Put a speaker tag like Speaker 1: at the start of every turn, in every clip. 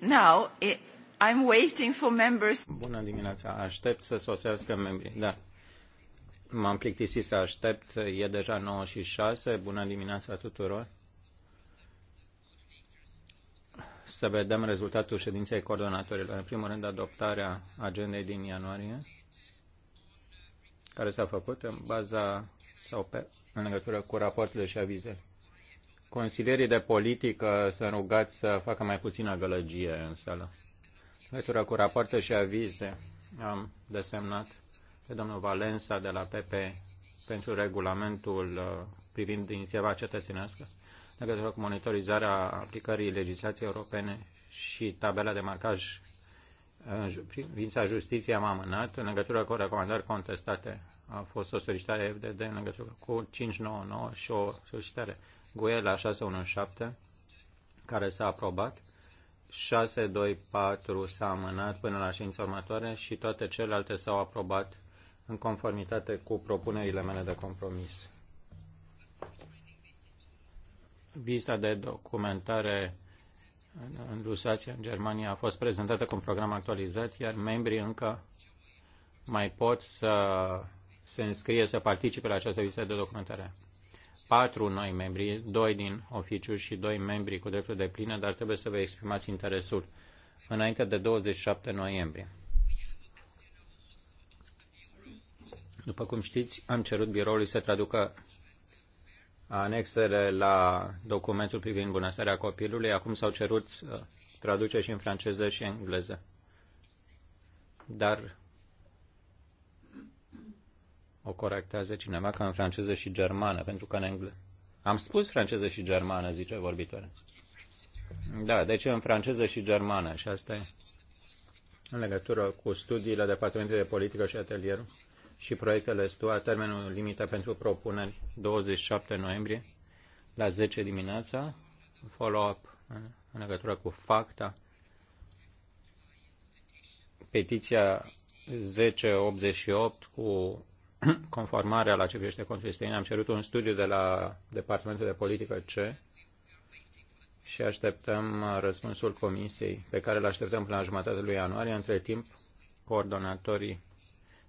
Speaker 1: Now, eh, I'm waiting for members. Bună dimineața, aștept să sosească membrii. Da. M-am plictisit să aștept, e deja 9 și 6. Bună dimineața tuturor. Să vedem rezultatul ședinței coordonatorilor. În primul rând, adoptarea agendei din ianuarie, care s-a făcut în baza sau pe, în legătură cu rapoartele și avizele. Consilierii de politică să rugați să facă mai puțină gălăgie în sală. În cu rapoarte și avize, am desemnat pe domnul Valensa de la PP pentru regulamentul uh, privind inițiativa cetățenească, în legătură cu monitorizarea aplicării legislației europene și tabela de marcaj uh, în privința justiției am amânat în legătură cu recomandări contestate a fost o solicitare de în legătură cu 599 și o solicitare GUE la 617 care s-a aprobat. 624 s-a amânat până la ședința următoare și toate celelalte s-au aprobat în conformitate cu propunerile mele de compromis. Vista de documentare în Lusația, în Germania, a fost prezentată cu un program actualizat, iar membrii încă mai pot să se înscrie să participe la această vizită de documentare. Patru noi membri, doi din oficiu și doi membri cu drepturi de plină, dar trebuie să vă exprimați interesul înainte de 27 noiembrie. După cum știți, am cerut biroului să traducă anexele la documentul privind bunăstarea copilului. Acum s-au cerut traduce și în franceză și în engleză. Dar o corectează cineva ca în franceză și germană, pentru că în engleză. Am spus franceză și germană, zice vorbitoare. Da, deci în franceză și germană și asta e. În legătură cu studiile Departamentului de Politică și Atelierul și proiectele STUA, termenul limită pentru propuneri 27 noiembrie la 10 dimineața, follow-up în, în legătură cu FACTA, petiția 1088 cu conformarea la ce privește contul am cerut un studiu de la Departamentul de Politică C și așteptăm răspunsul comisiei pe care îl așteptăm până la jumătatea lui ianuarie. Între timp, coordonatorii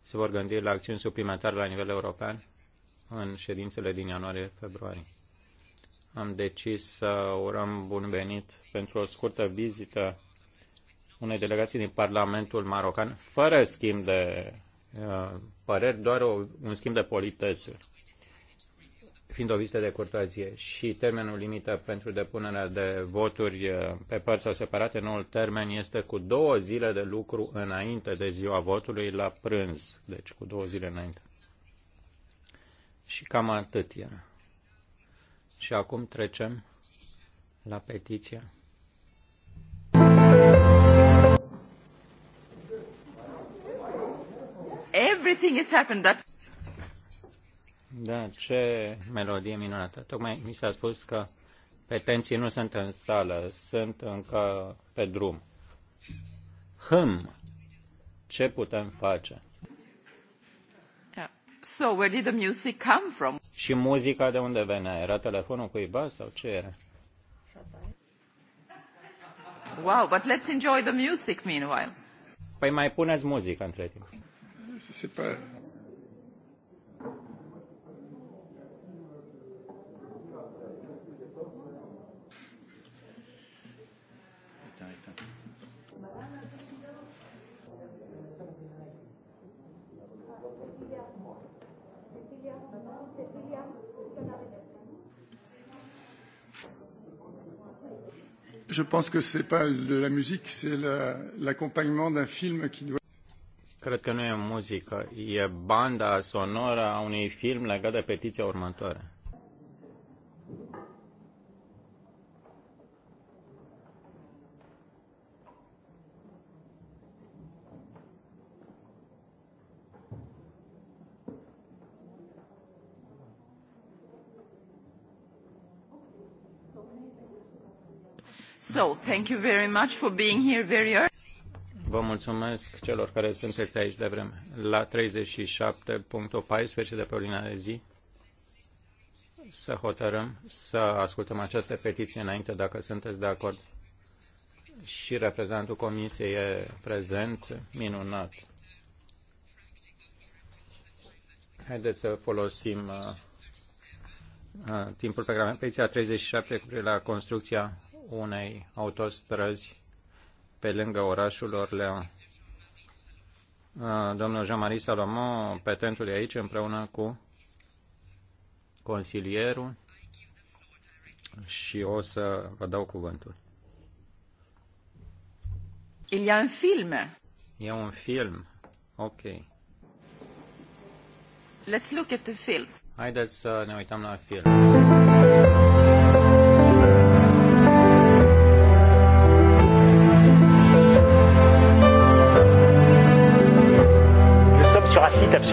Speaker 1: se vor gândi la acțiuni suplimentare la nivel european în ședințele din ianuarie-februarie. Am decis să urăm bun venit pentru o scurtă vizită unei delegații din Parlamentul Marocan, fără schimb de Uh, păreri, doar o, un schimb de politețe, fiind o vizită de curtoazie. Și termenul limită pentru depunerea de voturi uh, pe părți sau separate, noul termen este cu două zile de lucru înainte de ziua votului la prânz, deci cu două zile înainte. Și cam atât era. Și acum trecem la petiția
Speaker 2: everything happened that
Speaker 1: da, ce melodie minunată. Tocmai mi s-a spus că petenții nu sunt în sală, sunt încă pe drum. Hm, ce putem face?
Speaker 2: Yeah. So, where did the music come from?
Speaker 1: Și muzica de unde venea? Era telefonul cuiva sau ce era?
Speaker 2: Wow, but let's enjoy the
Speaker 1: music meanwhile. Păi mai puneți muzică între timp.
Speaker 3: Je pense que ce n'est pas de la musique, c'est l'accompagnement d'un film qui doit
Speaker 1: cred că nu e muzică, e banda sonoră a unui film legat de petiția următoare.
Speaker 2: So, thank you very much for being here very early.
Speaker 1: Vă mulțumesc celor care sunteți aici de vreme. La 37.14 de pe ordinea de zi să hotărâm să ascultăm această petiție înainte, dacă sunteți de acord. Și reprezentantul comisiei e prezent, minunat. Haideți să folosim uh, uh timpul pe care am petiția 37 cu privire la construcția unei autostrăzi pe lângă orașul Orlean. Domnul Jean-Marie Salomon, petentul e aici împreună cu consilierul și o să vă dau cuvântul.
Speaker 2: Il y a un film.
Speaker 1: E un film. Ok.
Speaker 3: Let's look at the film.
Speaker 1: Haideți să ne uităm la film.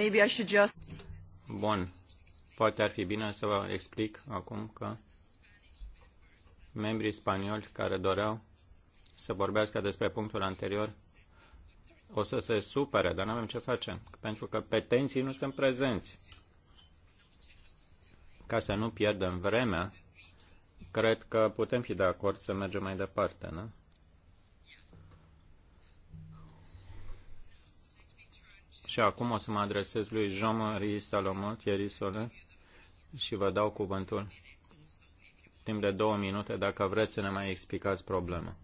Speaker 2: maybe I should just...
Speaker 1: Bun. Poate ar fi bine să vă explic acum că membrii spanioli care doreau să vorbească despre punctul anterior o să se supere, dar nu avem ce face, pentru că petenții nu sunt prezenți. Ca să nu pierdem vremea, cred că putem fi de acord să mergem mai departe, nu? Și acum o să mă adresez lui Jean-Marie Salomon, Thierry Sole, și vă dau cuvântul timp de două minute dacă vreți să ne mai explicați problema.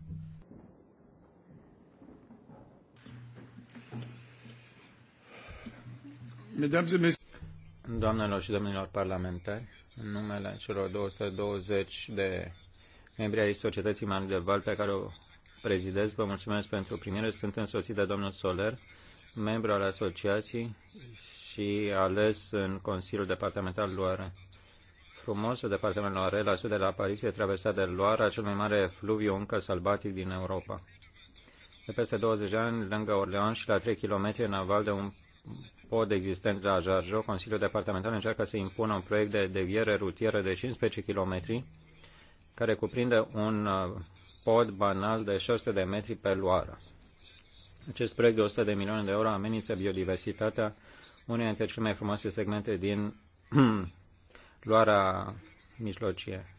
Speaker 1: Doamnelor și domnilor parlamentari, în numele celor 220 de membri ai societății de Val pe care o prezidez. Vă mulțumesc pentru primire. Sunt însoțit de domnul Soler, membru al asociației și ales în Consiliul Departamental Loare. Frumosul departament Loare, la sud de la Paris, e traversat de Loara, cel mai mare fluviu încă sălbatic din Europa. De peste 20 de ani, lângă Orleans și la 3 km în aval de un pod existent la Jarjo, Consiliul Departamental încearcă să impună un proiect de deviere rutieră de 15 km care cuprinde un uh, pod banal de 600 de metri pe luară. Acest proiect de 100 de milioane de euro amenință biodiversitatea uneia dintre cele mai frumoase segmente din luarea mijlocie.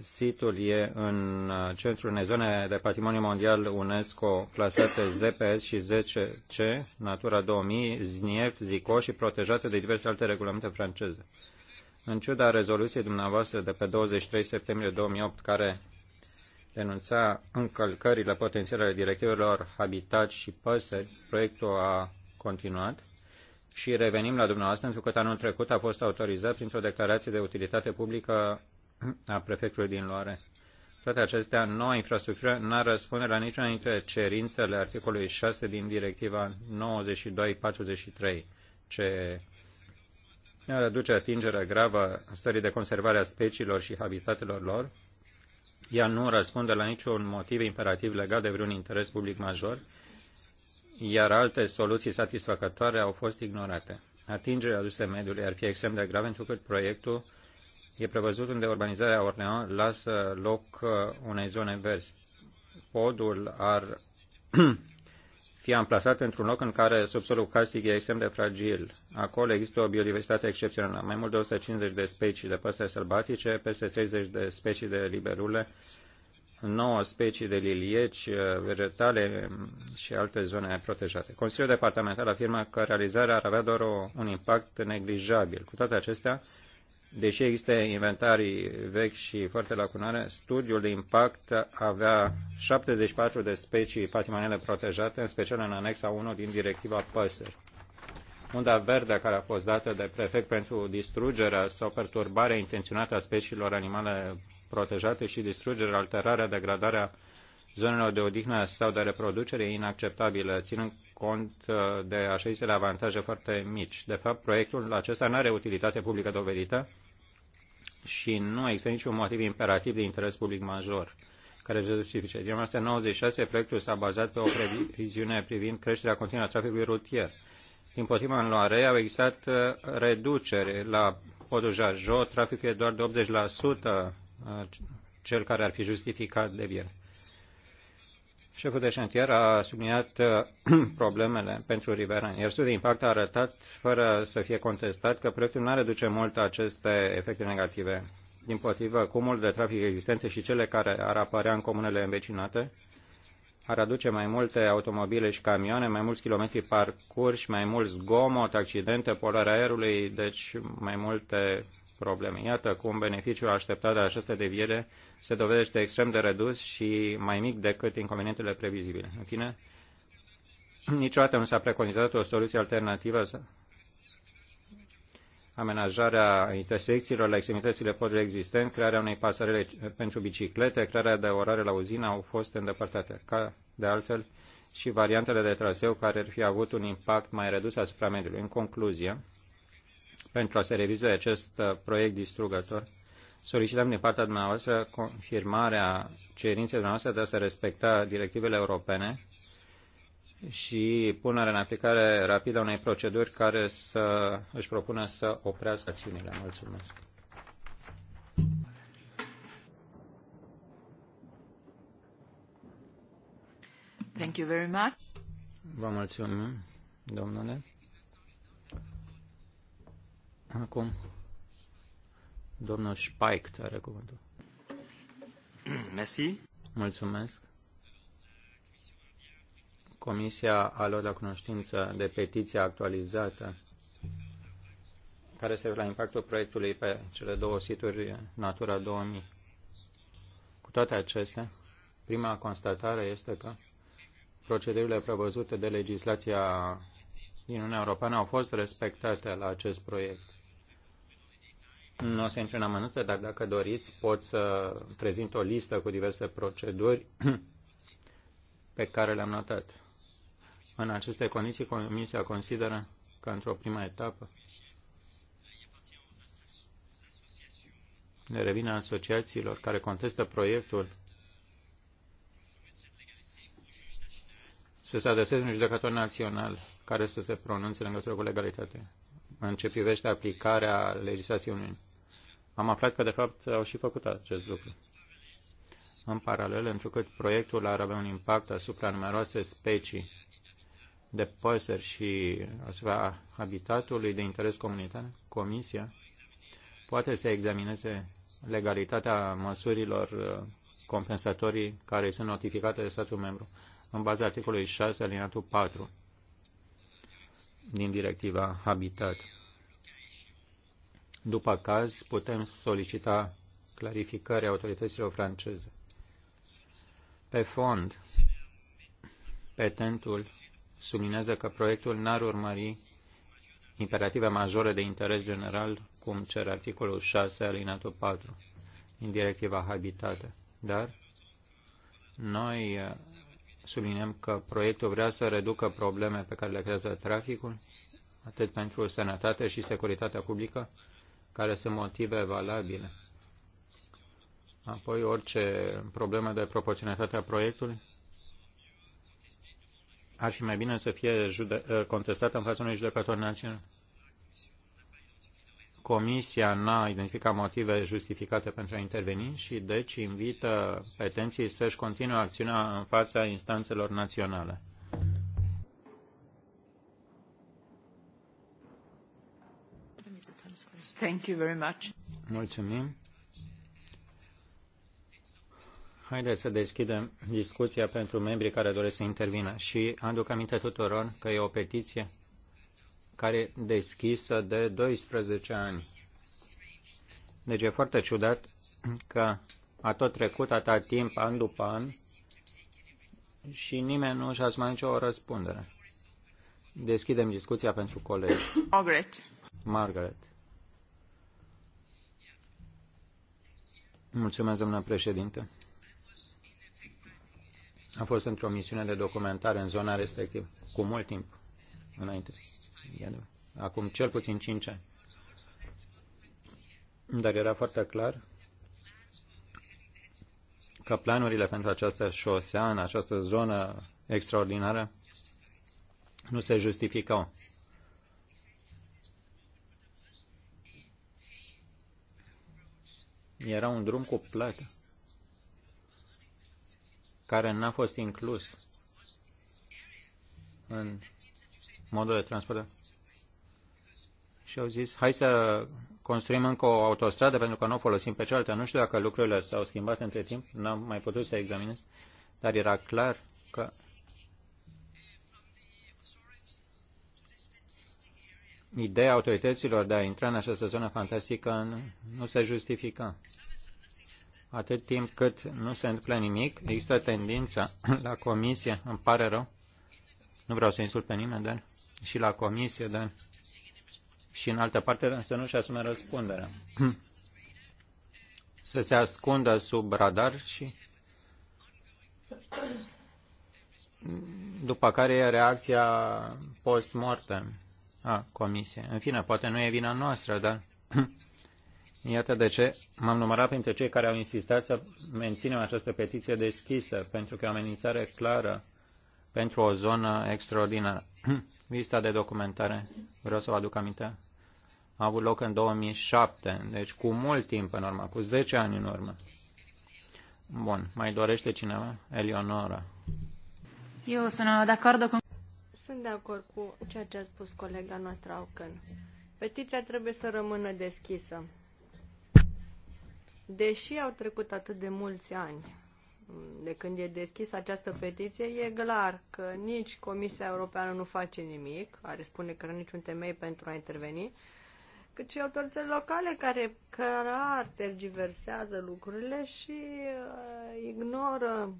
Speaker 1: Situl e în centrul unei zone de patrimoniu mondial UNESCO clasate ZPS și ZCC, Natura 2000, ZNIEF, ZICO și protejate de diverse alte regulamente franceze. În ciuda rezoluției dumneavoastră de pe 23 septembrie 2008, care denunța încălcările potențiale ale directivelor Habitat și Păsări, proiectul a continuat și revenim la dumneavoastră pentru că anul trecut a fost autorizat printr-o declarație de utilitate publică a prefectului din Loare. Toate acestea, noua infrastructură n-a răspunde la niciuna dintre cerințele articolului 6 din directiva 92-43, ce ne aduce atingere gravă stării de conservare a speciilor și habitatelor lor, ea nu răspunde la niciun motiv imperativ legat de vreun interes public major, iar alte soluții satisfăcătoare au fost ignorate. Atingerea aduse mediului ar fi extrem de grave, întrucât proiectul e prevăzut unde urbanizarea Orneon lasă loc uh, unei zone verzi. Podul ar Fie amplasat într-un loc în care subsolul casic e extrem de fragil. Acolo există o biodiversitate excepțională, mai mult de 150 de specii de păsări sălbatice, peste 30 de specii de liberule, 9 specii de lilieci, uh, vegetale um, și alte zone protejate. Consiliul Departamental afirmă că realizarea ar avea doar o, un impact neglijabil. Cu toate acestea, deși există inventarii vechi și foarte lacunare, studiul de impact avea 74 de specii patrimoniale protejate, în special în anexa 1 din directiva păsări. Unda verde care a fost dată de prefect pentru distrugerea sau perturbarea intenționată a speciilor animale protejate și distrugerea, alterarea, degradarea zonelor de odihnă sau de reproducere inacceptabilă, ținând cont uh, de așa avantaje foarte mici. De fapt, proiectul acesta nu are utilitate publică dovedită, și nu există niciun motiv imperativ de interes public major care să justifice. Din 1996, proiectul s-a bazat pe o previziune privind creșterea continuă a traficului rutier. Din potriva în luare, au existat uh, reduceri la Podoja Jo, traficul e doar de 80% uh, cel care ar fi justificat de bine. Șeful de șantier a subliniat uh, problemele pentru riverani, iar studiul de impact a arătat, fără să fie contestat, că proiectul nu reduce mult aceste efecte negative. Din potrivă, cumul de trafic existente și cele care ar apărea în comunele învecinate ar aduce mai multe automobile și camioane, mai mulți kilometri parcurși, mai mult zgomot, accidente, poluarea aerului, deci mai multe probleme. Iată cum beneficiul așteptat de această deviere se dovedește extrem de redus și mai mic decât inconvenientele previzibile. În fine, niciodată nu s-a preconizat o soluție alternativă amenajarea intersecțiilor la extremitățile podului existent, crearea unei pasarele pentru biciclete, crearea de orare la uzină au fost îndepărtate. Ca de altfel și variantele de traseu care ar fi avut un impact mai redus asupra mediului. În concluzie, pentru a se revizui acest uh, proiect distrugător. Solicităm din partea dumneavoastră confirmarea cerinței dumneavoastră de a se respecta directivele europene și punerea în aplicare rapidă a unei proceduri care să își propună să oprească acțiunile. Mulțumesc.
Speaker 2: Thank you very much.
Speaker 1: Vă mulțumim, domnule. Acum, domnul Spike are cuvântul. Merci. Mulțumesc. Comisia a luat la cunoștință de petiția actualizată care se la impactul proiectului pe cele două situri Natura 2000. Cu toate acestea, prima constatare este că procedurile prevăzute de legislația din Uniunea Europeană au fost respectate la acest proiect. Nu o să intru în amănunte, dar dacă doriți, pot să prezint o listă cu diverse proceduri pe care le-am notat. În aceste condiții, Comisia consideră că într-o prima etapă ne revine asociațiilor care contestă proiectul să se adreseze un judecător național care să se pronunțe în legătură cu legalitatea în ce privește aplicarea legislației Uniunii. Am aflat că, de fapt, au și făcut acest lucru. În paralel, întrucât proiectul ar avea un impact asupra numeroase specii de păsări și asupra habitatului de interes comunitar, Comisia poate să examineze legalitatea măsurilor uh, compensatorii care sunt notificate de statul membru în baza articolului 6 alineatul 4 din directiva Habitat. După caz, putem solicita clarificări autorităților franceze. Pe fond, petentul sublinează că proiectul n-ar urmări imperative majore de interes general, cum cer articolul 6 alineatul 4 din directiva Habitate. Dar noi subliniem că proiectul vrea să reducă probleme pe care le creează traficul, atât pentru sănătate și securitatea publică, care sunt motive valabile. Apoi orice problemă de proporționalitate a proiectului ar fi mai bine să fie contestată în fața unui judecător național. Comisia n-a identificat motive justificate pentru a interveni și deci invită petenții să-și continue acțiunea în fața instanțelor naționale.
Speaker 2: Thank you very much.
Speaker 1: Mulțumim. Haideți să deschidem discuția pentru membrii care doresc să intervină și aduc aminte tuturor că e o petiție care deschisă de 12 ani. Deci e foarte ciudat că a tot trecut atât timp, an după an, și nimeni nu și-a mai nicio răspundere. Deschidem discuția pentru colegi. Margaret. Margaret. Mulțumesc, domnule președinte. Am fost într-o misiune de documentare în zona respectivă, cu mult timp înainte acum cel puțin 5 ani. Dar era foarte clar că planurile pentru această șosea în această zonă extraordinară nu se justificau. Era un drum cu plată care n-a fost inclus în modul de transport. Și au zis, hai să construim încă o autostradă pentru că nu o folosim pe cealaltă. Nu știu dacă lucrurile s-au schimbat între timp, n-am mai putut să examinez, dar era clar că ideea autorităților de a intra în această zonă fantastică nu, nu se justifică. Atât timp cât nu se întâmplă nimic, există tendința la comisie, îmi pare rău, nu vreau să insult pe nimeni, dar și la comisie, dar și în altă parte, dar să nu-și asume răspunderea. Să se ascundă sub radar și după care e reacția post-mortem a comisiei. În fine, poate nu e vina noastră, dar Iată de ce m-am numărat printre cei care au insistat să menținem această petiție deschisă, pentru că e o amenințare clară pentru o zonă extraordinară. Lista de documentare, vreau să vă aduc aminte, a avut loc în 2007, deci cu mult timp în urmă, cu 10 ani în urmă. Bun, mai dorește cineva? Eleonora.
Speaker 2: Eu sunt de cu...
Speaker 4: Sunt de acord cu ceea ce a spus colega noastră Aucan. Petiția trebuie să rămână deschisă. Deși au trecut atât de mulți ani de când e deschis această petiție, e clar că nici Comisia Europeană nu face nimic, are spune că nu niciun temei pentru a interveni, cât și autoritățile locale care clar tergiversează lucrurile și uh, ignoră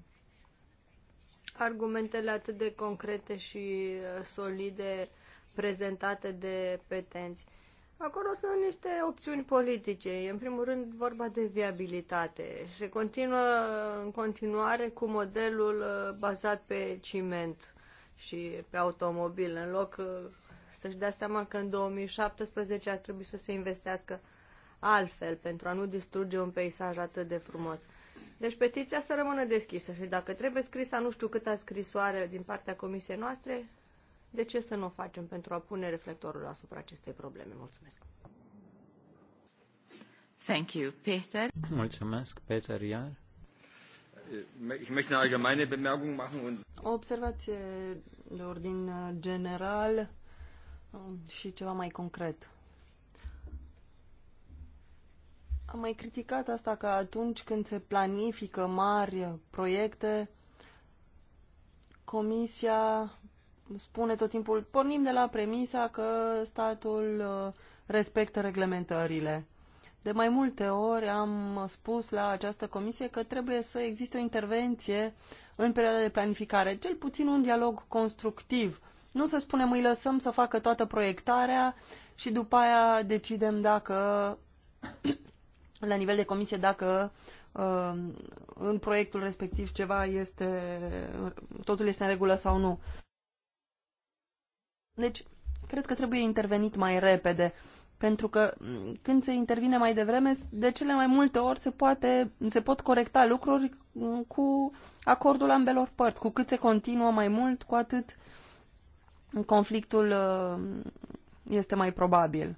Speaker 4: argumentele atât de concrete și uh, solide prezentate de petenți. Uh, Acolo sunt niște opțiuni politice. E în primul rând vorba de viabilitate. Se continuă în continuare cu modelul uh, bazat pe ciment și pe automobil, în loc uh, să-și dea seama că în 2017 ar trebui să se investească altfel pentru a nu distruge un peisaj atât de frumos. Deci petiția să rămână deschisă și dacă trebuie scrisă nu știu câta scrisoare din partea comisiei noastre, de ce să nu o facem pentru a pune reflectorul asupra acestei probleme? Mulțumesc!
Speaker 1: Thank you, Peter. Mulțumesc, Peter, iar.
Speaker 5: O observație de ordin general um, și ceva mai concret. Am mai criticat asta că atunci când se planifică mari proiecte, Comisia spune tot timpul, pornim de la premisa că statul uh, respectă reglementările. De mai multe ori am spus la această comisie că trebuie să existe o intervenție în perioada de planificare, cel puțin un dialog constructiv. Nu să spunem îi lăsăm să facă toată proiectarea și după aia decidem dacă, la nivel de comisie, dacă uh, în proiectul respectiv ceva este, totul este în regulă sau nu. Deci, cred că trebuie intervenit mai repede, pentru că când se intervine mai devreme, de cele mai multe ori se, poate, se pot corecta lucruri cu acordul ambelor părți. Cu cât se continuă mai mult, cu atât conflictul uh, este mai probabil.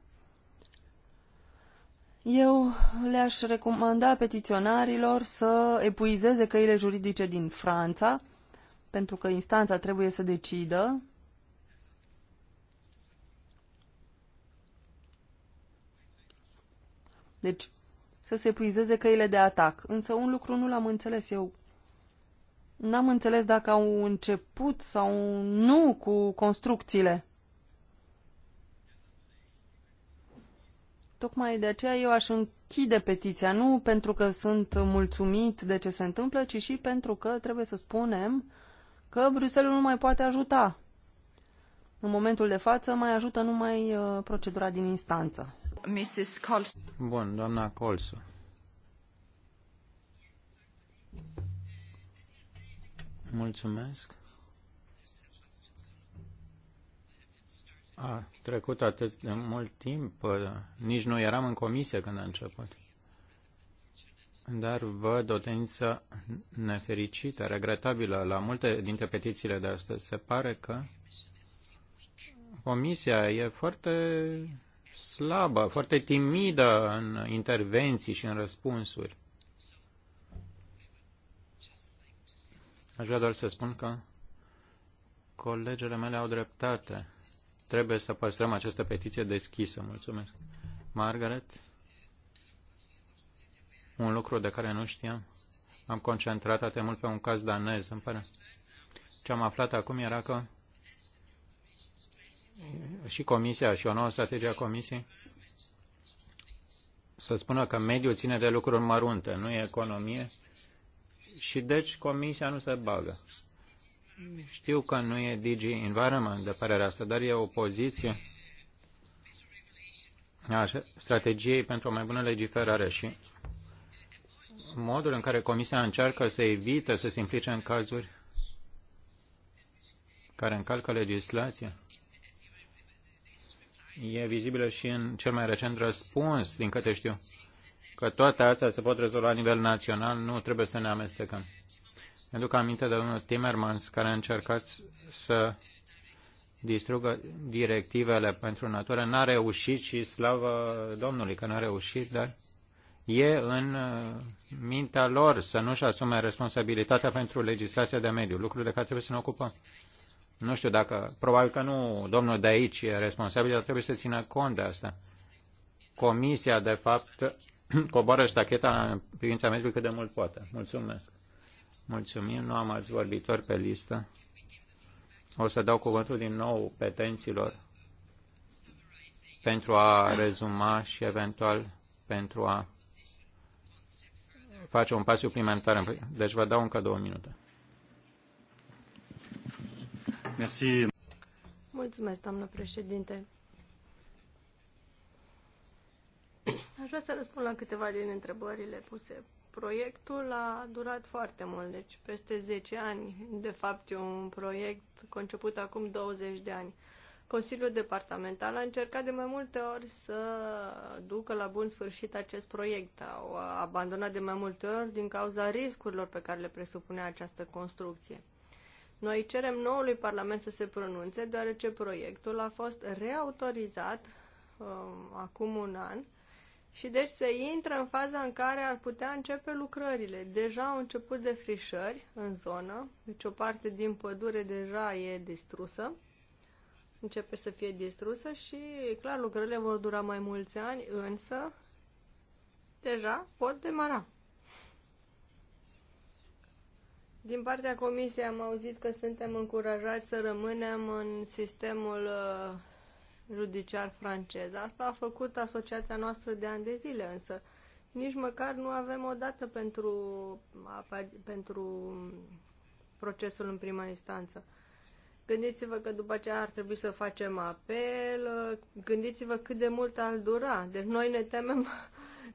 Speaker 5: Eu le-aș recomanda petiționarilor să epuizeze căile juridice din Franța, pentru că instanța trebuie să decidă Deci să se puizeze căile de atac. Însă un lucru nu l-am înțeles eu. N-am înțeles dacă au început sau nu cu construcțiile. Tocmai de aceea eu aș închide petiția, nu pentru că sunt mulțumit de ce se întâmplă, ci și pentru că trebuie să spunem că Bruxelles nu mai poate ajuta. În momentul de față mai ajută numai uh, procedura din instanță.
Speaker 1: Mrs. Colson. Bun, doamna Colson. Mulțumesc. A trecut atât de mult timp, nici nu eram în comisie când a început. Dar văd o tendință nefericită, regretabilă la multe dintre petițiile de astăzi. Se pare că comisia e foarte slabă, foarte timidă în intervenții și în răspunsuri. Aș vrea doar să spun că colegele mele au dreptate. Trebuie să păstrăm această petiție deschisă. Mulțumesc. Margaret, un lucru de care nu știam. Am concentrat atât mult pe un caz danez, îmi pare. Ce am aflat acum era că și Comisia și o nouă strategie a Comisiei să spună că mediul ține de lucruri mărunte, nu e economie și deci Comisia nu se bagă. Știu că nu e Digi Environment de părerea asta, dar e o poziție a strategiei pentru o mai bună legiferare și modul în care Comisia încearcă să evite să se implice în cazuri care încalcă legislația e vizibilă și în cel mai recent răspuns, din câte știu, că toate astea se pot rezolva la nivel național, nu trebuie să ne amestecăm. Mi-aduc aminte de domnul Timmermans, care a încercat să distrugă directivele pentru natură. N-a reușit și slavă Domnului că n-a reușit, dar e în uh, mintea lor să nu-și asume responsabilitatea pentru legislația de mediu, lucru de care trebuie să ne ocupăm. Nu știu dacă, probabil că nu domnul de aici e responsabil, dar trebuie să țină cont de asta. Comisia, de fapt, coboară ștacheta în privința mediului cât de mult poate. Mulțumesc. Mulțumim, nu am alți vorbitori pe listă. O să dau cuvântul din nou petenților pentru a rezuma și eventual pentru a face un pas suplimentar. Deci vă dau încă două minute.
Speaker 6: Merci.
Speaker 4: Mulțumesc, doamnă președinte. Aș vrea să răspund la câteva din întrebările puse. Proiectul a durat foarte mult, deci peste 10 ani. De fapt, e un proiect conceput acum 20 de ani. Consiliul Departamental a încercat de mai multe ori să ducă la bun sfârșit acest proiect. Au abandonat de mai multe ori din cauza riscurilor pe care le presupunea această construcție. Noi cerem noului Parlament să se pronunțe, deoarece proiectul a fost reautorizat um, acum un an și deci se intră în faza în care ar putea începe lucrările. Deja au început frișări în zonă, deci o parte din pădure deja e distrusă, începe să fie distrusă și, clar, lucrările vor dura mai mulți ani, însă deja pot demara. Din partea Comisiei am auzit că suntem încurajați să rămânem în sistemul uh, judiciar francez. Asta a făcut asociația noastră de ani de zile, însă nici măcar nu avem o dată pentru, pentru procesul în prima instanță. Gândiți-vă că după aceea ar trebui să facem apel, uh, gândiți-vă cât de mult ar dura. Deci noi ne temem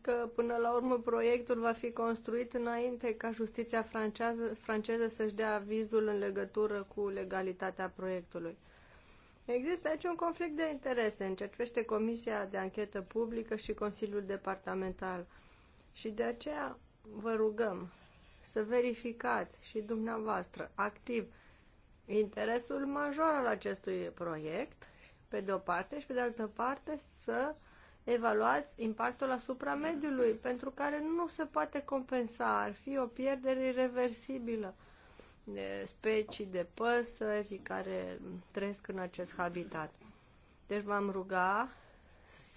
Speaker 4: că până la urmă proiectul va fi construit înainte ca justiția franceză, franceză să-și dea avizul în legătură cu legalitatea proiectului. Există aici un conflict de interese. Încercește Comisia de Anchetă Publică și Consiliul Departamental. Și de aceea vă rugăm să verificați și dumneavoastră activ interesul major al acestui proiect, pe de o parte, și pe de altă parte să uh, evaluați impactul asupra mediului, pentru care nu se poate compensa, ar fi o pierdere irreversibilă de specii de păsări care trăiesc în acest habitat. Deci v-am ruga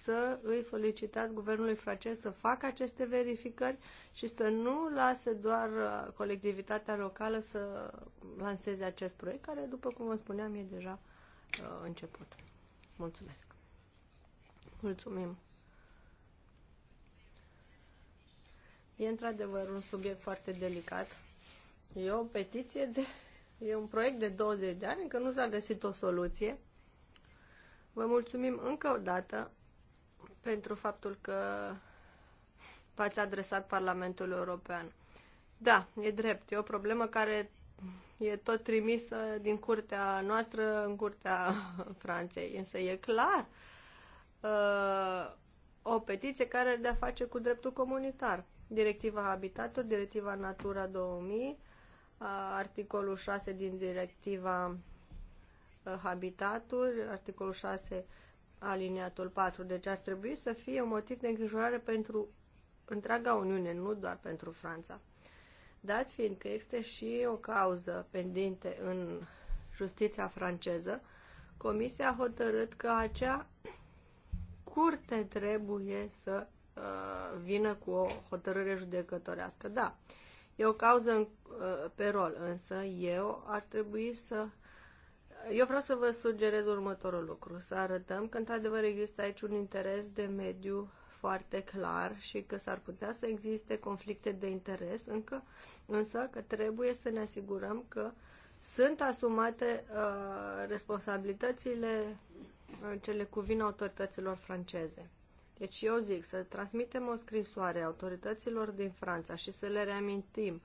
Speaker 4: să îi solicitați guvernului francez să facă aceste verificări și să nu lase doar colectivitatea locală să lanseze acest proiect, care, după cum vă spuneam, e deja uh, început. Mulțumesc! Mulțumim! E într-adevăr un subiect foarte delicat. E o petiție de... E un proiect de 20 de ani, încă nu s-a găsit o soluție. Vă mulțumim încă o dată pentru faptul că v-ați adresat Parlamentul European. Da, e drept. E o problemă care e tot trimisă din curtea noastră în curtea Franței. Însă e clar uh, o petiție care are de-a face cu dreptul comunitar. Directiva Habitatul, Directiva Natura 2000, uh, articolul 6 din Directiva uh, Habitatul, articolul 6 aliniatul 4. Deci ar trebui să fie un motiv de îngrijorare pentru întreaga Uniune, nu doar pentru Franța. Dat fiind că este și o cauză pendinte în justiția franceză, Comisia a hotărât că acea curte trebuie să uh, vină cu o hotărâre judecătorească. Da, e o cauză în, uh, pe rol, însă eu ar trebui să... Eu vreau să vă sugerez următorul lucru, să arătăm că într-adevăr există aici un interes de mediu foarte clar și că s-ar putea să existe conflicte de interes, încă, însă că trebuie să ne asigurăm că sunt asumate uh, responsabilitățile ce le cuvine autorităților franceze. Deci eu zic să transmitem o scrisoare autorităților din Franța și să le reamintim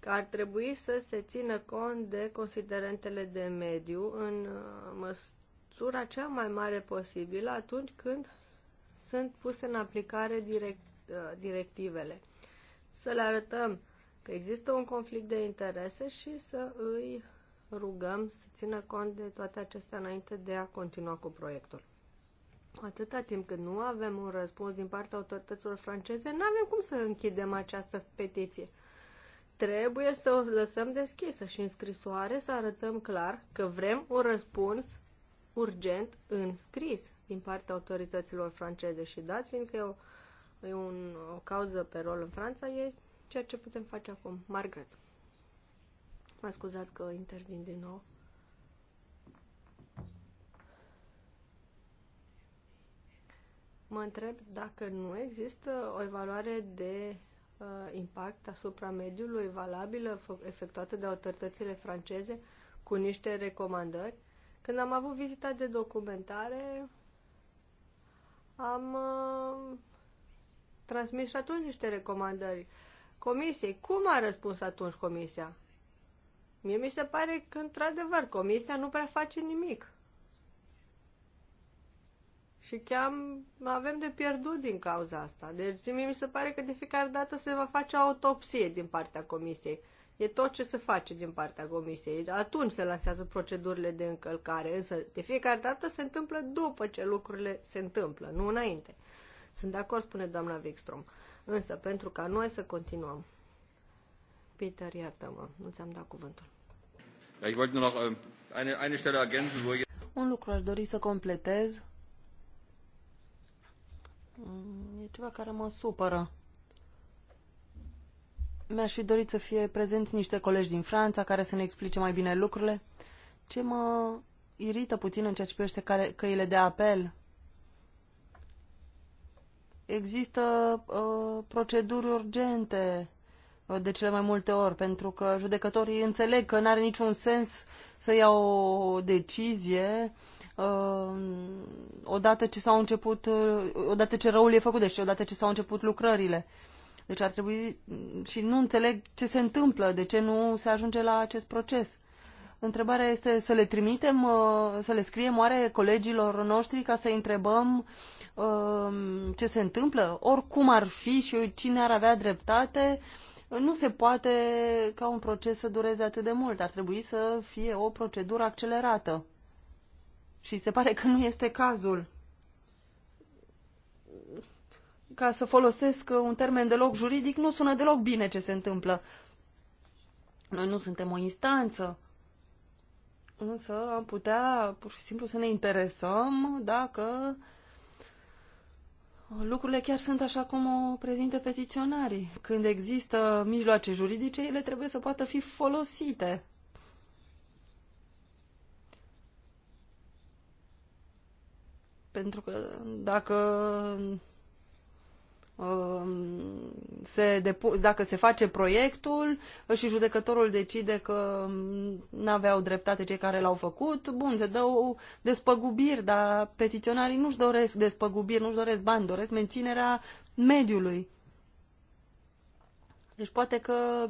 Speaker 4: că ar trebui să se țină cont de considerentele de mediu în uh, măsura cea mai mare posibilă atunci când sunt puse în aplicare direct, uh, directivele. Să le arătăm că există un conflict de interese și să îi rugăm să țină cont de toate acestea înainte de a continua cu proiectul. Atâta timp cât nu avem un răspuns din partea autorităților franceze, nu avem cum să închidem această petiție. Trebuie să o lăsăm deschisă și în scrisoare să arătăm clar că vrem un răspuns urgent în scris din partea autorităților franceze și dat, fiindcă e o, e un, o cauză pe rol în Franța, e ceea ce putem face acum. Margaret. Mă scuzați că intervin din nou. Mă întreb dacă nu există o evaluare de uh, impact asupra mediului valabilă efectuată de autoritățile franceze cu niște recomandări. Când am avut vizita de documentare, am uh, transmis și atunci niște recomandări comisiei. Cum a răspuns atunci comisia? Mie mi se pare că, într-adevăr, comisia nu prea face nimic. Și chiar avem de pierdut din cauza asta. Deci mie mi se pare că de fiecare dată se va face autopsie din partea comisiei. E tot ce se face din partea comisiei. Atunci se lansează procedurile de încălcare, însă de fiecare dată se întâmplă după ce lucrurile se întâmplă, nu înainte. Sunt de acord, spune doamna Wikstrom. Însă, pentru ca noi să continuăm. Peter, iartă-mă, nu ți-am dat cuvântul. Un lucru aș dori să completez.
Speaker 5: Mm, e ceva care mă supără. Mi-aș fi dorit să fie prezenți niște colegi din Franța care să ne explice mai bine lucrurile. Ce mă irită puțin în ceea ce privește căile de apel. Există uh, proceduri urgente de cele mai multe ori, pentru că judecătorii înțeleg că nu are niciun sens să iau o decizie uh, odată ce s-au început, uh, odată ce răul e făcut, deci odată ce s-au început lucrările. Deci ar trebui mm, și nu înțeleg ce se întâmplă, de ce nu se ajunge la acest proces. Întrebarea este să le trimitem, uh, să le scriem oare colegilor noștri ca să întrebăm uh, ce se întâmplă, oricum ar fi și cine ar avea dreptate, nu se poate ca un proces să dureze atât de mult. Ar trebui să fie o procedură accelerată. Și se pare că nu este cazul. Ca să folosesc un termen deloc juridic, nu sună deloc bine ce se întâmplă. Noi nu suntem o instanță. Însă am putea pur și simplu să ne interesăm dacă uh, Lucrurile chiar sunt așa cum o prezintă petiționarii. Când există mijloace juridice, ele trebuie să poată fi folosite. Pentru că dacă Um, se dacă se face proiectul și judecătorul decide că um, nu aveau dreptate cei care l-au făcut, bun, se dă o despăgubiri, dar petiționarii nu-și doresc despăgubiri, nu-și doresc bani, doresc menținerea mediului. Deci poate că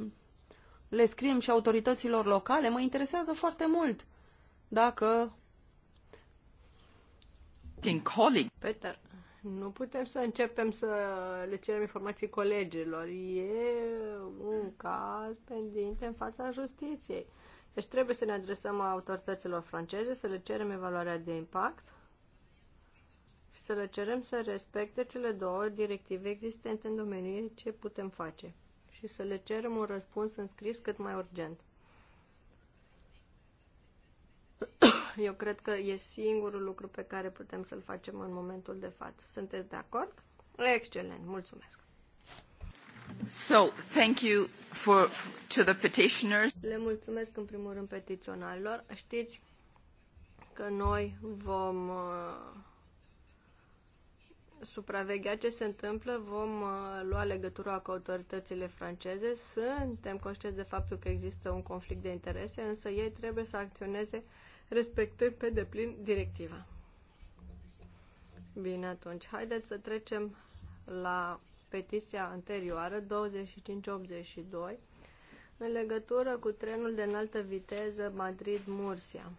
Speaker 5: le scriem și autorităților locale, mă interesează foarte mult dacă...
Speaker 4: Peter, nu putem să începem să le cerem informații colegilor. E un caz pendinte în fața justiției. Deci trebuie să ne adresăm autorităților franceze, să le cerem evaluarea de impact și să le cerem să respecte cele două directive existente în domeniu ce putem face și să le cerem un răspuns în scris cât mai urgent. eu cred că e singurul lucru pe care putem să-l facem în momentul de față. Sunteți de acord? Excelent, mulțumesc. So,
Speaker 2: thank you for, to the petitioners.
Speaker 4: Le mulțumesc în primul rând petiționarilor. Știți că noi vom uh, supraveghea ce se întâmplă, vom uh, lua legătura cu autoritățile franceze. Suntem conștienți de faptul că există un conflict de interese, însă ei trebuie să acționeze uh, respectând pe deplin directiva. Bine, atunci, haideți să trecem la petiția anterioară, 2582, în legătură cu trenul de înaltă viteză Madrid-Mursia.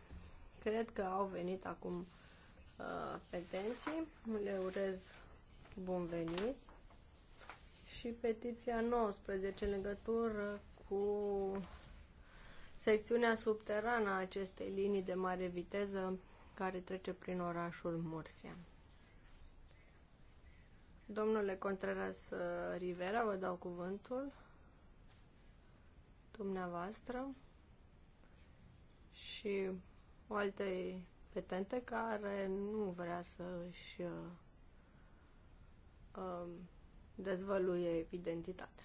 Speaker 4: Cred că au venit acum uh, petenții, le urez bun venit. Și petiția 19 în legătură cu secțiunea subterană a acestei linii de mare viteză care trece prin orașul Mursia. Domnule Contreras uh, Rivera, vă dau cuvântul dumneavoastră și o altă petente care nu vrea să își uh, um, dezvăluie identitatea.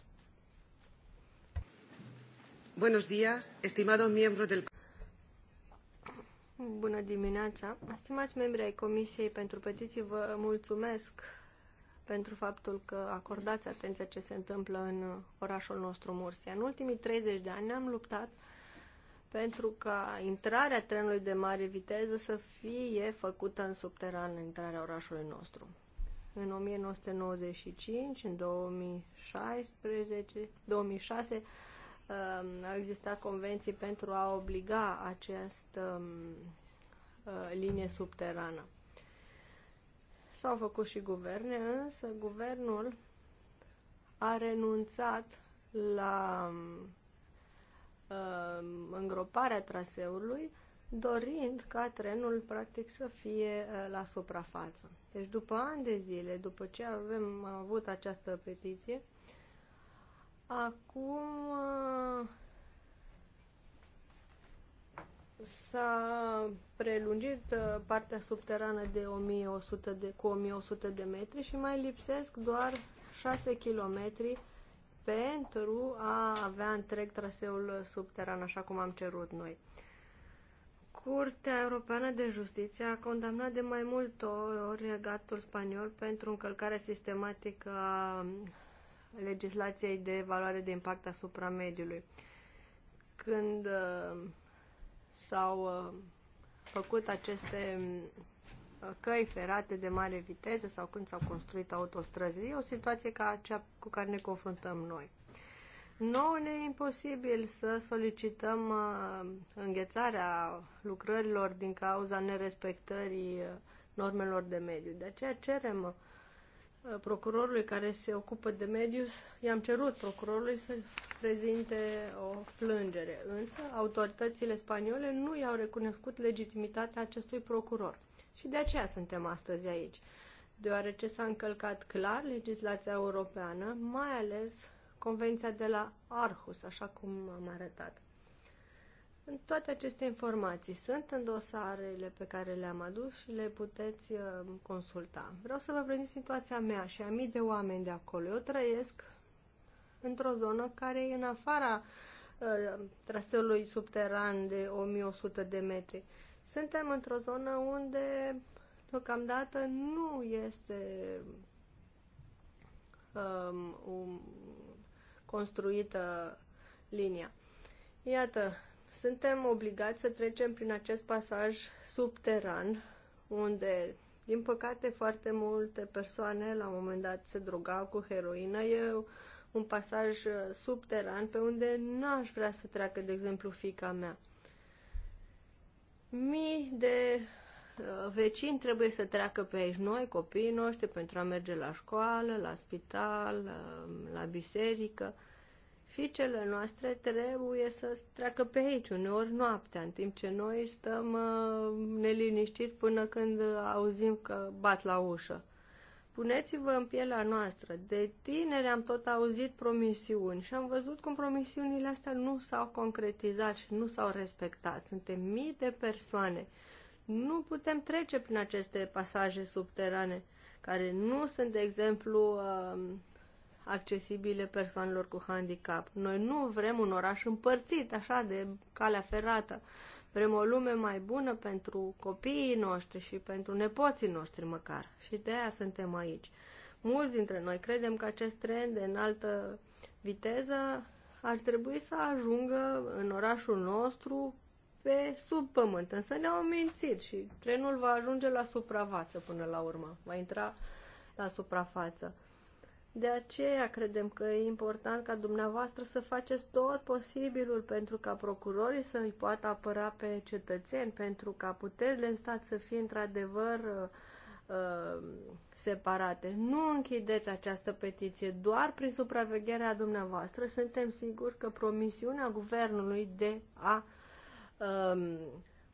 Speaker 5: Buenos días, estimados miembros del
Speaker 4: Bună dimineața! Stimați membri ai Comisiei pentru Petiții, vă mulțumesc pentru faptul că acordați atenția ce se întâmplă în orașul nostru, Mursia. În ultimii 30 de ani am luptat pentru ca intrarea trenului de mare viteză să fie făcută în subteran, intrarea orașului nostru. În 1995, în 2016, 2006, a um, au existat convenții pentru a obliga această um, uh, linie subterană. S-au făcut și guverne, însă guvernul a renunțat la um, uh, îngroparea traseului, dorind ca trenul practic să fie uh, la suprafață. Deci după ani de zile, după ce avem avut această petiție, Acum uh, s-a prelungit uh, partea subterană de 1100 de, cu 1100 de metri și mai lipsesc doar 6 km pentru a avea întreg traseul subteran, așa cum am cerut noi. Curtea Europeană de Justiție a condamnat de mai multe ori regatul spaniol pentru încălcarea sistematică a legislației de valoare de impact asupra mediului. Când uh, s-au uh, făcut aceste uh, căi ferate de mare viteză sau când s-au construit autostrăzi, e o situație ca cea cu care ne confruntăm noi. Nouă ne e imposibil să solicităm uh, înghețarea lucrărilor din cauza nerespectării uh, normelor de mediu. De aceea cerem uh, Uh, procurorului care se ocupă de mediu, i-am cerut procurorului să prezinte o plângere, însă autoritățile spaniole nu i-au recunoscut legitimitatea acestui procuror. Și de aceea suntem astăzi aici, deoarece s-a încălcat clar legislația europeană, mai ales Convenția de la Arhus, așa cum am arătat. Toate aceste informații sunt în dosarele pe care le-am adus și le puteți uh, consulta. Vreau să vă prezint situația mea și a mii de oameni de acolo. Eu trăiesc într-o zonă care e în afara uh, traseului subteran de 1100 de metri. Suntem într-o zonă unde deocamdată nu este um, um construită linia. Iată, suntem obligați să trecem prin acest pasaj subteran, unde, din păcate, foarte multe persoane la un moment dat se drogau cu heroină. E un pasaj uh, subteran pe unde nu aș vrea să treacă, de exemplu, fica mea. Mii de uh, vecini trebuie să treacă pe aici noi, copiii noștri, pentru a merge la școală, la spital, uh, la biserică. Ficele noastre trebuie să treacă pe aici, uneori noaptea, în timp ce noi stăm uh, neliniștiți până când auzim că bat la ușă. Puneți-vă în pielea noastră. De tineri am tot auzit promisiuni și am văzut cum promisiunile astea nu s-au concretizat și nu s-au respectat. Suntem mii de persoane. Nu putem trece prin aceste pasaje subterane care nu sunt, de exemplu, uh, accesibile persoanelor cu handicap. Noi nu vrem un oraș împărțit așa de calea ferată. Vrem o lume mai bună pentru copiii noștri și pentru nepoții noștri măcar. Și de aia suntem aici. Mulți dintre noi credem că acest tren de înaltă viteză ar trebui să ajungă în orașul nostru pe sub pământ, însă ne-au mințit și trenul va ajunge la suprafață până la urmă, va intra la suprafață. De aceea credem că e important ca dumneavoastră să faceți tot posibilul pentru ca procurorii să îi poată apăra pe cetățeni, pentru ca puterile în stat să fie într-adevăr uh, uh separate. Nu închideți această petiție doar prin supravegherea dumneavoastră. Suntem siguri că promisiunea guvernului de a uh,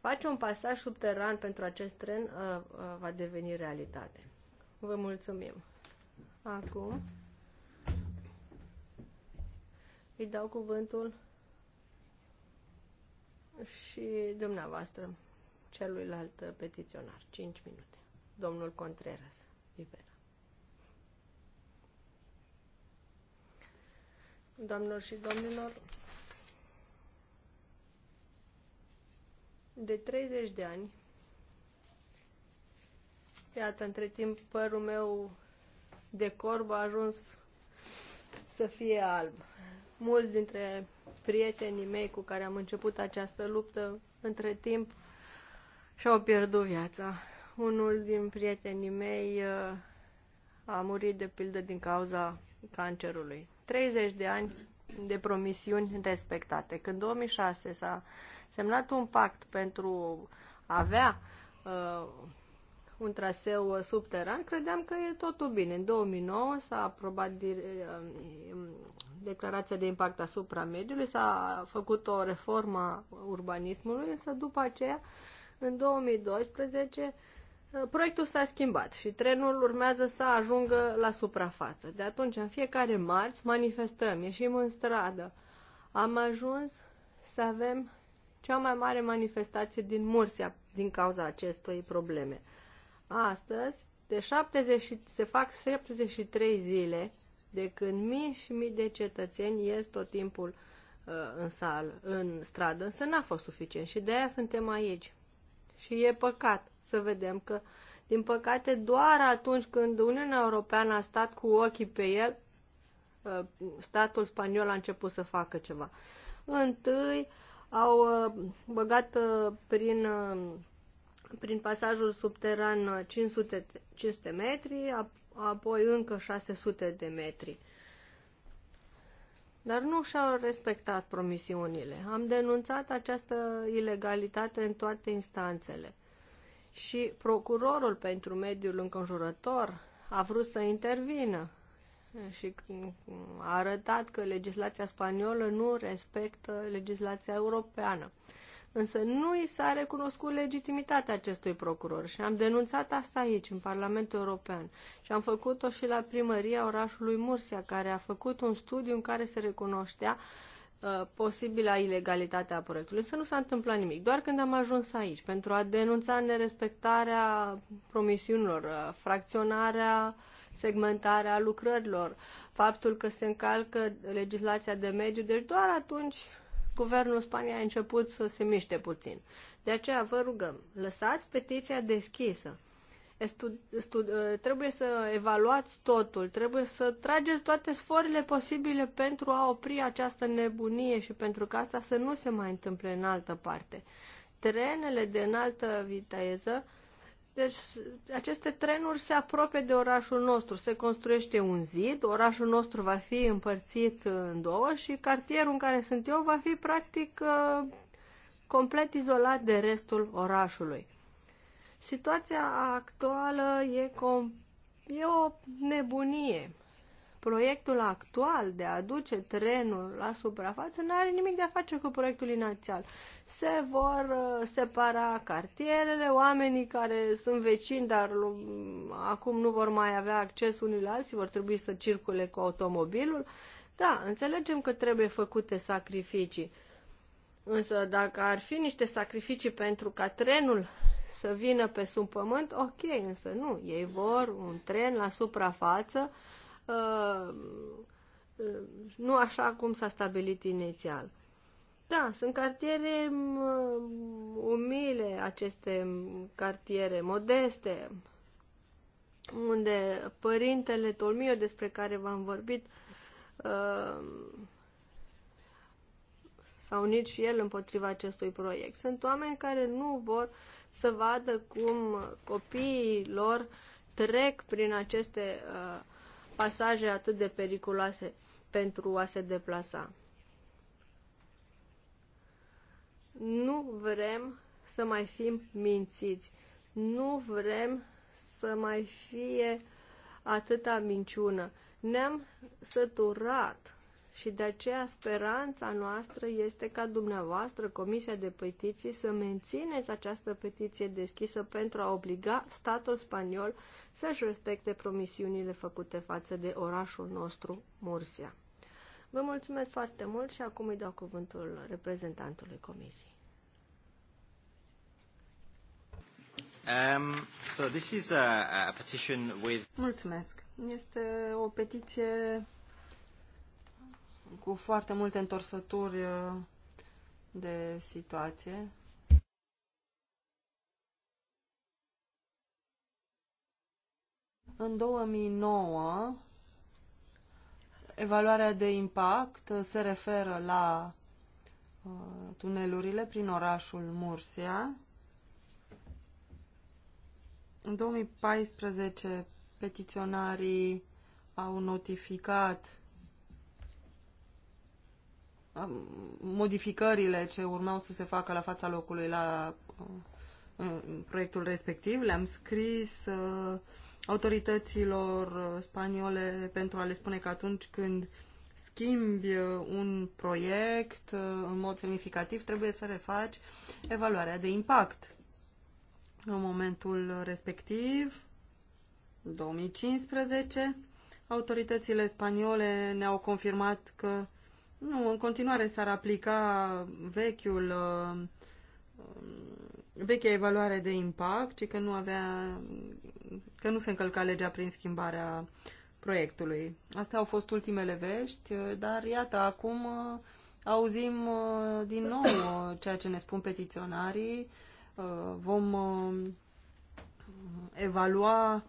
Speaker 4: face un pasaj subteran pentru acest tren uh, uh va deveni realitate. Vă mulțumim! Acum îi dau cuvântul și dumneavoastră, celuilalt petiționar. 5 minute. Domnul Contreras, Rivera. Doamnelor și domnilor, de 30 de ani, iată, între timp părul meu de corb a ajuns să fie alb. Mulți dintre prietenii mei cu care am început această luptă, între timp, și-au pierdut viața. Unul din prietenii mei uh, a murit, de pildă, din cauza cancerului. 30 de ani de promisiuni respectate. Când 2006 s-a semnat un pact pentru a avea uh, un traseu uh, subteran, credeam că e totul bine. În 2009 s-a aprobat uh, um, declarația de impact asupra mediului, s-a făcut o reformă urbanismului, însă după aceea, în 2012, uh, proiectul s-a schimbat și trenul urmează să ajungă la suprafață. De atunci, în fiecare marți, manifestăm, ieșim în stradă. Am ajuns să avem cea mai mare manifestație din Mursia din cauza acestui probleme. Astăzi, de 70, se fac 73 zile de când mii și mii de cetățeni ies tot timpul uh, în sal, în stradă, însă n-a fost suficient și de aia suntem aici. Și e păcat să vedem că, din păcate, doar atunci când Uniunea Europeană a stat cu ochii pe el, uh, statul spaniol a început să facă ceva. Întâi au uh, băgat uh, prin uh, prin pasajul subteran 500, uh, 500 metri, apoi încă 600 de metri. Dar nu și-au respectat promisiunile. Am denunțat această ilegalitate în toate instanțele. Și procurorul pentru mediul înconjurător a vrut să intervină și a arătat că legislația spaniolă nu respectă legislația europeană. Însă nu i s-a recunoscut legitimitatea acestui procuror și am denunțat asta aici, în Parlamentul European. Și am făcut-o și la primăria orașului Mursia, care a făcut un studiu în care se recunoștea uh, posibilă posibila ilegalitatea proiectului. Să nu s-a întâmplat nimic. Doar când am ajuns aici, pentru a denunța nerespectarea promisiunilor, uh, fracționarea segmentarea lucrărilor, faptul că se încalcă legislația de mediu, deci doar atunci guvernul Spaniei a început să se miște puțin. De aceea vă rugăm, lăsați petiția deschisă. Ă, trebuie să evaluați totul, trebuie să trageți toate sforile posibile pentru a opri această nebunie și pentru ca asta să nu se mai întâmple în altă parte. Trenele de înaltă viteză deci aceste trenuri se apropie de orașul nostru, se construiește un zid, orașul nostru va fi împărțit în două și cartierul în care sunt eu va fi practic uh, complet izolat de restul orașului. Situația actuală e, com- e o nebunie proiectul actual de a aduce trenul la suprafață nu are nimic de a face cu proiectul inițial. Se vor uh, separa cartierele, oamenii care sunt vecini, dar um, acum nu vor mai avea acces unii la alții, vor trebui să circule cu automobilul. Da, înțelegem că trebuie făcute sacrificii. Însă dacă ar fi niște sacrificii pentru ca trenul să vină pe sub pământ, ok, însă nu. Ei vor un tren la suprafață uh, nu așa cum s-a stabilit inițial. Da, sunt cartiere uh, umile, aceste cartiere modeste, unde părintele Tolmio, despre care v-am vorbit, uh, s-a unit și el împotriva acestui proiect. Sunt oameni care nu vor să vadă cum copiii lor trec prin aceste uh, pasaje atât de periculoase pentru a se deplasa. Nu vrem să mai fim mințiți. Nu vrem să mai fie atâta minciună. Ne-am săturat și de aceea speranța noastră este ca dumneavoastră, Comisia de Petiții, să mențineți această petiție deschisă pentru a obliga statul spaniol să-și respecte promisiunile făcute față de orașul nostru, Mursia. Vă mulțumesc foarte mult și acum îi dau cuvântul reprezentantului Comisiei.
Speaker 1: Um, so this is a, a petition with...
Speaker 5: Mulțumesc. Este o petiție cu foarte multe întorsături uh, de situație. În 2009, evaluarea de impact uh, se referă la uh, tunelurile prin orașul Mursia. În 2014, petiționarii au notificat modificările ce urmau să se facă la fața locului la uh, proiectul respectiv. Le-am scris uh, autorităților uh, spaniole pentru a le spune că atunci când schimbi un proiect în mod semnificativ, trebuie să refaci evaluarea de impact. În momentul respectiv, 2015, autoritățile spaniole ne-au confirmat că nu, în continuare s-ar aplica vechiul, uh, um, vechea evaluare de impact, ci că nu avea, că nu se încălca legea prin schimbarea proiectului. Astea au fost ultimele vești, uh, dar iată, acum uh, auzim din nou ceea ce ne spun petiționarii, vom evalua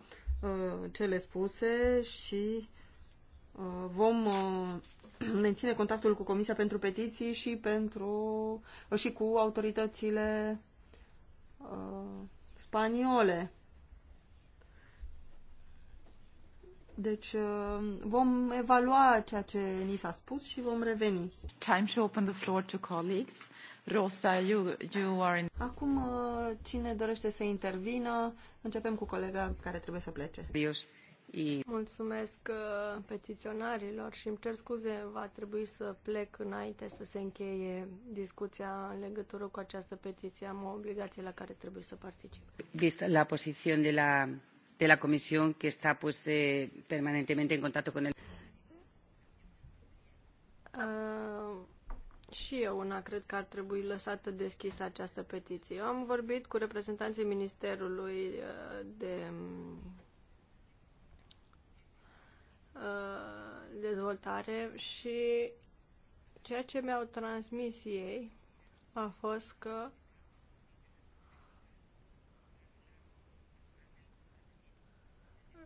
Speaker 5: cele spuse și vom menține contactul cu Comisia pentru Petiții și, pentru, și cu autoritățile uh, spaniole. Deci uh, vom evalua ceea ce ni s-a spus și vom reveni. Time to open the floor to colleagues. Rosa, you, you are in... Acum, uh, cine dorește să intervină, începem cu colega care trebuie să plece. Bios.
Speaker 4: Mulțumesc uh, petiționarilor și îmi cer scuze, va trebui să plec înainte să se încheie discuția în legătură cu această petiție. Am o obligație la care trebuie să particip.
Speaker 2: Vista la poziție de la, de la Comisión, que está pues, eh, permanentemente în contact cu el.
Speaker 4: Uh, și eu una cred că ar trebui lăsată deschisă această petiție. Eu am vorbit cu reprezentanții Ministerului uh, de Uh, dezvoltare și ceea ce mi-au transmis ei a fost că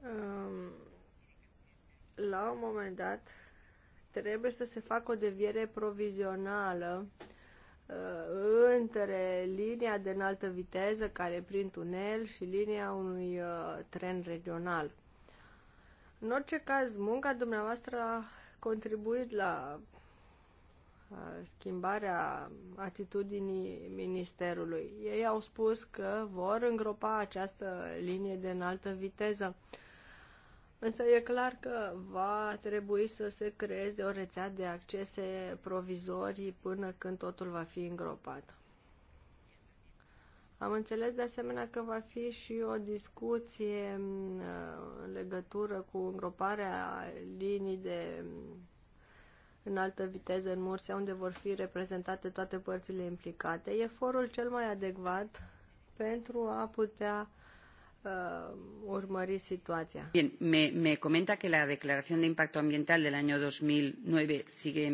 Speaker 4: um, la un moment dat trebuie să se facă o deviere provizională uh, între linia de înaltă viteză care prin tunel și linia unui uh, tren regional. În orice caz, munca dumneavoastră a contribuit la schimbarea atitudinii ministerului. Ei au spus că vor îngropa această linie de înaltă viteză. Însă e clar că va trebui să se creeze o rețea de accese provizorii până când totul va fi îngropat. Am înțeles de asemenea că va fi și o discuție mm, în legătură cu îngroparea linii de mm, înaltă viteză în Mursia, unde vor fi reprezentate toate părțile implicate. E forul cel mai adecvat pentru a putea uh, urmări situația.
Speaker 2: Bien, me, me comenta que la declaración de impacto ambiental del año 2009 sigue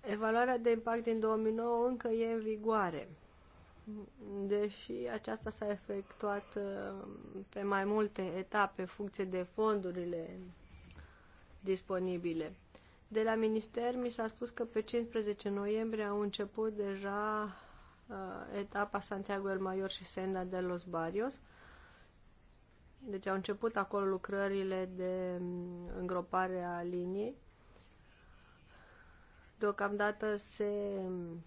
Speaker 4: Evaluarea de impact din 2009 încă e în vigoare deși aceasta s-a efectuat uh, pe mai multe etape, în funcție de fondurile disponibile. De la minister mi s-a spus că pe 15 noiembrie au început deja uh, etapa Santiago el Mayor și Senda de los Barrios. Deci au început acolo lucrările de mm, îngropare a liniei. Deocamdată se mm,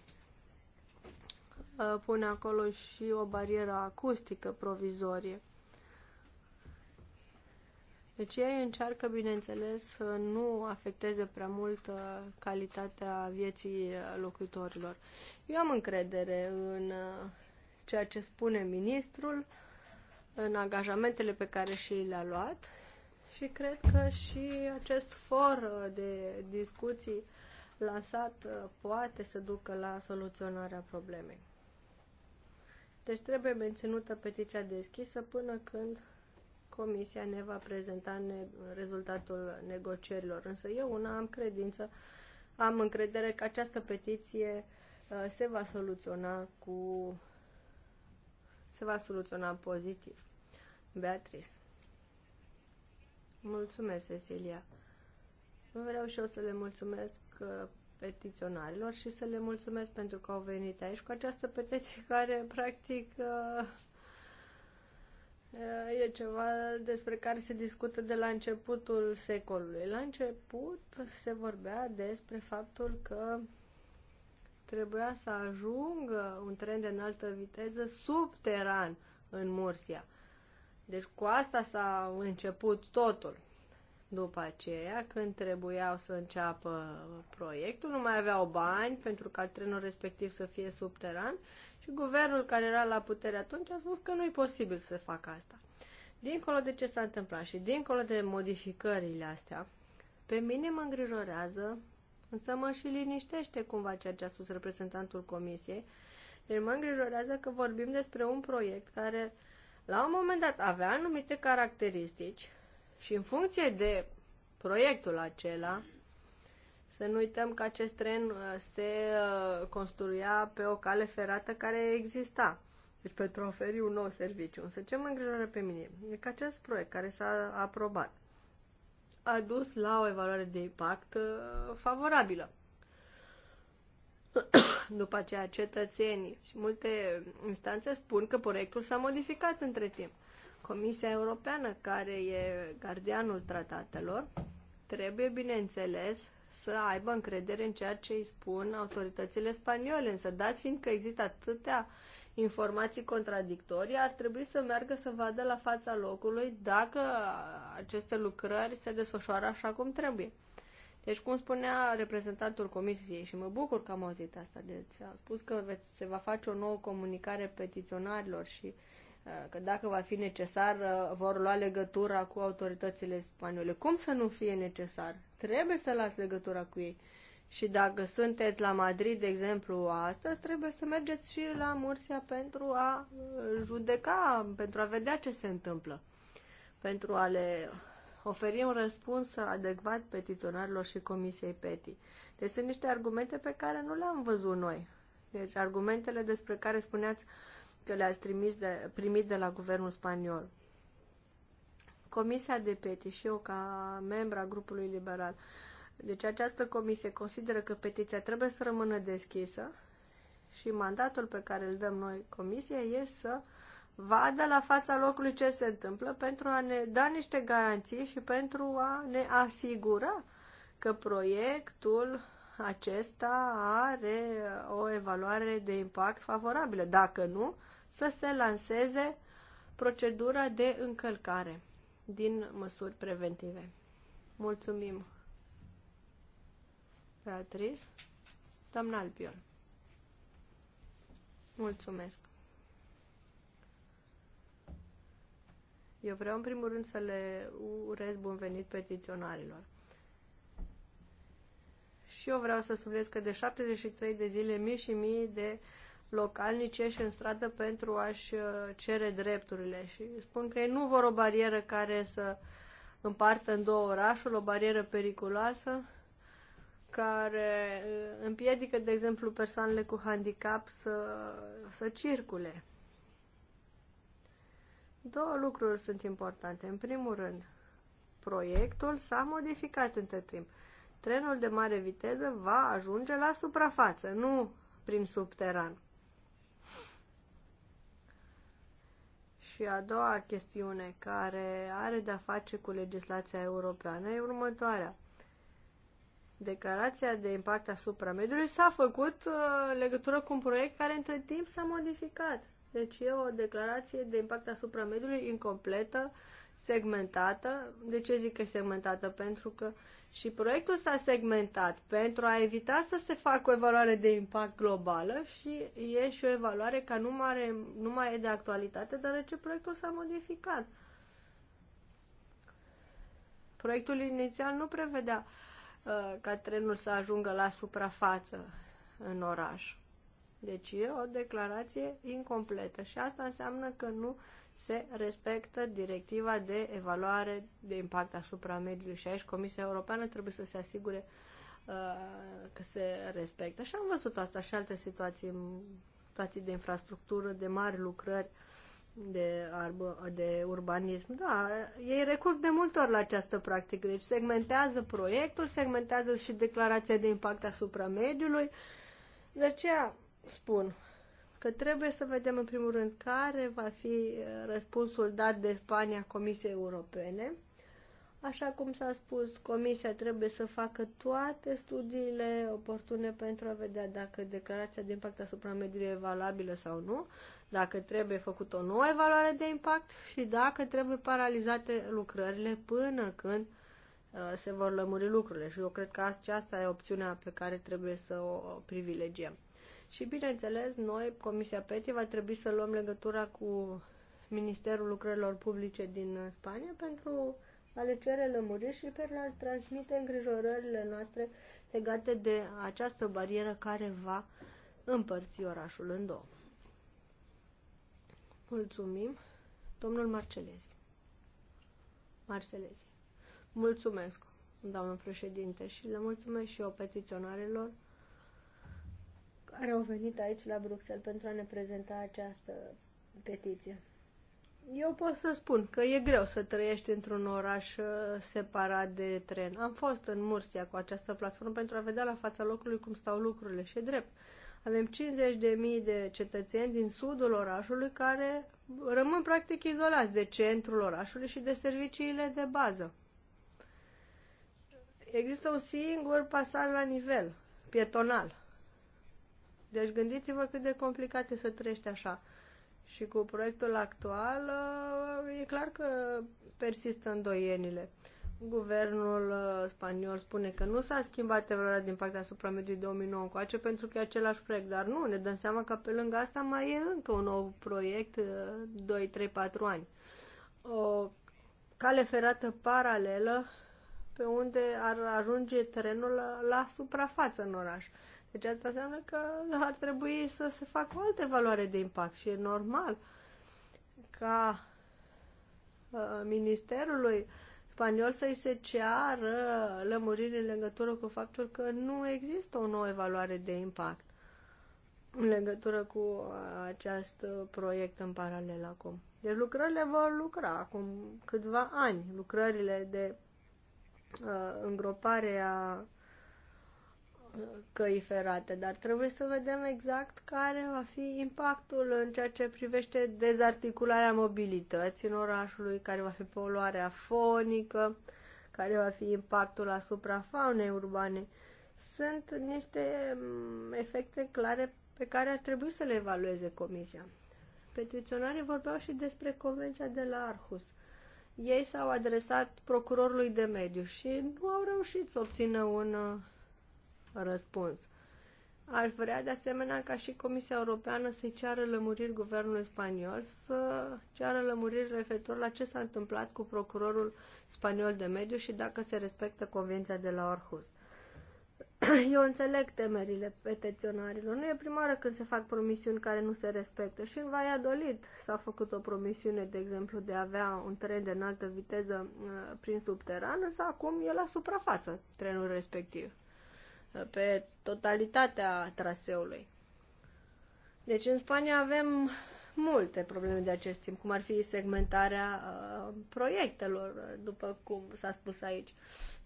Speaker 4: Uh, pune acolo și o barieră acustică provizorie. Deci ei încearcă, bineînțeles, să nu afecteze prea mult uh, calitatea vieții uh, locuitorilor. Eu am încredere în ceea ce spune ministrul, în angajamentele pe care și le-a luat și cred că și acest for de discuții lansat poate să ducă la soluționarea problemei. Deci trebuie menținută petiția deschisă până când Comisia ne va prezenta ne- rezultatul negocierilor. Însă eu una am credință, am încredere că această petiție uh, se va soluționa cu se va soluționa pozitiv. Beatrice. Mulțumesc, Cecilia. Vreau și eu să le mulțumesc uh, petiționarilor și să le mulțumesc pentru că au venit aici cu această petiție care, practic, uh, e ceva despre care se discută de la începutul secolului. La început se vorbea despre faptul că trebuia să ajungă un tren de înaltă viteză subteran în Mursia. Deci cu asta s-a început totul. După aceea, când trebuiau să înceapă proiectul, nu mai aveau bani pentru ca trenul respectiv să fie subteran și guvernul care era la putere atunci a spus că nu e posibil să facă asta. Dincolo de ce s-a întâmplat și dincolo de modificările astea, pe mine mă îngrijorează, însă mă și liniștește cumva ceea ce a spus reprezentantul comisiei. Deci mă îngrijorează că vorbim despre un proiect care la un moment dat avea anumite caracteristici, și în funcție de proiectul acela, să nu uităm că acest tren uh, se uh, construia pe o cale ferată care exista. Deci pentru a oferi un nou serviciu. Însă ce mă îngrijoră pe mine e că acest proiect care s-a aprobat a dus la o evaluare de impact uh, favorabilă. După aceea cetățenii și multe instanțe spun că proiectul s-a modificat între timp. Comisia Europeană, care e gardianul tratatelor, trebuie, bineînțeles, să aibă încredere în ceea ce îi spun autoritățile spaniole, însă dat fiindcă că există atâtea informații contradictorii, ar trebui să meargă să vadă la fața locului dacă aceste lucrări se desfășoară așa cum trebuie. Deci, cum spunea reprezentantul comisiei, și mă bucur că am auzit asta, deci a spus că se va face o nouă comunicare petiționarilor și uh, Uh, că dacă va fi necesar, uh, vor lua legătura cu autoritățile spaniole. Cum să nu fie necesar? Trebuie să las legătura cu ei. Și dacă sunteți la Madrid, de exemplu, astăzi, trebuie să mergeți și la Mursia pentru a uh, judeca, pentru a vedea ce se întâmplă, pentru a le oferi un răspuns adecvat petiționarilor și Comisiei PETI. Deci sunt niște argumente pe care nu le-am văzut noi. Deci argumentele despre care spuneați, că le-ați trimis de, primit de la guvernul spaniol. Comisia de Peti și eu ca membra grupului liberal. Deci această comisie consideră că petiția trebuie să rămână deschisă și mandatul pe care îl dăm noi comisia e să vadă la fața locului ce se întâmplă pentru a ne da niște garanții și pentru a ne asigura că proiectul acesta are o evaluare de impact favorabilă. Dacă nu, să se lanseze procedura de încălcare din măsuri preventive. Mulțumim, Beatriz. Doamna Albion. Mulțumesc. Eu vreau în primul rând să le urez bun venit petiționarilor. Și eu vreau să subliniez că de 73 de zile mii și mii de uh, localnici ieși în stradă pentru a-și uh, cere drepturile și spun că ei nu vor o barieră care să împartă în două orașul, o barieră periculoasă care uh, împiedică, de exemplu, persoanele cu handicap să, să circule. Două lucruri sunt importante. În primul rând, proiectul s-a modificat între timp. Trenul de mare viteză va ajunge la suprafață, nu prin subteran. Și a doua chestiune care are de-a face cu legislația europeană e următoarea. Declarația de impact asupra mediului s-a făcut uh, legătură cu un proiect care între timp s-a modificat. Deci e o declarație de impact asupra mediului incompletă segmentată. De ce zic că e segmentată? Pentru că și proiectul s-a segmentat pentru a evita să se facă o evaluare de impact globală și e și o evaluare care nu, mare, nu mai e de actualitate, deoarece proiectul s-a modificat. Proiectul inițial nu prevedea uh, ca trenul să ajungă la suprafață în oraș. Deci e o declarație incompletă și asta înseamnă că nu se respectă directiva de evaluare de impact asupra mediului și aici Comisia Europeană trebuie să se asigure uh, că se respectă. Și am văzut asta și alte situații, situații de infrastructură, de mari lucrări de, arbă, de urbanism. Da, ei recurg de multe ori la această practică. Deci segmentează proiectul, segmentează și declarația de impact asupra mediului. De aceea spun, că trebuie să vedem în primul rând care va fi uh, răspunsul dat de Spania Comisiei Europene. Așa cum s-a spus, Comisia trebuie să facă toate studiile oportune pentru a vedea dacă declarația de impact asupra mediului e valabilă sau nu, dacă trebuie făcută o nouă evaluare de impact și dacă trebuie paralizate lucrările până când uh, se vor lămuri lucrurile. Și eu cred că asta e opțiunea pe care trebuie să o privilegiem. Și, bineînțeles, noi, Comisia PETI, va trebui să luăm legătura cu Ministerul Lucrărilor Publice din Spania pentru a le cere lămuriri și pentru a transmite îngrijorările noastre legate de această barieră care va împărți orașul în două. Mulțumim, domnul Marcelezi. Marcelezi. Mulțumesc, doamnă președinte, și le mulțumesc și eu petiționarilor care au venit aici la Bruxelles pentru a ne prezenta această petiție. Eu pot să spun că e greu să trăiești într-un oraș uh, separat de tren. Am fost în Mursia cu această platformă pentru a vedea la fața locului cum stau lucrurile și e drept. Avem 50.000 de cetățeni din sudul orașului care rămân practic izolați de centrul orașului și de serviciile de bază. Există un singur pasaj la nivel, pietonal, deci gândiți-vă cât de complicat e să trăiești așa. Și cu proiectul actual uh, e clar că persistă îndoienile. Guvernul uh, spaniol spune că nu s-a schimbat evaluarea din impact asupra mediului 2009 încoace pentru că e același proiect, dar nu, ne dăm seama că pe lângă asta mai e încă un nou proiect 2, 3, 4 ani. O cale ferată paralelă pe unde ar ajunge terenul la, la suprafață în oraș. Deci asta înseamnă că ar trebui să se facă o altă valoare de impact și e normal ca uh, ministerului spaniol să-i se ceară lămuriri în legătură cu faptul că nu există o nouă evaluare de impact în legătură cu uh, acest proiect în paralel acum. Deci lucrările vor lucra acum câțiva ani. Lucrările de uh, îngropare a căi ferate, dar trebuie să vedem exact care va fi impactul în ceea ce privește dezarticularea mobilității în orașului, care va fi poluarea fonică, care va fi impactul asupra faunei urbane. Sunt niște mm, efecte clare pe care ar trebui să le evalueze comisia. Petiționarii vorbeau și despre convenția de la Arhus. Ei s-au adresat procurorului de mediu și nu au reușit să obțină un uh, răspuns. Aș vrea de asemenea ca și Comisia Europeană să-i ceară lămuriri guvernului spaniol, să ceară lămuriri referitor la ce s-a întâmplat cu procurorul spaniol de mediu și dacă se respectă convenția de la Orhus. Eu înțeleg temerile petiționarilor. Nu e prima oară când se fac promisiuni care nu se respectă. Și în Valladolid s-a făcut o promisiune, de exemplu, de a avea un tren de înaltă viteză uh, prin subteran, însă acum e la suprafață trenul respectiv pe totalitatea traseului. Deci în Spania avem multe probleme de acest timp, cum ar fi segmentarea uh, proiectelor, după cum s-a spus aici.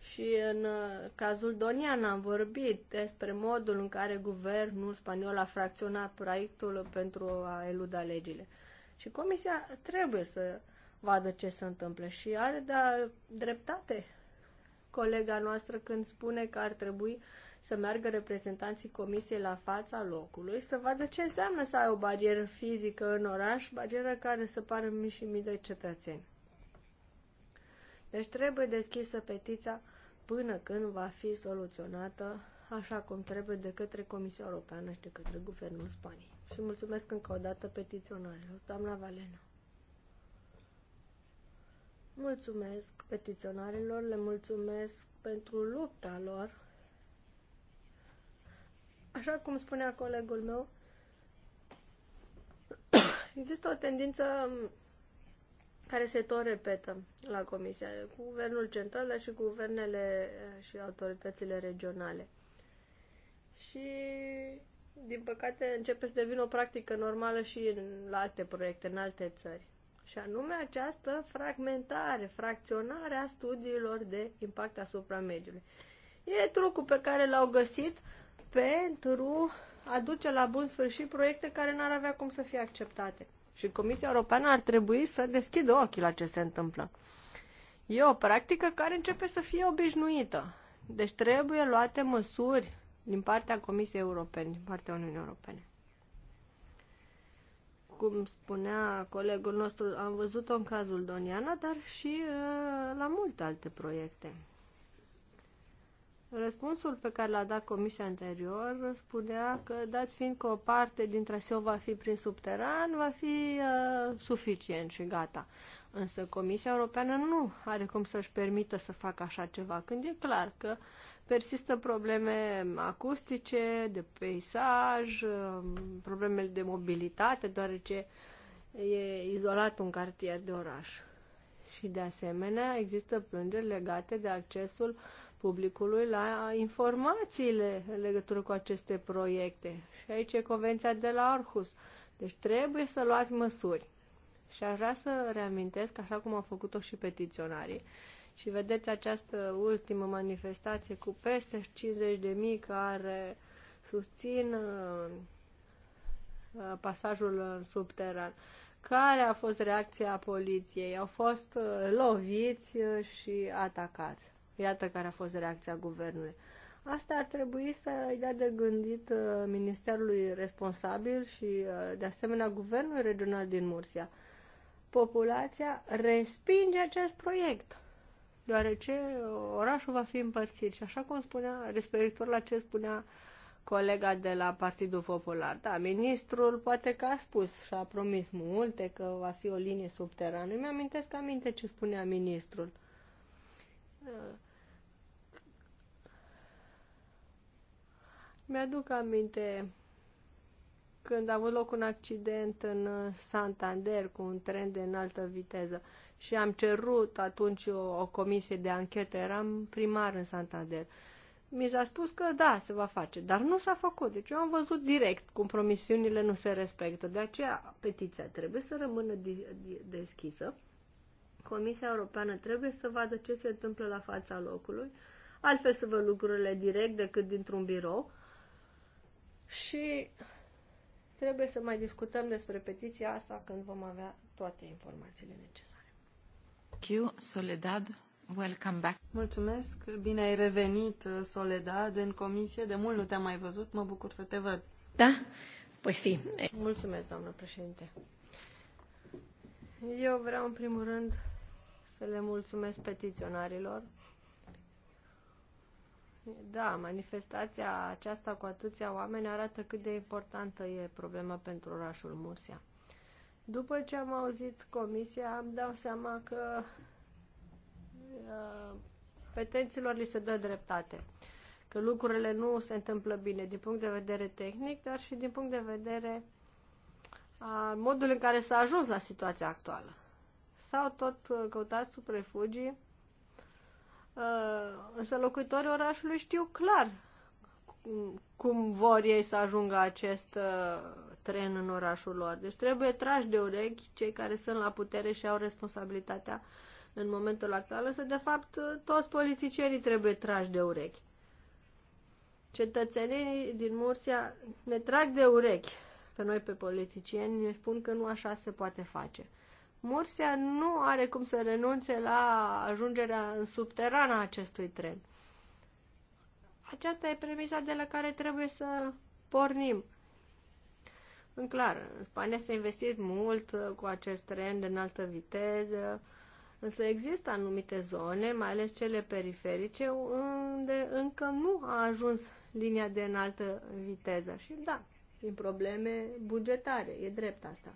Speaker 4: Și în uh, cazul Donian am vorbit despre modul în care guvernul spaniol a fracționat proiectul pentru a eluda legile. Și comisia trebuie să vadă ce se întâmplă și are da, dreptate colega noastră când spune că ar trebui uh, să meargă reprezentanții comisiei la fața locului, să vadă ce înseamnă să ai o barieră fizică în oraș, barieră care să pară mii și mii de cetățeni. Deci trebuie deschisă petiția până când va fi soluționată așa cum trebuie de către Comisia Europeană și de către Guvernul Spaniei. Și mulțumesc încă o dată petiționarilor. Doamna Valena. Mulțumesc petiționarilor, le mulțumesc pentru lupta lor Așa cum spunea colegul meu, există o tendință um, care se tot repetă la Comisia, cu guvernul central, dar și cu guvernele uh, și autoritățile regionale. Și, din păcate, începe să devină o practică normală și în alte proiecte, în alte țări. Și anume această fragmentare, fracționare a studiilor de impact asupra mediului. E trucul pe care l-au găsit pentru a duce la bun sfârșit proiecte care n-ar avea cum să fie acceptate. Și Comisia Europeană ar trebui să deschidă ochii la ce se întâmplă. E o practică care începe să fie obișnuită. Deci trebuie luate măsuri din partea Comisiei Europene, din partea Uniunii Europene. Cum spunea colegul nostru, am văzut-o în cazul Doniana, dar și uh, la multe alte proiecte. Răspunsul pe care l-a dat comisia anterior spunea că, dat fiind că o parte din traseu va fi prin subteran, va fi uh, suficient și gata. Însă Comisia Europeană nu are cum să-și permită să facă așa ceva, când e clar că persistă probleme acustice, de peisaj, um, probleme de mobilitate, deoarece e izolat un cartier de oraș. Și de asemenea există plângeri legate de accesul uh, publicului la informațiile în legătură cu aceste proiecte. Și aici e convenția de la Arhus. Deci trebuie să luați măsuri. Și aș vrea să reamintesc, așa cum au făcut-o și petiționarii, și vedeți această ultimă manifestație cu peste 50.000 care susțin uh, uh, pasajul în subteran. Care a fost reacția poliției? Au fost uh, loviți și atacați. Iată care a fost reacția guvernului. Asta ar trebui să îi dea de gândit uh, ministerului responsabil și, uh, de asemenea, guvernul regional din Mursia. Populația respinge acest proiect, deoarece uh, orașul va fi împărțit. Și așa cum spunea, respectiv la ce spunea colega de la Partidul Popular. Da, ministrul poate că a spus și a promis multe că va fi o linie subterană. Îmi amintesc aminte ce spunea ministrul Uh, Mi-aduc aminte când a avut loc un accident în uh, Santander cu un tren de înaltă viteză și am cerut atunci o, o comisie de anchetă, eram primar în Santander. Mi s-a spus că da, se va face, dar nu s-a făcut. Deci eu am văzut direct cum promisiunile nu se respectă. De aceea petiția trebuie să rămână deschisă Comisia Europeană trebuie să vadă ce se întâmplă la fața locului, altfel să vă lucrurile direct decât dintr-un birou. Și trebuie să mai discutăm despre petiția asta când vom avea toate informațiile necesare.
Speaker 5: Thank you, Soledad. Welcome back. Mulțumesc, bine ai revenit, Soledad, în comisie. De mult nu te-am mai
Speaker 4: văzut, mă bucur să te văd. Da? Păi si. Mulțumesc, doamnă președinte. Eu vreau, în primul rând, să le mulțumesc petiționarilor. Da, manifestația aceasta cu atâția oameni arată cât de importantă e problema pentru orașul Mursia. După ce am auzit comisia, am dau seama că uh, petenților li se dă dreptate, că lucrurile nu se întâmplă bine din punct de vedere tehnic, dar și din punct de vedere a modului în care s-a ajuns la situația actuală sau tot uh, căutați sub refugii. Uh, însă locuitorii orașului știu clar cum vor ei să ajungă acest uh, tren în orașul lor. Deci trebuie trași de urechi cei care sunt la putere și au responsabilitatea în momentul actual, însă de fapt toți politicienii trebuie trași de urechi. Cetățenii din Mursia ne trag de urechi pe noi, pe politicieni, ne spun că nu așa se poate face. Mursia nu are cum să renunțe la ajungerea în a acestui tren. Aceasta e premisa de la care trebuie să pornim. În clar, în Spania s-a investit mult uh, cu acest tren de înaltă viteză, însă există anumite zone, mai ales cele periferice, unde încă nu a ajuns linia de înaltă viteză. Și da, din probleme bugetare, e drept asta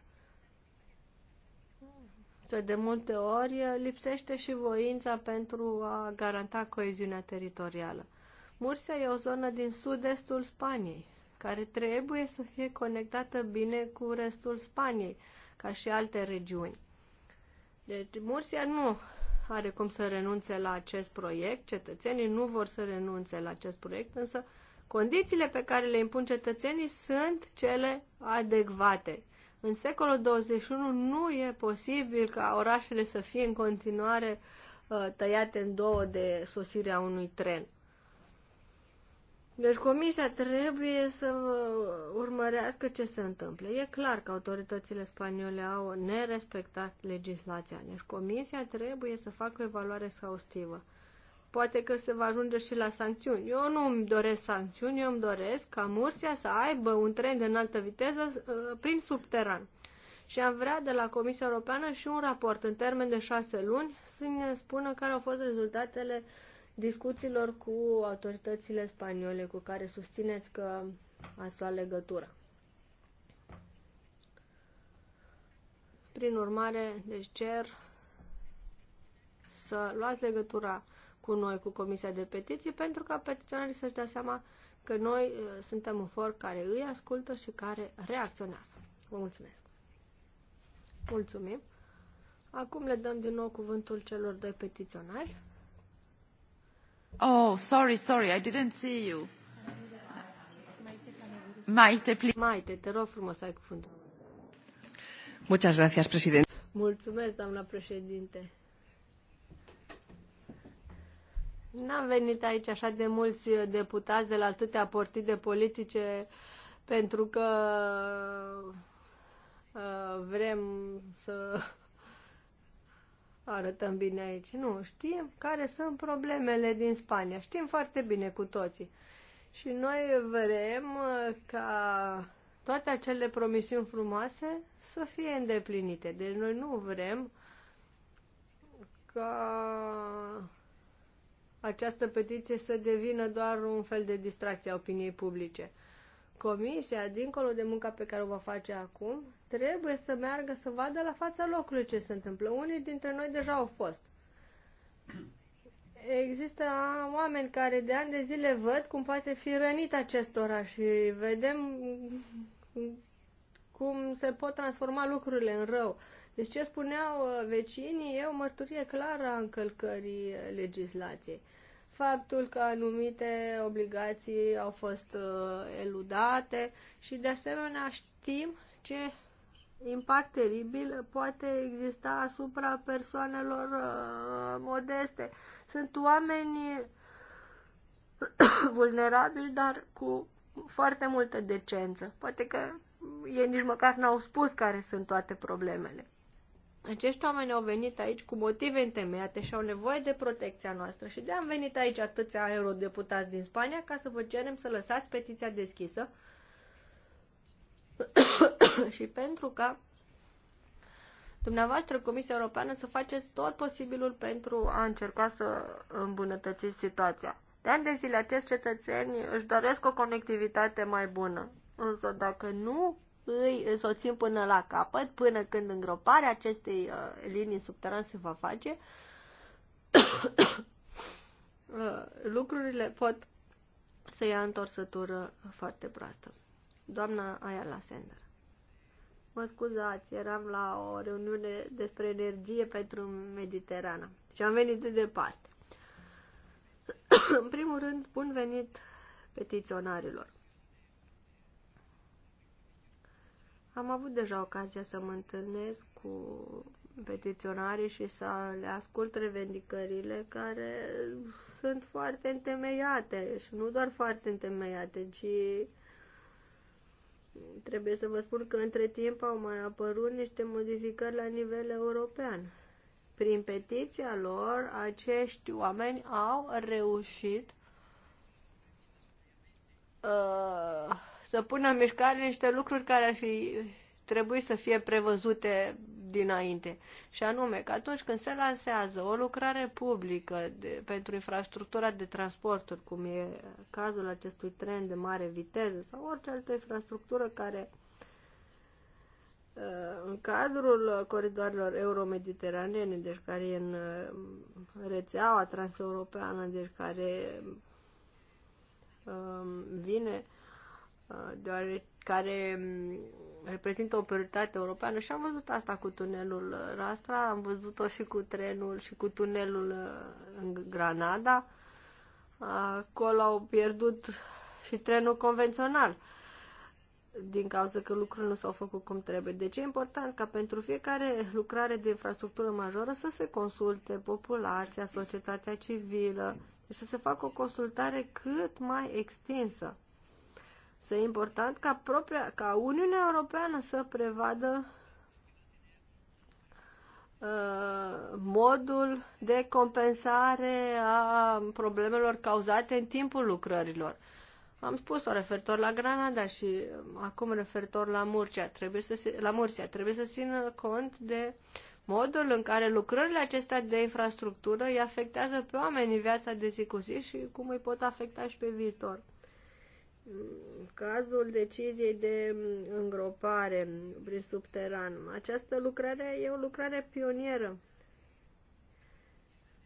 Speaker 4: că de multe ori lipsește și voința pentru a garanta coeziunea teritorială. Mursia e o zonă din sud-estul Spaniei, care trebuie să fie conectată bine cu restul Spaniei, ca și alte regiuni. Deci Mursia nu are cum să renunțe la acest proiect, cetățenii nu vor să renunțe la acest proiect, însă condițiile pe care le impun cetățenii sunt cele adecvate. În secolul 21 nu e posibil ca orașele să fie în continuare uh, tăiate în două de sosirea unui tren. Deci comisia trebuie să urmărească ce se întâmplă. E clar că autoritățile spaniole au nerespectat legislația. Deci comisia trebuie să facă o evaluare exhaustivă poate că se va ajunge și la sancțiuni. Eu nu îmi doresc sancțiuni, eu îmi doresc ca Mursia să aibă un tren de înaltă viteză uh, prin subteran. Și am vrea de la Comisia Europeană și un raport în termen de șase luni să ne spună care au fost rezultatele discuțiilor cu autoritățile spaniole cu care susțineți că ați luat legătura. Prin urmare, deci cer să luați legătura cu noi, cu Comisia de Petiții, pentru ca petiționarii să-și dea seama că noi uh, suntem un for care îi ascultă și care reacționează. Vă mulțumesc! Mulțumim! Acum le dăm din nou cuvântul celor doi petiționari.
Speaker 2: Oh, sorry, sorry, I didn't see you.
Speaker 4: Maite, please. Maite, te rog frumos să ai cuvântul. Muchas gracias, președinte. Mulțumesc, doamna președinte. N-am venit aici așa de mulți deputați de la atâtea partide politice pentru că uh, vrem să arătăm bine aici. Nu, știm care sunt problemele din Spania. Știm foarte bine cu toții. Și noi vrem uh, ca toate acele promisiuni frumoase să fie îndeplinite. Deci noi nu vrem ca această petiție să devină doar un fel de distracție a opiniei publice. Comisia, dincolo de munca pe care o va face acum, trebuie să meargă să vadă la fața locului ce se întâmplă. Unii dintre noi deja au fost. Există oameni care de ani de zile văd cum poate fi rănit acest oraș și vedem cum se pot transforma lucrurile în rău. Deci ce spuneau uh, vecinii e o mărturie clară a încălcării legislației. Faptul că anumite obligații au fost uh, eludate și de asemenea știm ce impact teribil poate exista asupra persoanelor uh, modeste. Sunt oameni vulnerabili, dar cu foarte multă decență. Poate că ei nici măcar n-au spus care sunt toate problemele. Acești oameni au venit aici cu motive întemeiate și au nevoie de protecția noastră și de am venit aici atâția eurodeputați din Spania ca să vă cerem să lăsați petiția deschisă și pentru ca dumneavoastră, Comisia Europeană, să faceți tot posibilul pentru a încerca să îmbunătățiți situația. De ani de zile, acești cetățeni își doresc o conectivitate mai bună. Însă dacă nu îi însoțim până la capăt, până când îngroparea acestei uh, linii subterane se va face. Uh, lucrurile pot să ia întorsătură foarte proastă. Doamna aia la Sender. Mă scuzați, eram la o reuniune despre energie pentru Mediterana și am venit de departe. În primul rând, bun venit petiționarilor. Am avut deja ocazia să mă întâlnesc cu petiționarii și să le ascult revendicările care sunt foarte întemeiate și nu doar foarte întemeiate, ci trebuie să vă spun că între timp au mai apărut niște modificări la nivel european. Prin petiția lor, acești oameni au reușit uh, să pună în mișcare niște lucruri care ar fi trebuit să fie prevăzute dinainte. Și anume că atunci când se lansează o lucrare publică de, pentru infrastructura de transporturi, cum e cazul acestui tren de mare viteză sau orice altă infrastructură care uh, în cadrul coridoarelor euromediteranene, deci care e în uh, rețeaua transeuropeană, deci care Um, vine uh, care um, reprezintă o prioritate europeană și am văzut asta cu tunelul Rastra, uh, am văzut-o și cu trenul și cu tunelul uh, în Granada. Acolo au pierdut și trenul convențional din cauza că lucrurile nu s-au făcut cum trebuie. Deci e important ca pentru fiecare lucrare de infrastructură majoră să se consulte populația, societatea civilă, și să se facă o consultare cât mai extinsă. Să e important ca, propria, ca Uniunea Europeană să prevadă uh, modul de compensare a problemelor cauzate în timpul lucrărilor. Am spus-o referitor la Granada și uh, acum referitor la Murcia. Trebuie să se, la Murcia trebuie să țină cont de modul în care lucrările acestea de infrastructură îi afectează pe oamenii viața de zi cu zi și cum îi pot afecta și pe viitor. cazul deciziei de îngropare prin subteran, această lucrare e o lucrare pionieră.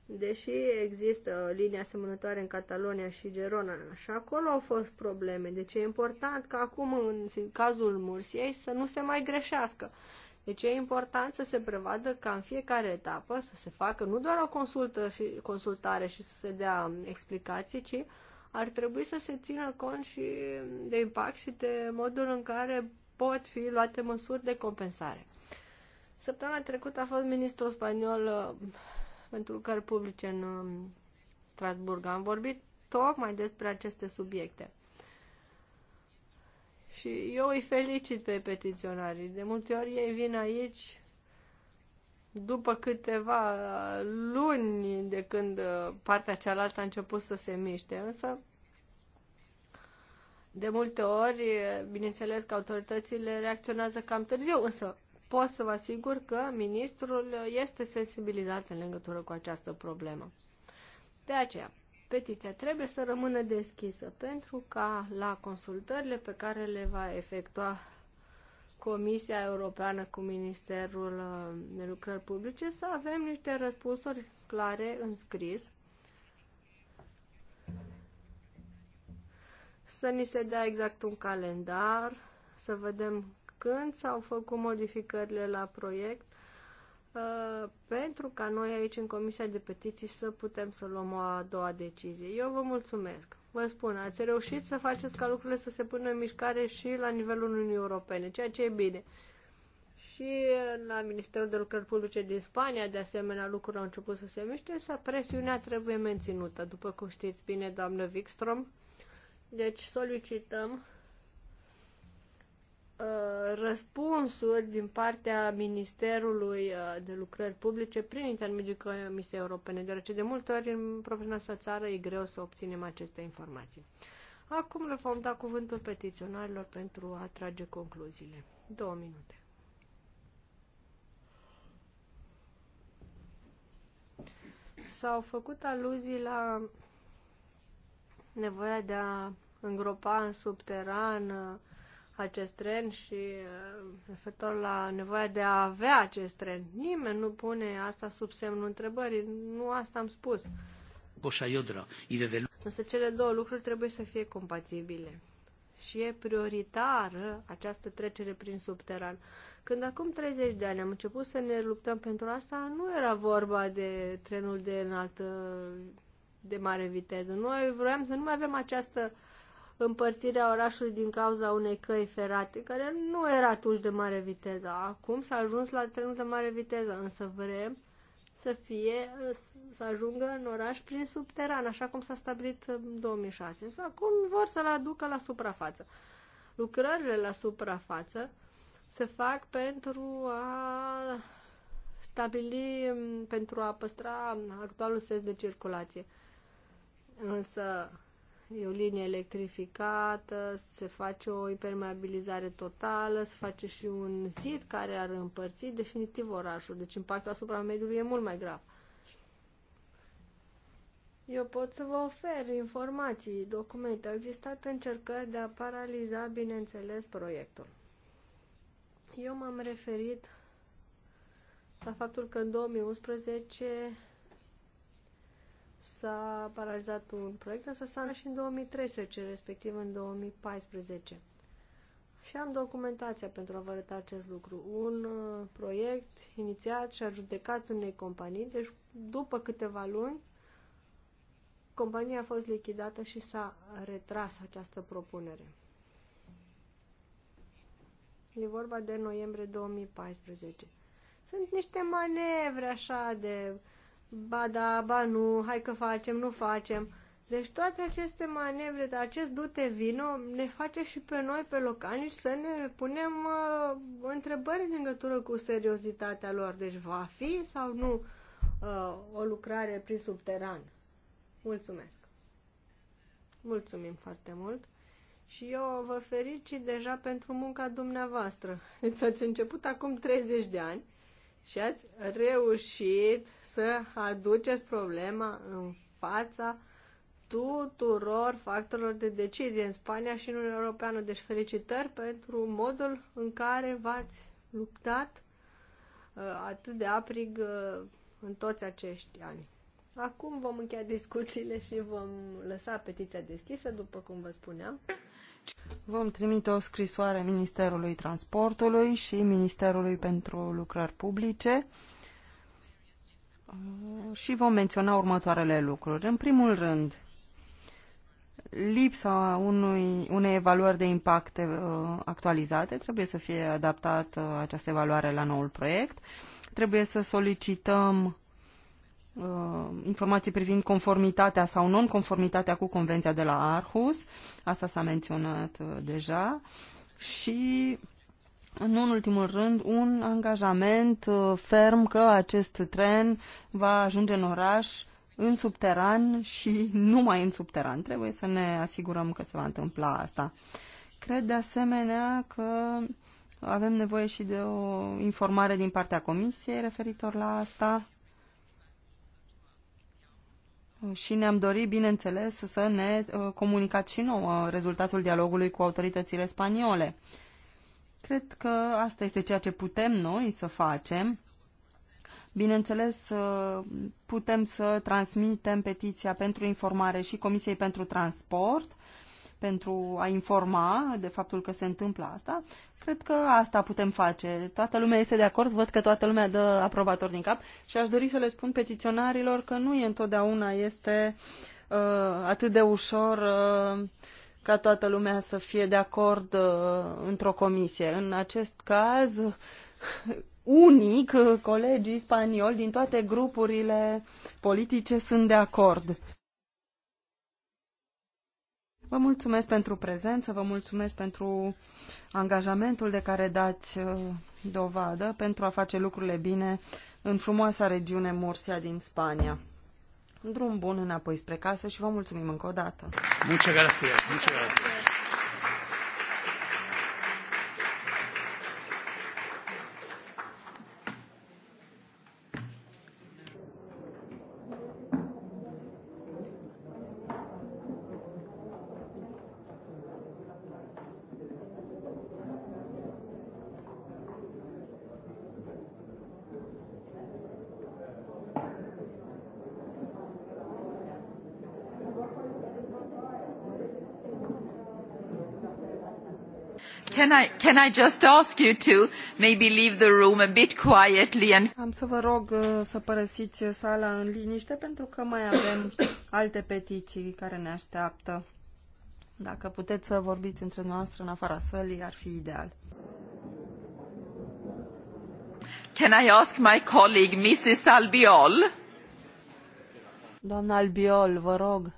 Speaker 4: Deși există linia asemănătoare în Catalonia și Gerona, și acolo au fost probleme. Deci e important ca acum, în cazul Mursiei, să nu se mai greșească deci e important să se prevadă ca în fiecare etapă să se facă nu doar o consultă și, consultare și să se dea explicații, ci ar trebui să se țină cont și de impact și de modul în care pot fi luate măsuri de compensare. Săptămâna trecută a fost ministrul spaniol uh, pentru lucrări publice în uh, Strasburg. Am vorbit tocmai despre aceste subiecte. Și eu îi felicit pe petiționarii. De multe ori ei vin aici după câteva luni de când uh, partea cealaltă a început să se miște. Însă, de multe ori, uh, bineînțeles că autoritățile reacționează cam târziu, însă pot să vă asigur că ministrul este sensibilizat în legătură cu această problemă. De aceea, petiția trebuie să rămână deschisă pentru ca la consultările pe care le va efectua Comisia Europeană cu Ministerul uh, de Lucrări Publice să avem niște răspunsuri clare în scris să ni se dea exact un calendar, să vedem când s-au făcut modificările la proiect Uh, pentru ca noi aici în Comisia de Petiții să putem să luăm o a doua decizie. Eu vă mulțumesc. Vă spun, ați reușit să faceți ca lucrurile să se pună în mișcare și la nivelul Uniunii Europene, ceea ce e bine. Și la Ministerul de Lucrări Publice din Spania, de asemenea, lucrurile au început să se miște, însă presiunea trebuie menținută, după cum știți bine, doamnă Wikstrom. Deci solicităm Uh, răspunsuri din partea Ministerului uh, de Lucrări Publice prin intermediul Comisiei Europene, deoarece de multe ori în propria noastră țară e greu să obținem aceste informații. Acum le vom da cuvântul petiționarilor pentru a trage concluziile. Două minute. S-au făcut aluzii la nevoia de a îngropa în subteran acest tren și uh, referitor la nevoia de a avea acest tren. Nimeni nu pune asta sub semnul întrebării, nu asta am spus. Însă cele două lucruri trebuie să fie compatibile. Și e prioritară această trecere prin subteran. Când acum 30 de ani am început să ne luptăm pentru asta, nu era vorba de trenul de înaltă, de mare viteză. Noi vroiam să nu mai avem această uh, împărțirea orașului din cauza unei căi ferate, care nu era atunci de mare viteză. Acum s-a ajuns la trenul de mare viteză, însă vrem să fie, să ajungă în oraș prin subteran, așa cum s-a stabilit în 2006. Însă acum vor să-l aducă la suprafață. Lucrările la suprafață se fac pentru a stabili, pentru a păstra actualul sens de circulație. Însă e o linie electrificată, se face o impermeabilizare totală, se face și un zid care ar împărți definitiv orașul. Deci impactul asupra mediului e mult mai grav. Eu pot să vă ofer informații, documente. Au existat încercări de a paraliza, bineînțeles, proiectul. Eu m-am referit la faptul că în 2011 s-a paralizat un proiect, însă s-a și în 2013, respectiv în 2014. Și am documentația pentru a vă arăta acest lucru. Un uh, proiect inițiat și adjudecat unei companii, deci după câteva luni, compania a fost lichidată și s-a retras această propunere. E vorba de noiembrie 2014. Sunt niște manevre așa de uh, ba da, ba nu, hai că facem, nu facem. Deci toate aceste manevre, acest dute vino, ne face și pe noi, pe localnici, să ne punem uh, întrebări în legătură cu seriozitatea lor. Deci va fi sau nu uh, o lucrare prin subteran? Mulțumesc! Mulțumim foarte mult! Și eu vă fericit deja pentru munca dumneavoastră. Deci ați început acum 30 de ani și ați reușit să aduceți problema în fața tuturor factorilor de decizie în Spania și în Uniunea Europeană. Deci felicitări pentru modul în care v-ați luptat uh, atât de aprig uh, în toți acești ani. Acum vom încheia discuțiile și vom lăsa petiția deschisă, după cum vă spuneam.
Speaker 5: Vom trimite o scrisoare Ministerului Transportului și Ministerului pentru Lucrări Publice și vom menționa următoarele lucruri. În primul rând, lipsa unui, unei evaluări de impact uh, actualizate, trebuie să fie adaptată uh, această evaluare la noul proiect, trebuie să solicităm uh, informații privind conformitatea sau non-conformitatea cu Convenția de la Arhus, asta s-a menționat uh, deja, și nu în ultimul rând, un angajament uh, ferm că acest tren va ajunge în oraș în subteran și numai în subteran. Trebuie să ne asigurăm că se va întâmpla asta. Cred de asemenea că avem nevoie și de o informare din partea Comisiei referitor la asta. Și ne-am dorit, bineînțeles, să ne uh, comunicați și nouă rezultatul dialogului cu autoritățile spaniole. Cred că asta este ceea ce putem noi să facem. Bineînțeles, putem să transmitem petiția pentru informare și Comisiei pentru Transport pentru a informa de faptul că se întâmplă asta. Cred că asta putem face. Toată lumea este de acord, văd că toată lumea dă aprobator din cap și aș dori să le spun petiționarilor că nu e întotdeauna este uh, atât de ușor uh, ca toată lumea să fie de acord uh, într-o comisie. În acest caz, unic, colegii spanioli din toate grupurile politice sunt de acord. Vă mulțumesc pentru prezență, vă mulțumesc pentru angajamentul de care dați uh, dovadă pentru a face lucrurile bine în frumoasa regiune Mursia din Spania drum bun înapoi spre casă și vă mulțumim încă o dată.
Speaker 3: Muchas gracias, muchas gracias.
Speaker 2: can I, can I just ask you to maybe leave the room a bit quietly
Speaker 5: and... Am să vă rog uh, să părăsiți sala în liniște pentru că mai avem alte petiții care ne așteaptă. Dacă puteți să vorbiți între noastre în afara sălii, ar fi ideal. Can
Speaker 2: I ask my colleague, Mrs. Albiol?
Speaker 5: Doamna Albiol, vă rog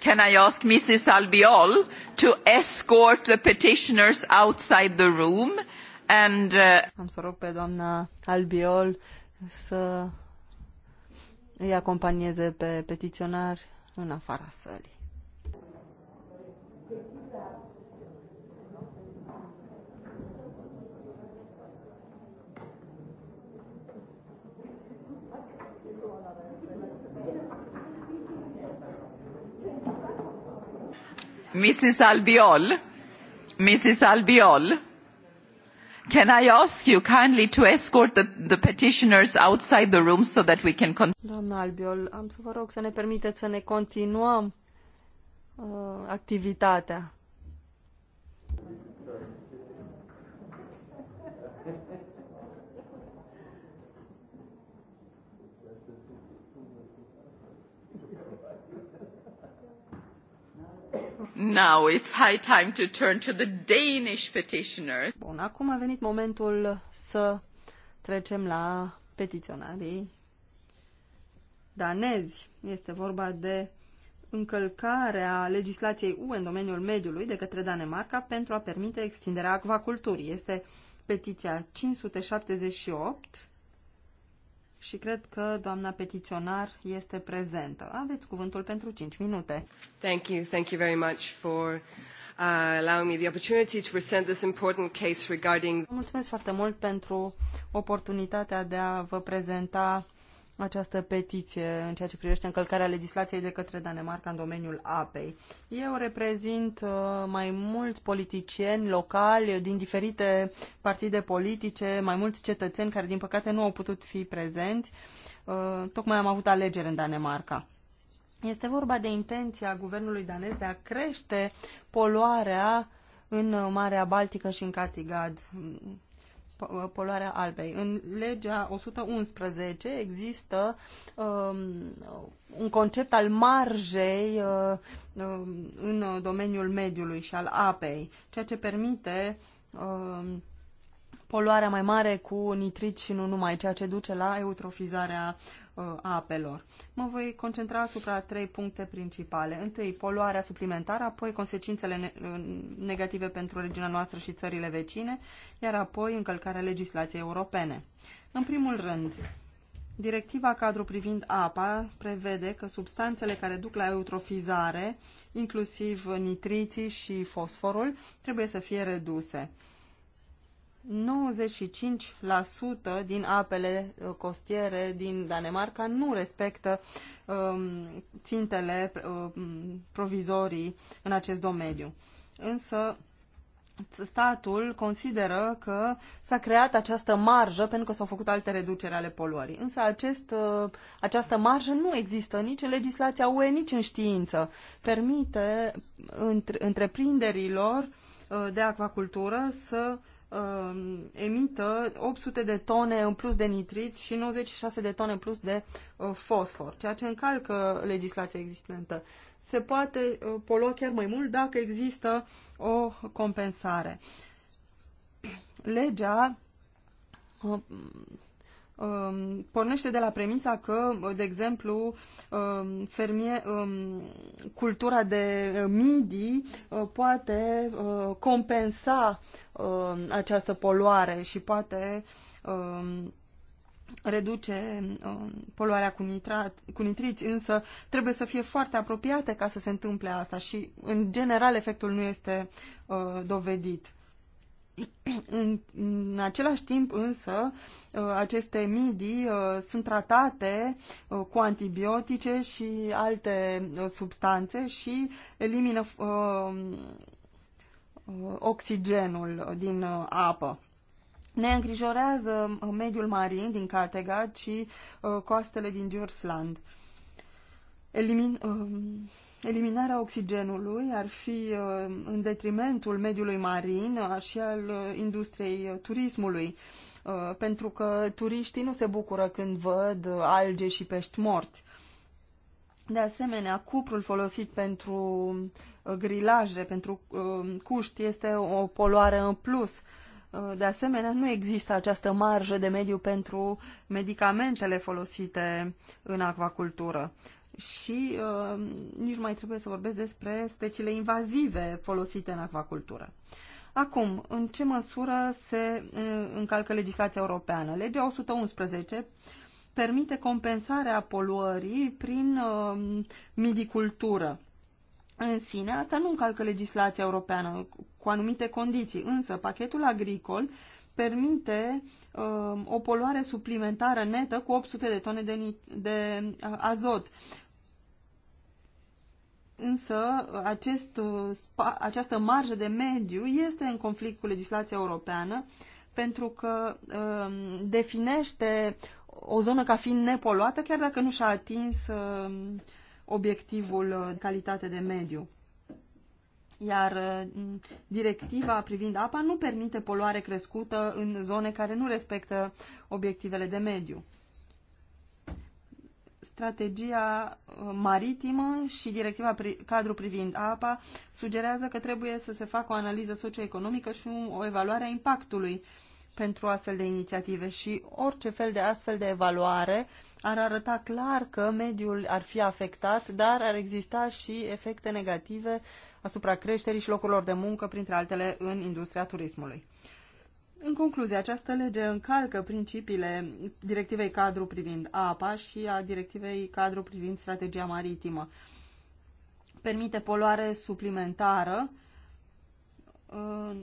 Speaker 2: can I ask Mrs. Albiol to escort the petitioners outside the room
Speaker 5: and... Uh... Am să rog pe doamna Albiol să îi acompanieze pe petiționari în afara sălii.
Speaker 2: Mrs. Albiol, Mrs. Albiol, can I ask you kindly to escort the, the petitioners outside the room so that we can continue?
Speaker 5: Doamna Albiol, am să vă rog să ne permiteți să ne continuăm uh, activitatea. Now it's high time to turn to the Danish petitioner. Bun, acum a venit momentul să trecem la petiționarii danezi. Este vorba de încălcarea legislației UE în domeniul mediului de către Danemarca pentru a permite extinderea acvaculturii. Este petiția 578 și cred că doamna petiționar este prezentă. Aveți cuvântul pentru 5 minute. Thank you. Thank you very much for uh, allowing me the opportunity to present this important case regarding Mulțumesc foarte mult pentru oportunitatea de a vă prezenta această petiție în ceea ce privește încălcarea legislației de către Danemarca în domeniul apei. Eu reprezint uh, mai mulți politicieni locali din diferite partide politice, mai mulți cetățeni care din păcate nu au putut fi prezenți. Uh, tocmai am avut alegeri în Danemarca. Este vorba de intenția guvernului danez de a crește poluarea în Marea Baltică și în Catigad. Uh, poluarea albei. În legea 111 există um, uh, un concept al marjei uh, um, în domeniul mediului și al apei, ceea ce permite um, poluarea mai mare cu nitrit și nu numai, ceea ce duce la eutrofizarea uh, Uh, a apelor. Mă voi concentra asupra trei puncte principale. Întâi, poluarea suplimentară, apoi consecințele uh, negative pentru regiunea noastră și țările vecine, iar apoi încălcarea legislației europene. În primul rând, Directiva cadru privind apa prevede că substanțele care duc la eutrofizare, inclusiv nitriții și fosforul, trebuie să fie reduse. 95% din apele uh, costiere din Danemarca nu respectă um, țintele um, provizorii în acest domeniu. Însă statul consideră că s-a creat această marjă pentru că s-au făcut alte reduceri ale poluării. Însă acest, uh, această marjă nu există nici în legislația UE, nici în știință. Permite întreprinderilor de acvacultură să uh, Um, emită 800 de tone în plus de nitrit și 96 de tone în plus de uh, fosfor, ceea ce încalcă legislația existentă. Se poate uh, polua chiar mai mult dacă există o compensare. Legea uh, um, pornește de la premisa că, de exemplu, um, fermie, um, cultura de uh, midi uh, poate uh, compensa uh, această poluare și poate um, reduce um, poluarea cu, nitrat, cu nitriți, însă trebuie să fie foarte apropiate ca să se întâmple asta și, în general, efectul nu este uh, dovedit. În, în același timp însă uh, aceste midii uh, sunt tratate uh, cu antibiotice și alte substanțe și elimină oxigenul din apă. Ne îngrijorează mediul marin din Kattegat și coastele din Jursland. Elimin, Eliminarea oxigenului ar fi uh, în detrimentul mediului marin uh, și al uh, industriei turismului, pentru că turiștii nu se bucură când văd alge și pești morți. De asemenea, cuprul folosit pentru grilaje, pentru cuști, este o poluare în plus. De asemenea, nu există această marjă de mediu pentru medicamentele folosite în acvacultură și uh, nici mai trebuie să vorbesc despre speciile invazive folosite în acvacultură. Acum, în ce măsură se uh, încalcă legislația europeană? Legea 111 permite compensarea poluării prin uh, midicultură. În sine, asta nu încalcă legislația europeană cu anumite condiții, însă pachetul agricol permite uh, o poluare suplimentară netă cu 800 de tone de, de uh, azot. Însă acest, uh, această marjă de mediu este în conflict cu legislația europeană pentru că uh, definește o zonă ca fiind nepoluată chiar dacă nu și-a atins uh, obiectivul uh, calitate de mediu. Iar uh, directiva privind apa nu permite poluare crescută în zone care nu respectă obiectivele de mediu strategia uh, maritimă și directiva pri, cadru privind apa sugerează că trebuie să se facă o analiză socioeconomică și o evaluare a impactului pentru astfel de inițiative și orice fel de astfel de evaluare ar arăta clar că mediul ar fi afectat, dar ar exista și efecte negative asupra creșterii și locurilor de muncă, printre altele în industria turismului. În concluzie, această lege încalcă principiile directivei cadru privind apa și a directivei cadru privind strategia maritimă. Permite poluare suplimentară uh,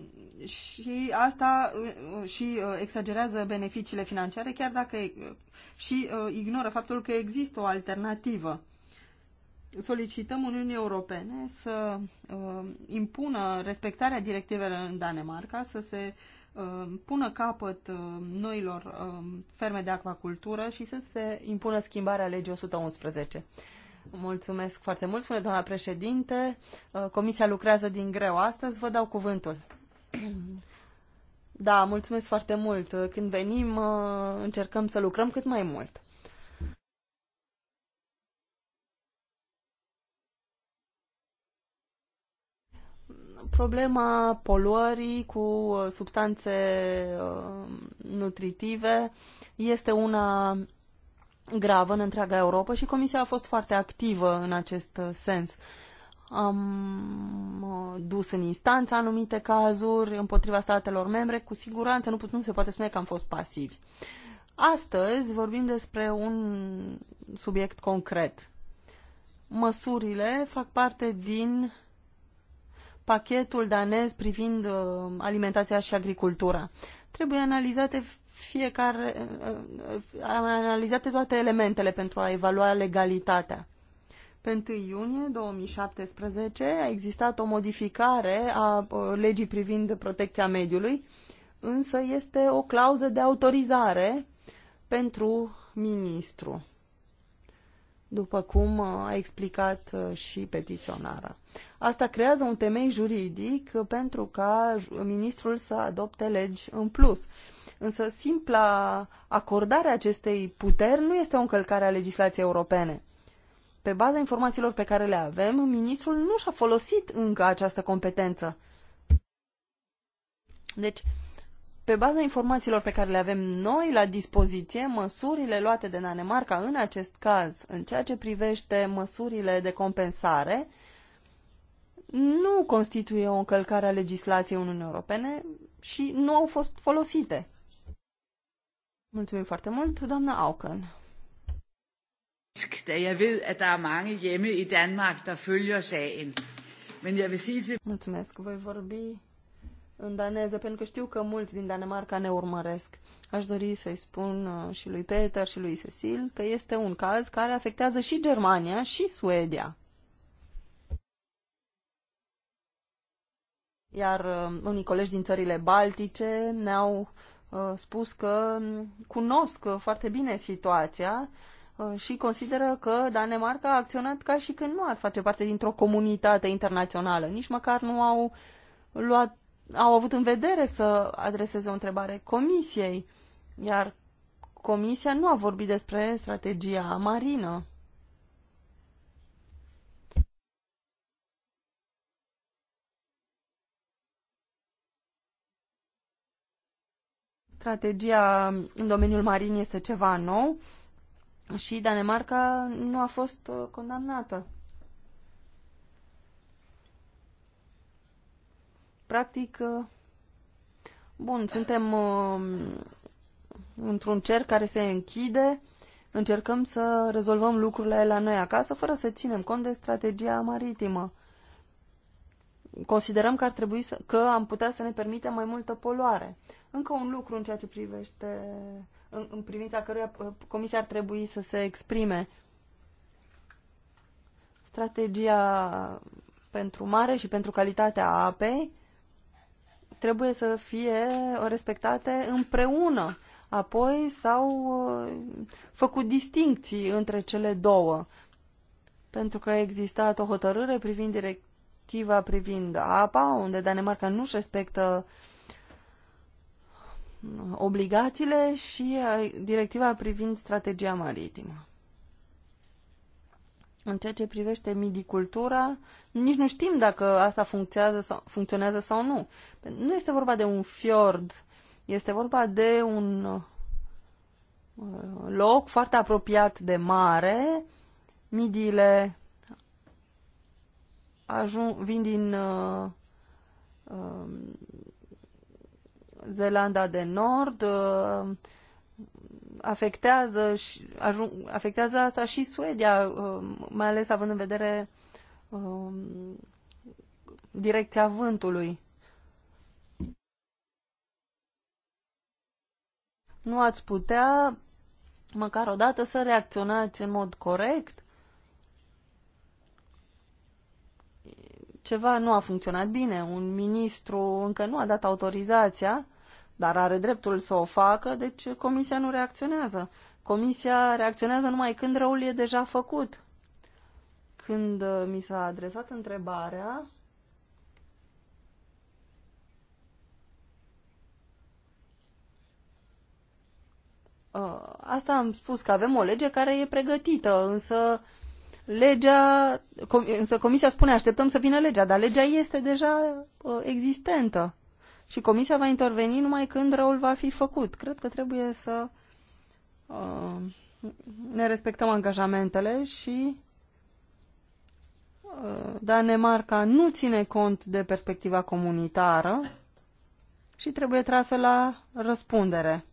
Speaker 5: și asta uh, și uh, exagerează beneficiile financiare chiar dacă și ignoră faptul că există o alternativă. Solicităm Uniunii Europene să impună respectarea directivelor în Danemarca, să se uh, Um, pună capăt um, noilor um, ferme de acvacultură și să se impună schimbarea legii 111. Mulțumesc foarte mult, spune doamna președinte. Uh, comisia lucrează din greu astăzi. Vă dau cuvântul. Da, mulțumesc foarte mult. Când venim, uh, încercăm să lucrăm cât mai mult. problema poluării cu uh, substanțe uh, nutritive este una gravă în întreaga Europa și Comisia a fost foarte activă în acest uh, sens. Am dus în instanță anumite cazuri împotriva statelor membre. Cu siguranță nu, put, nu se poate spune că am fost pasivi. Astăzi vorbim despre un subiect concret. Măsurile fac parte din pachetul danez privind uh, alimentația și agricultura. Trebuie analizate fiecare, uh, uh, analizate toate elementele pentru a evalua legalitatea. Pe 1 iunie 2017 a existat o modificare a legii privind protecția mediului, însă este o clauză de autorizare pentru ministru, după cum a explicat și petiționara. Asta creează un temei juridic pentru ca ministrul să adopte legi în plus. Însă simpla acordare acestei puteri nu este o încălcare a legislației europene. Pe baza informațiilor pe care le avem, ministrul nu și-a folosit încă această competență. Deci, pe baza informațiilor pe care le avem noi la dispoziție, măsurile luate de Danemarca în acest caz, în ceea ce privește măsurile de compensare, nu constituie o încălcare a legislației Uniunii Europene și nu au fost folosite. Mulțumim foarte mult, doamna Auken.
Speaker 2: Da jeg ved, at der er
Speaker 5: mange hjemme i Danmark, der følger sagen. Men jeg vil sige til... Mulțumesc, voi vorbi în daneză, pentru că știu că mulți din Danemarca ne urmăresc. Aș dori să-i spun uh, și lui Peter și lui Cecil că este un caz care afectează și Germania și Suedia. Iar um, unii colegi din țările baltice ne-au uh, spus că cunosc foarte bine situația uh, și consideră că Danemarca a acționat ca și când nu ar face parte dintr-o comunitate internațională. Nici măcar nu au luat au avut în vedere să adreseze o întrebare comisiei, iar comisia nu a vorbit despre strategia marină. Strategia în domeniul marin este ceva nou și Danemarca nu a fost uh, condamnată. Practic, uh, bun, suntem uh, într-un cer care se închide, încercăm să rezolvăm lucrurile la noi acasă fără să ținem cont de strategia maritimă. Considerăm că ar trebui să, că am putea să ne permitem mai multă poluare. Încă un lucru în ceea ce privește, în, în privința căruia uh, Comisia ar trebui să se exprime. Strategia pentru mare și pentru calitatea apei trebuie să fie respectate împreună. Apoi s-au uh, făcut distincții între cele două, pentru că a existat o hotărâre privind directiva privind apa, unde Danemarca nu-și respectă uh, obligațiile și uh, directiva privind strategia maritimă. În ceea ce privește midicultura, nici nu știm dacă asta funcționează sau, funcționează sau nu. Nu este vorba de un fiord, este vorba de un uh, loc foarte apropiat de mare. Midiile ajung, vin din uh, uh, Zeelanda de Nord, uh, afectează, și, ajung, afectează asta și Suedia, uh, mai ales având în vedere um, direcția vântului. Nu ați putea măcar o dată să reacționați în mod corect? Ceva nu a funcționat bine. Un ministru încă nu a dat autorizația dar are dreptul să o facă, deci comisia nu reacționează. Comisia reacționează numai când răul e deja făcut. Când uh, mi s-a adresat întrebarea, uh, asta am spus că avem o lege care e pregătită, însă legea, însă comisia spune așteptăm să vină legea, dar legea este deja uh, existentă și comisia va interveni numai când răul va fi făcut. Cred că trebuie să uh, ne respectăm angajamentele și uh, Danemarca nu ține cont de perspectiva comunitară și trebuie trasă la răspundere.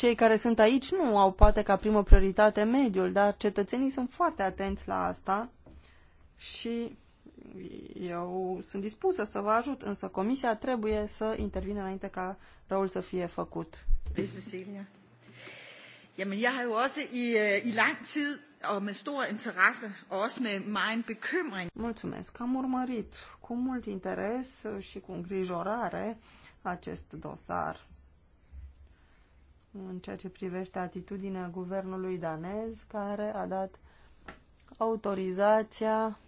Speaker 5: cei care sunt aici nu au poate ca primă prioritate mediul, dar cetățenii sunt foarte atenți la asta și eu sunt dispusă să vă ajut, însă comisia trebuie să intervină înainte ca răul să fie făcut.
Speaker 2: Er Jamen, jeg har jo også i, øh, i lang tid
Speaker 5: og med stor interesse og også med meget bekymring. Mulțumesc, am urmărit cu mult interes și cu îngrijorare acest dosar în ceea ce privește atitudinea guvernului danez care a dat autorizația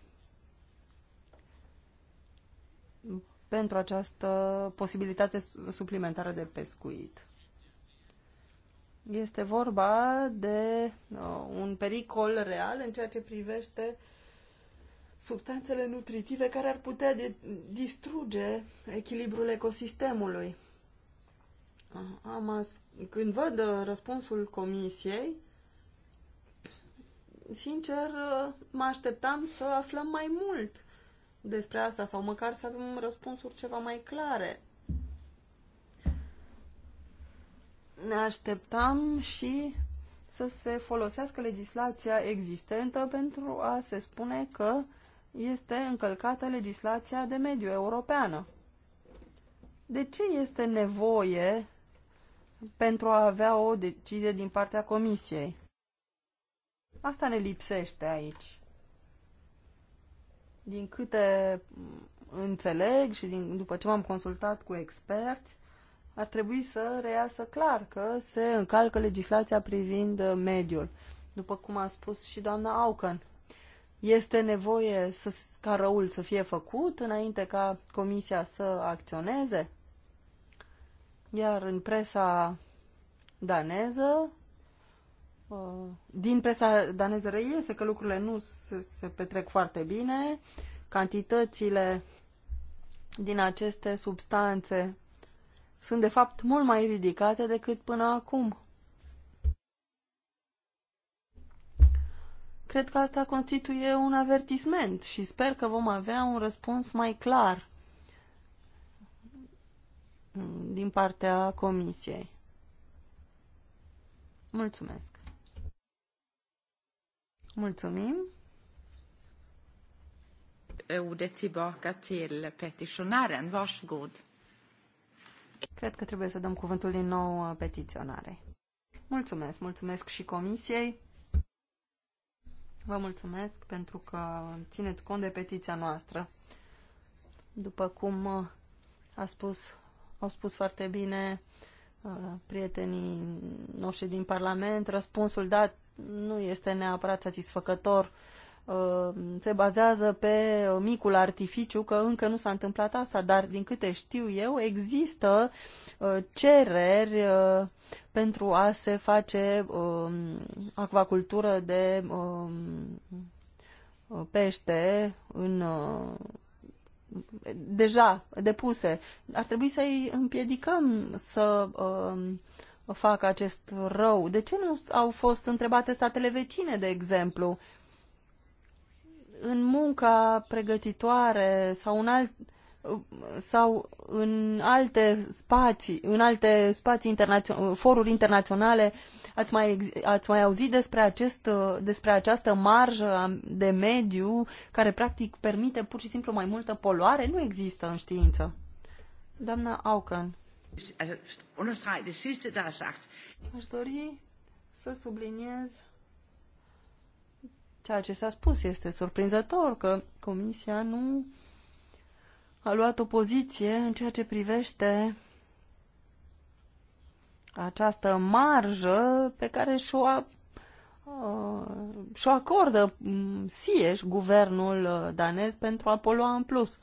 Speaker 5: pentru această posibilitate suplimentară de pescuit. Este vorba de uh, un pericol real în ceea ce privește substanțele nutritive care ar putea de- distruge echilibrul ecosistemului am as... când văd uh, răspunsul comisiei, sincer, uh, mă așteptam să aflăm mai mult despre asta sau măcar să avem răspunsuri ceva mai clare. Ne așteptam și să se folosească legislația existentă pentru a se spune că este încălcată legislația de mediu europeană. De ce este nevoie pentru a avea o decizie din partea Comisiei. Asta ne lipsește aici. Din câte înțeleg și din, după ce m-am consultat cu experți, ar trebui să reiasă clar că se încalcă legislația privind mediul. După cum a spus și doamna Aucan, este nevoie să, ca răul să fie făcut înainte ca comisia să acționeze? Iar în presa daneză, uh, din presa daneză reiese că lucrurile nu se, se petrec foarte bine, cantitățile din aceste substanțe sunt de fapt mult mai ridicate decât până acum. Cred că asta constituie un avertisment și sper că vom avea un răspuns mai clar din partea Comisiei. Mulțumesc! Mulțumim!
Speaker 2: Ordet tillbaka till petitionären. Varsågod.
Speaker 5: Cred că trebuie să dăm cuvântul din nou uh, petiționare. Mulțumesc, mulțumesc și comisiei. Vă mulțumesc pentru că țineți cont de petiția noastră. După cum uh, a spus au spus foarte bine uh, prietenii noștri din Parlament, răspunsul dat nu este neapărat satisfăcător. Uh, se bazează pe uh, micul artificiu că încă nu s-a întâmplat asta, dar din câte știu eu, există cereri pentru a se face um, acvacultură de um, pește în deja depuse. Ar trebui să îi împiedicăm să uh, facă acest rău. De ce nu au fost întrebate statele vecine, de exemplu? În munca pregătitoare sau în alt sau în alte spații, în alte spații internaționale, foruri internaționale uh, Ați mai, ați mai auzit despre, acest, despre această marjă de mediu care practic permite pur și simplu mai multă poluare? Nu există în știință. Doamna Aucan. Er Aș dori să subliniez ceea ce s-a spus. Este surprinzător că Comisia nu a luat o poziție în ceea ce privește această marjă pe care și-o uh, și-o acordă mm, SIEș, guvernul uh, danez, pentru a polua în plus.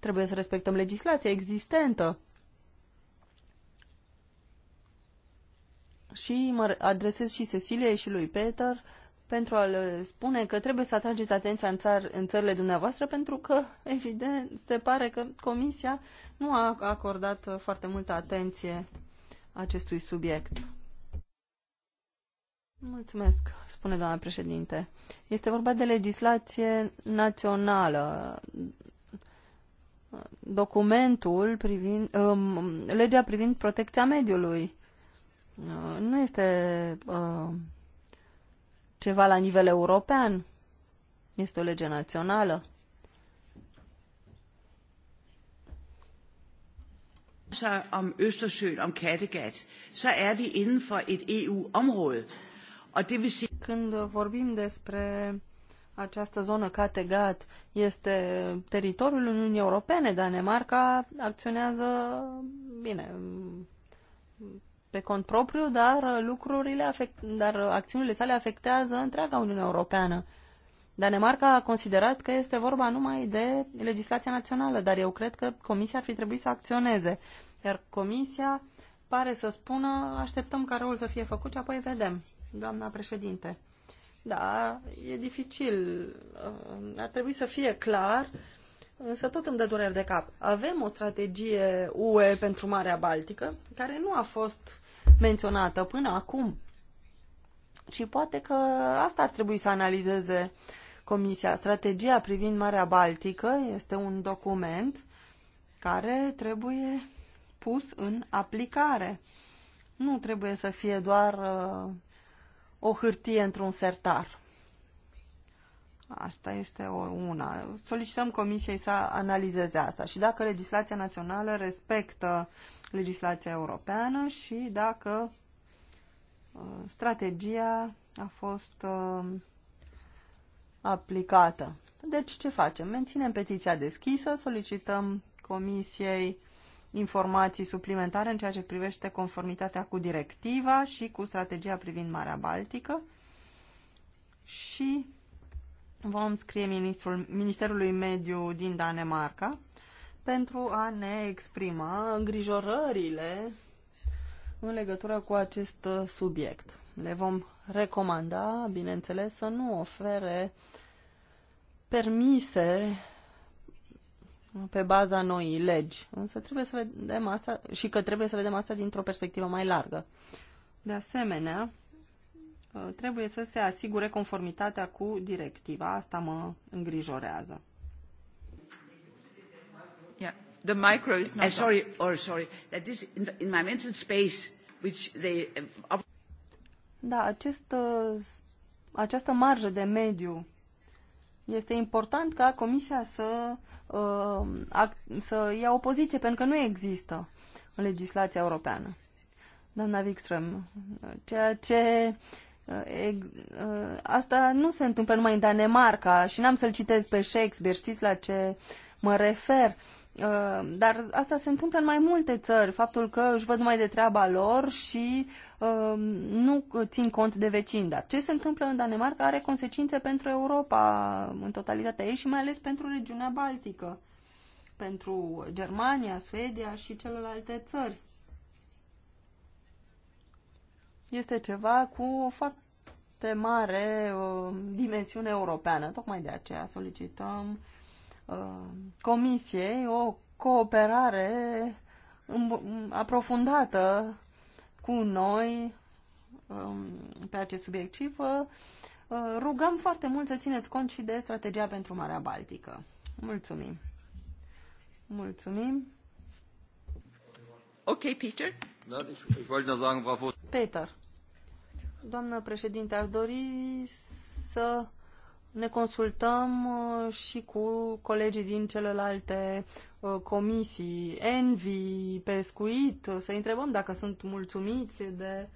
Speaker 5: Trebuie să respectăm legislația existentă. Și mă adresez și Cecilie și lui Peter pentru a le spune că trebuie să atrageți atenția în, țar, în țările dumneavoastră pentru că, evident, se pare că Comisia nu a acordat foarte multă atenție acestui subiect. Mulțumesc, spune doamna președinte. Este vorba de legislație națională. Documentul privind, um, legea privind protecția mediului uh, nu este uh, ceva la nivel european. Este o lege națională.
Speaker 2: sig om Østersøen, om Kattegat,
Speaker 5: så er vi inden for et EU-område. Og det vil sige... Când vorbim despre această zonă Kattegat, este teritoriul Uniunii Europene. Danemarca acționează bine pe cont propriu, dar lucrurile afect, dar acțiunile sale afectează întreaga Uniune Europeană. Danemarca a considerat că este vorba numai de legislația națională, dar eu cred că Comisia ar fi trebuit să acționeze. Iar Comisia pare să spună, așteptăm ca răul să fie făcut și apoi vedem, doamna președinte. Da, e dificil. Uh, ar trebui să fie clar, însă tot îmi dă dureri de cap. Avem o strategie UE pentru Marea Baltică, care nu a fost menționată până acum. Și poate că asta ar trebui să analizeze Comisia. Strategia privind Marea Baltică este un document care trebuie pus în aplicare. Nu trebuie să fie doar uh, o hârtie într-un sertar. Asta este o, una. Solicităm Comisiei să analizeze asta și dacă legislația națională respectă legislația europeană și dacă uh, strategia a fost uh, aplicată. Deci ce facem? Menținem petiția deschisă, solicităm Comisiei informații suplimentare în ceea ce privește conformitatea cu directiva și cu strategia privind Marea Baltică și vom scrie ministrul, Ministerului Mediu din Danemarca pentru a ne exprima îngrijorările în legătură cu acest subiect. Le vom recomanda, bineînțeles, să nu ofere permise pe baza noii legi. Însă trebuie să vedem asta și că trebuie să vedem asta dintr-o perspectivă mai largă. De asemenea, trebuie să se asigure conformitatea cu directiva. Asta mă îngrijorează. Yeah. The
Speaker 2: micro is not...
Speaker 3: Uh, sorry,
Speaker 5: or oh, sorry, that this environmental space
Speaker 2: which they... Uh,
Speaker 5: da, acest, uh, această marjă de mediu este important ca Comisia să, uh, să ia o poziție, pentru că nu există în legislația europeană. Doamna Wikström, ceea ce uh, asta nu se întâmplă numai în Danemarca și n-am să-l citez pe Shakespeare, știți la ce mă refer. Dar asta se întâmplă în mai multe țări, faptul că își văd mai de treaba lor și Um, nu țin cont de vecini, dar ce se întâmplă în Danemarca are consecințe pentru Europa în totalitatea ei și mai ales pentru regiunea Baltică, pentru Germania, Suedia și celelalte țări. Este ceva cu foarte mare uh, dimensiune europeană. Tocmai de aceea solicităm uh, Comisiei o cooperare aprofundată cu noi um, pe acest subiect și vă uh, rugăm foarte mult să țineți cont și de strategia pentru Marea Baltică. Mulțumim! Mulțumim! Ok, Peter? Da, deci, Peter, doamnă președinte, ar dori să ne consultăm uh, și cu colegii din celelalte Uh, comisii, Envi, Pescuit, uh, să întrebăm dacă sunt mulțumiți de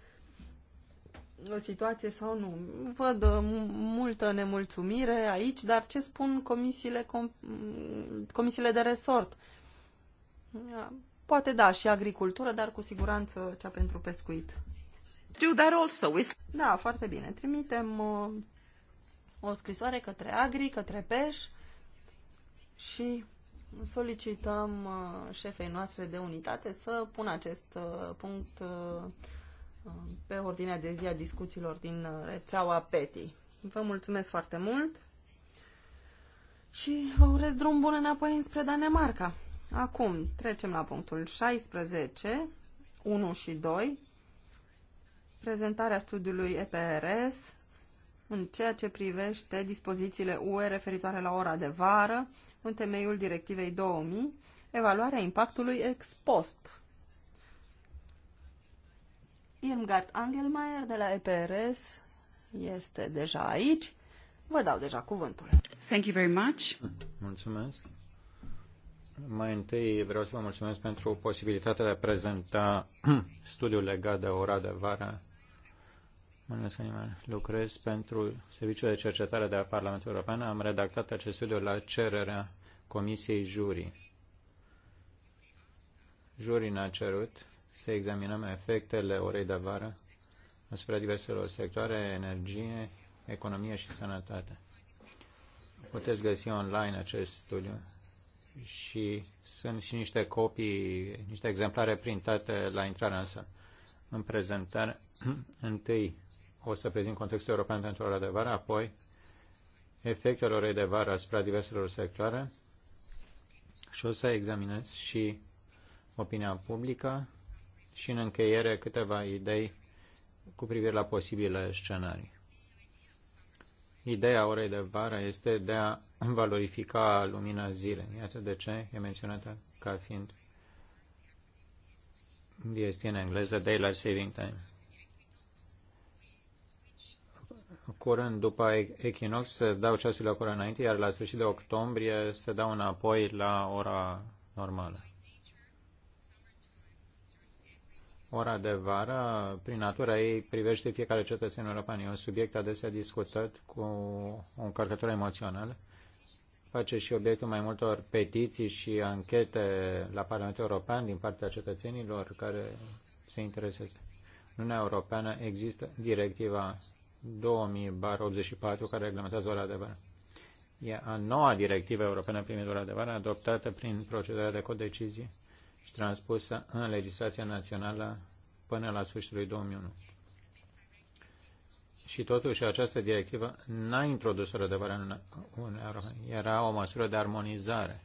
Speaker 5: situație sau nu. Văd uh, multă nemulțumire aici, dar ce spun comisiile, com, comisiile de resort? Poate da, și agricultură, dar cu siguranță cea pentru pescuit. Do that also. Da, foarte bine. Trimitem uh, o scrisoare către agri, către peș și solicităm uh, șefei noastre de unitate să pună acest uh, punct uh, pe ordinea de zi a discuțiilor din rețeaua PETI. Vă mulțumesc foarte mult și vă urez drum bun înapoi înspre Danemarca. Acum trecem la punctul 16, 1 și 2, prezentarea studiului EPRS în ceea ce privește dispozițiile UE referitoare la ora de vară, în temeiul Directivei 2000, evaluarea impactului ex post. Irmgard Angelmeier de la EPRS este deja aici. Vă dau deja cuvântul. Thank
Speaker 2: you very much.
Speaker 1: Mulțumesc. Mai întâi vreau să vă mulțumesc pentru posibilitatea de a prezenta studiul legat de ora de vară Mulțumesc, Animal, lucrez pentru Serviciul de Cercetare de la Parlamentul European. Am redactat acest studiu la cererea Comisiei Jurii. Jurii ne-a cerut să examinăm efectele orei de vară asupra diverselor sectoare, energie, economie și sănătate. Puteți găsi online acest studiu și sunt și niște copii, niște exemplare printate la intrarea în sală. În prezentare, întâi o să prezint contextul european pentru ora de vară, apoi efectele orei de vară asupra diverselor sectoare și o să examinez și opinia publică și în încheiere câteva idei cu privire la posibile scenarii. Ideea orei de vară este de a valorifica lumina zilei. Iată de ce e menționată ca fiind este în engleză Daylight Saving Time. curând după echinox se dau ceasurile acolo înainte, iar la sfârșit de octombrie se dau înapoi la ora normală. Ora de vară, prin natura ei, privește fiecare cetățean european. E un subiect adesea discutat cu o încărcătură emoțională. Face și obiectul mai multor petiții și anchete la Parlamentul European din partea cetățenilor care se interesează. În Uniunea Europeană există directiva 2000-84 care reglementează ora de vară. E a noua directivă europeană privind ora de vară adoptată prin procedura de codecizie și transpusă în legislația națională până la sfârșitul lui 2001. Și totuși această directivă n-a introdus de vară în Uniunea Europeană. Era o măsură de armonizare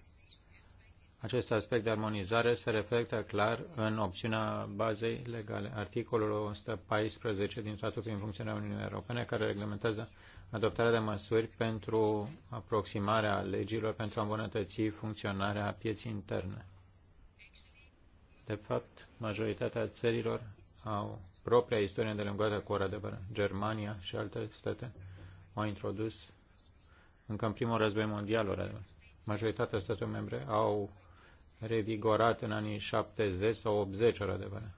Speaker 1: acest aspect de armonizare se reflectă clar în opțiunea bazei legale, articolul 114 din Tratatul prin funcționarea Uniunii Europene, care reglementează adoptarea de măsuri pentru aproximarea legilor pentru a îmbunătăți funcționarea pieții interne. De fapt, majoritatea țărilor au propria istorie îndelungată cu ora de vară. Germania și alte state au introdus încă în primul război mondial ora de vară. Majoritatea statelor membre au revigorat în anii 70 sau 80, ori adevărat.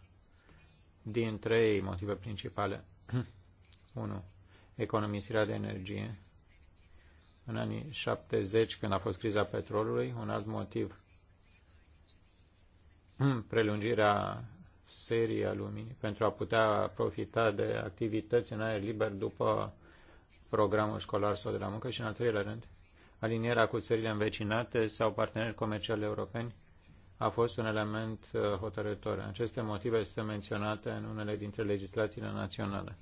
Speaker 1: Din trei motive principale. 1. Economisirea de energie. În anii 70, când a fost criza petrolului, un alt motiv. Prelungirea serii a lumii pentru a putea profita de activități în aer liber după programul școlar sau de la muncă și, în al treilea rând, alinierea cu țările învecinate sau parteneri comerciali europeni a fost un element uh, hotărător. Aceste motive sunt menționate în unele dintre legislațiile naționale.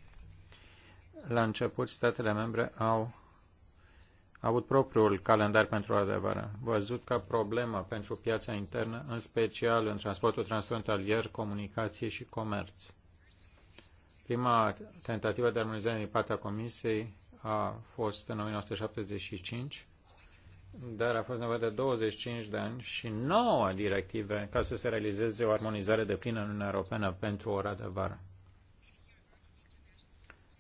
Speaker 1: La început, statele membre au avut propriul calendar pentru adevăr, văzut ca problemă pentru piața internă, în special în transportul transfrontalier, comunicație și comerț. Prima tentativă de armonizare din partea Comisiei a fost în 1975 dar a fost nevoie de 25 de ani și 9 directive ca să se realizeze o armonizare de plină în Uniunea Europeană pentru ora de vară.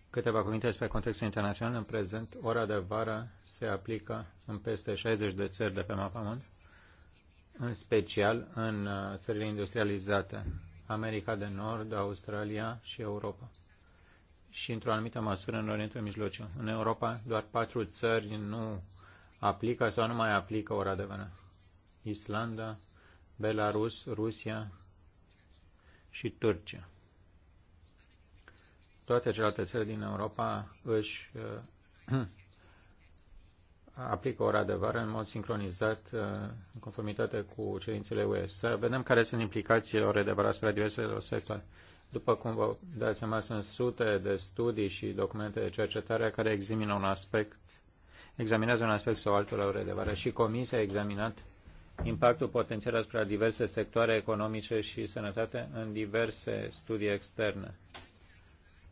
Speaker 1: Câteva cuvinte despre contextul internațional. În prezent, ora de vară se aplică în peste 60 de țări de pe mond, în special în uh, țările industrializate, America de Nord, Australia și Europa și într-o anumită măsură în Orientul Mijlociu. În Europa, doar patru țări nu uh, aplică sau nu mai aplică ora de vână. Islanda, Belarus, Rusia și Turcia. Toate celelalte țări din Europa își uh, aplică ora de vară în mod sincronizat, uh, în conformitate cu cerințele UE. Să vedem care sunt implicațiile ore de vară asupra diverselor sectoare. După cum vă dați seama, sunt sute de studii și documente de cercetare care examină un aspect examinează un aspect sau altul la de vară. și Comisia a examinat impactul potențial asupra diverse sectoare economice și sănătate în diverse studii externe.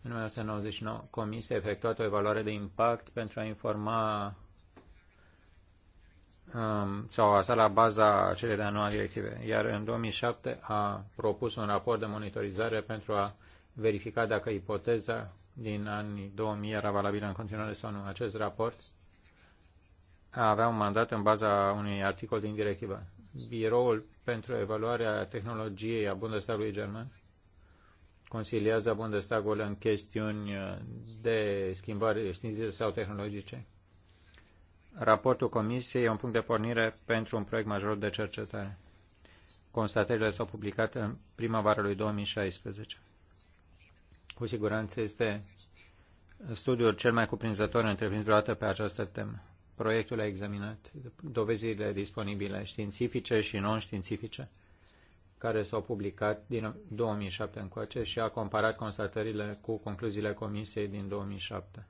Speaker 1: În 1999, Comisia a efectuat o evaluare de impact pentru a informa um, sau a sta la baza celei de anual directive, iar în 2007 a propus un raport de monitorizare pentru a verifica dacă ipoteza din anii 2000 era valabilă în continuare sau nu. Acest raport a avea un mandat în baza unui articol din directivă. Biroul pentru evaluarea tehnologiei a Bundestagului German consiliază Bundestagul în chestiuni de schimbări științifice sau tehnologice. Raportul Comisiei e un punct de pornire pentru un proiect major de cercetare. Constatările s-au publicat în primăvara lui 2016. Cu siguranță este studiul cel mai cuprinzător întreprins vreodată pe această temă. Proiectul a examinat dovezile disponibile științifice și non-științifice care s-au publicat din 2007 încoace și a comparat constatările cu concluziile Comisiei din 2007.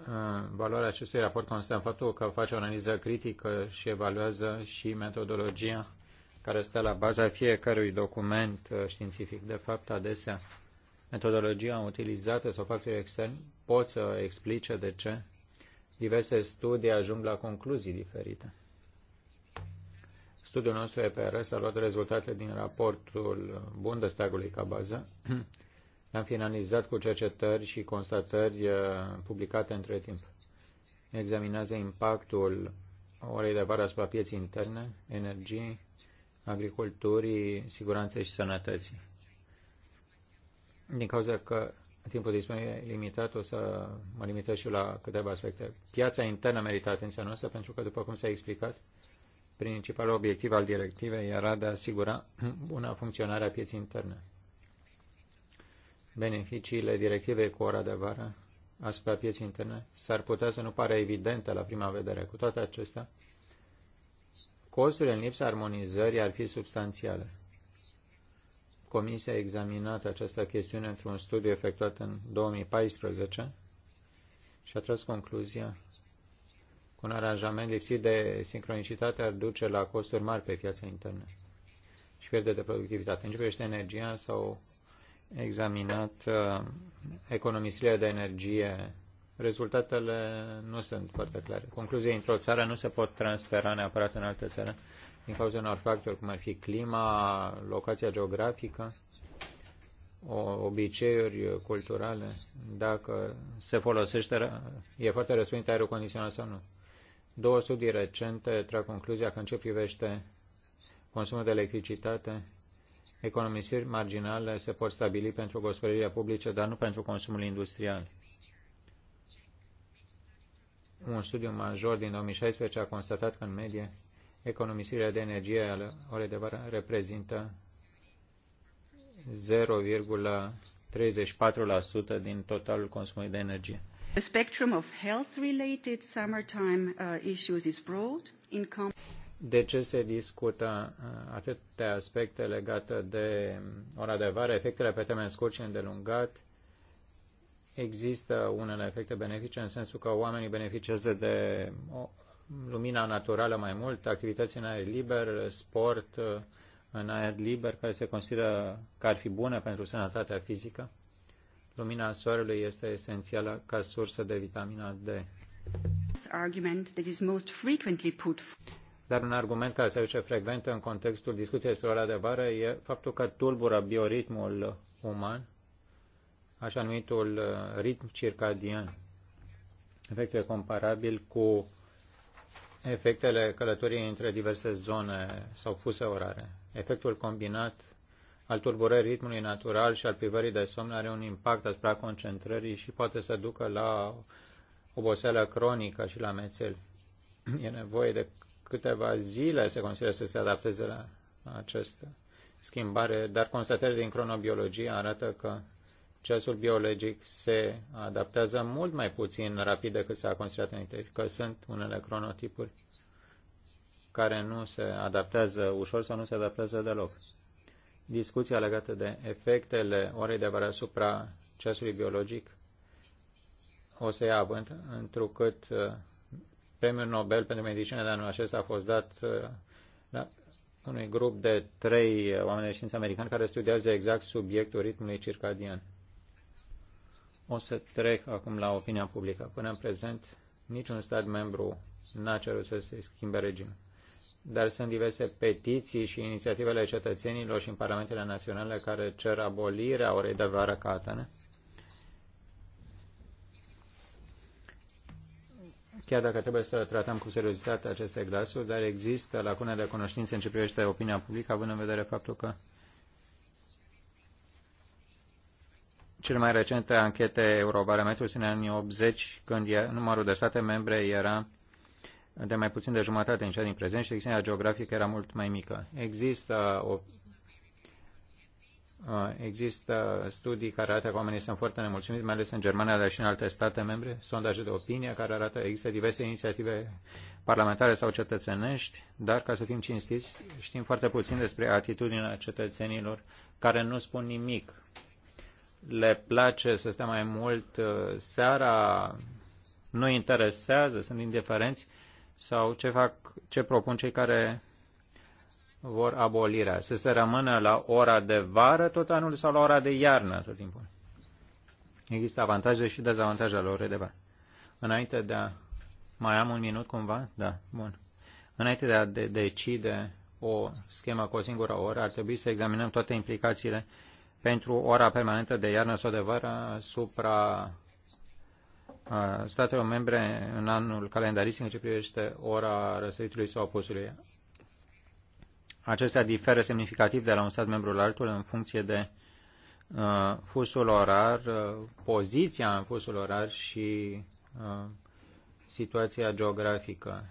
Speaker 1: Uh, valoarea acestui raport constă în faptul că face o analiză critică și evaluează și metodologia care stă la baza fiecărui document uh, științific. De fapt, adesea, metodologia utilizată sau factorii externi pot să explice de ce diverse studii ajung la concluzii diferite. Studiul nostru EPRS a luat rezultatele din raportul Bundestagului ca bază. L-am finalizat cu cercetări și constatări uh, publicate între timp. Examinează impactul orei de vară asupra pieții interne, energiei, agriculturii, siguranței și sănătății. Din cauza că timpul de limitat, o să mă limitez și eu la câteva aspecte. Piața internă merită atenția noastră pentru că, după cum s-a explicat, principalul obiectiv al directivei era de a asigura bună funcționare a pieței interne. Beneficiile directivei cu ora de vară asupra pieței interne s-ar putea să nu pare evidente la prima vedere. Cu toate acestea, costurile în lipsa armonizării ar fi substanțiale. Comisia a examinat această chestiune într-un studiu efectuat în 2014 și a tras concluzia că un aranjament lipsit de sincronicitate ar duce la costuri mari pe piața internă și pierde de productivitate. În ce privește energia, s-au examinat uh, economisirea de energie. Rezultatele nu sunt foarte clare. Concluzia, într-o țară nu se pot transfera neapărat în altă țară din cauza unor factori cum ar fi clima, locația geografică, obiceiuri culturale, dacă se folosește, e foarte răspândit aerul condiționat sau nu. Două studii recente trag concluzia că în ce privește consumul de electricitate, economisiri marginale se pot stabili pentru gospodăria publice, dar nu pentru consumul industrial. Un studiu major din 2016 a constatat că, în medie, economisirea de energie a orei de vară reprezintă 0,34% din totalul consumului de energie.
Speaker 2: The spectrum of health-related summertime uh, issues is broad. In
Speaker 1: de ce se discută uh, atâtea aspecte legate de um, ora de vară, efectele pe termen scurt și îndelungat? Există unele efecte benefice în sensul că oamenii beneficiază de um, lumina naturală mai mult, activități în aer liber, sport uh, în aer liber, care se consideră că ar fi bună pentru sănătatea fizică. Lumina soarelui este esențială ca sursă de vitamina D. Dar un argument care se aduce frecvent în contextul discuției despre ora de vară e faptul că tulbură bioritmul uman, așa numitul uh, ritm circadian. Efectul e comparabil cu efectele călătoriei între diverse zone sau fuse orare. Efectul combinat al tulburării ritmului natural și al privării de somn are un impact asupra concentrării și poate să ducă la oboseală cronică și la mețel. E nevoie de câteva zile, se consideră, să se adapteze la această schimbare, dar constatările din cronobiologie arată că ceasul biologic se adaptează mult mai puțin rapid decât s-a considerat înainte, că sunt unele cronotipuri care nu se adaptează ușor sau nu se adaptează deloc. Discuția legată de efectele orei de vară asupra ceasului biologic o să ia avânt, întrucât uh, premiul Nobel pentru medicină de anul acesta a fost dat uh, la unui grup de trei oameni de știință americani care studiază exact subiectul ritmului circadian. O să trec acum la opinia publică. Până în prezent, niciun stat membru n-a cerut să se schimbe regimul. Dar sunt diverse petiții și inițiativele cetățenilor și în parlamentele naționale care cer abolirea orei de vară ca atene. Chiar dacă trebuie să tratăm cu seriozitate aceste glasuri, dar există lacune de cunoștință în ce privește opinia publică, având în vedere faptul că Cele mai recente anchete Eurobarometru în anii 80, când numărul de state membre era de mai puțin de jumătate în cea din prezent și extinderea geografică era mult mai mică. Există o Există studii care arată că oamenii sunt foarte nemulțumiți, mai ales în Germania, dar și în alte state membre. Sondaje de opinie care arată că există diverse inițiative parlamentare sau cetățenești, dar, ca să fim cinstiți, știm foarte puțin despre atitudinea cetățenilor care nu spun nimic le place să stea mai mult uh, seara, nu interesează, sunt indiferenți, sau ce, fac, ce propun cei care vor abolirea? Să se rămână la ora de vară tot anul sau la ora de iarnă tot timpul? Există avantaje și dezavantaje ale orei de vară. Înainte de a... Mai am un minut cumva? Da, bun. Înainte de a de decide o schemă cu o singură oră, ar trebui să examinăm toate implicațiile pentru ora permanentă de iarnă sau de vară asupra uh, statelor membre în anul calendaristic în ce privește ora răsăritului sau opusului. Acestea diferă semnificativ de la un stat membru la altul în funcție de uh, fusul orar, uh, poziția în fusul orar și uh, situația geografică.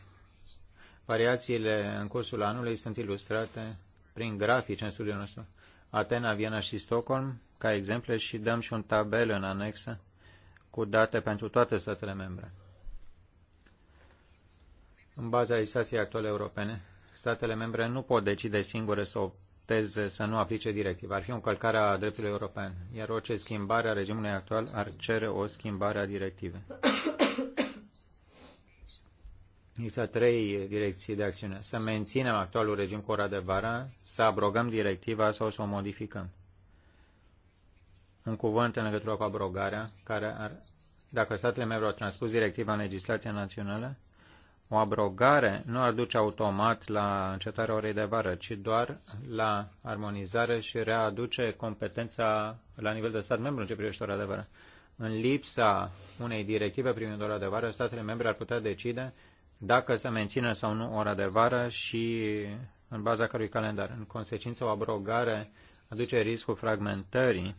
Speaker 1: Variațiile în cursul anului sunt ilustrate prin grafice în studiul nostru. Atena, Viena și Stockholm ca exemple și dăm și un tabel în anexă cu date pentru toate statele membre. În baza legislației actuale europene, statele membre nu pot decide singure să opteze să nu aplice directiva. Ar fi o încălcare a dreptului european, iar orice schimbare a regimului actual ar cere o schimbare a directivei. Există trei direcții de acțiune. Să menținem actualul regim cu ora de vară, să abrogăm directiva sau să o modificăm. Un cuvânt în legătură cu abrogarea, care ar, dacă statele membre au transpus directiva în legislația națională, o abrogare nu ar duce automat la încetarea orei de vară, ci doar la armonizare și readuce competența la nivel de stat membru în ce privește ora de vară. În lipsa unei directive privind ora de vară, statele membre ar putea decide dacă se mențină sau nu ora de vară și în baza cărui calendar. În consecință, o abrogare aduce riscul fragmentării,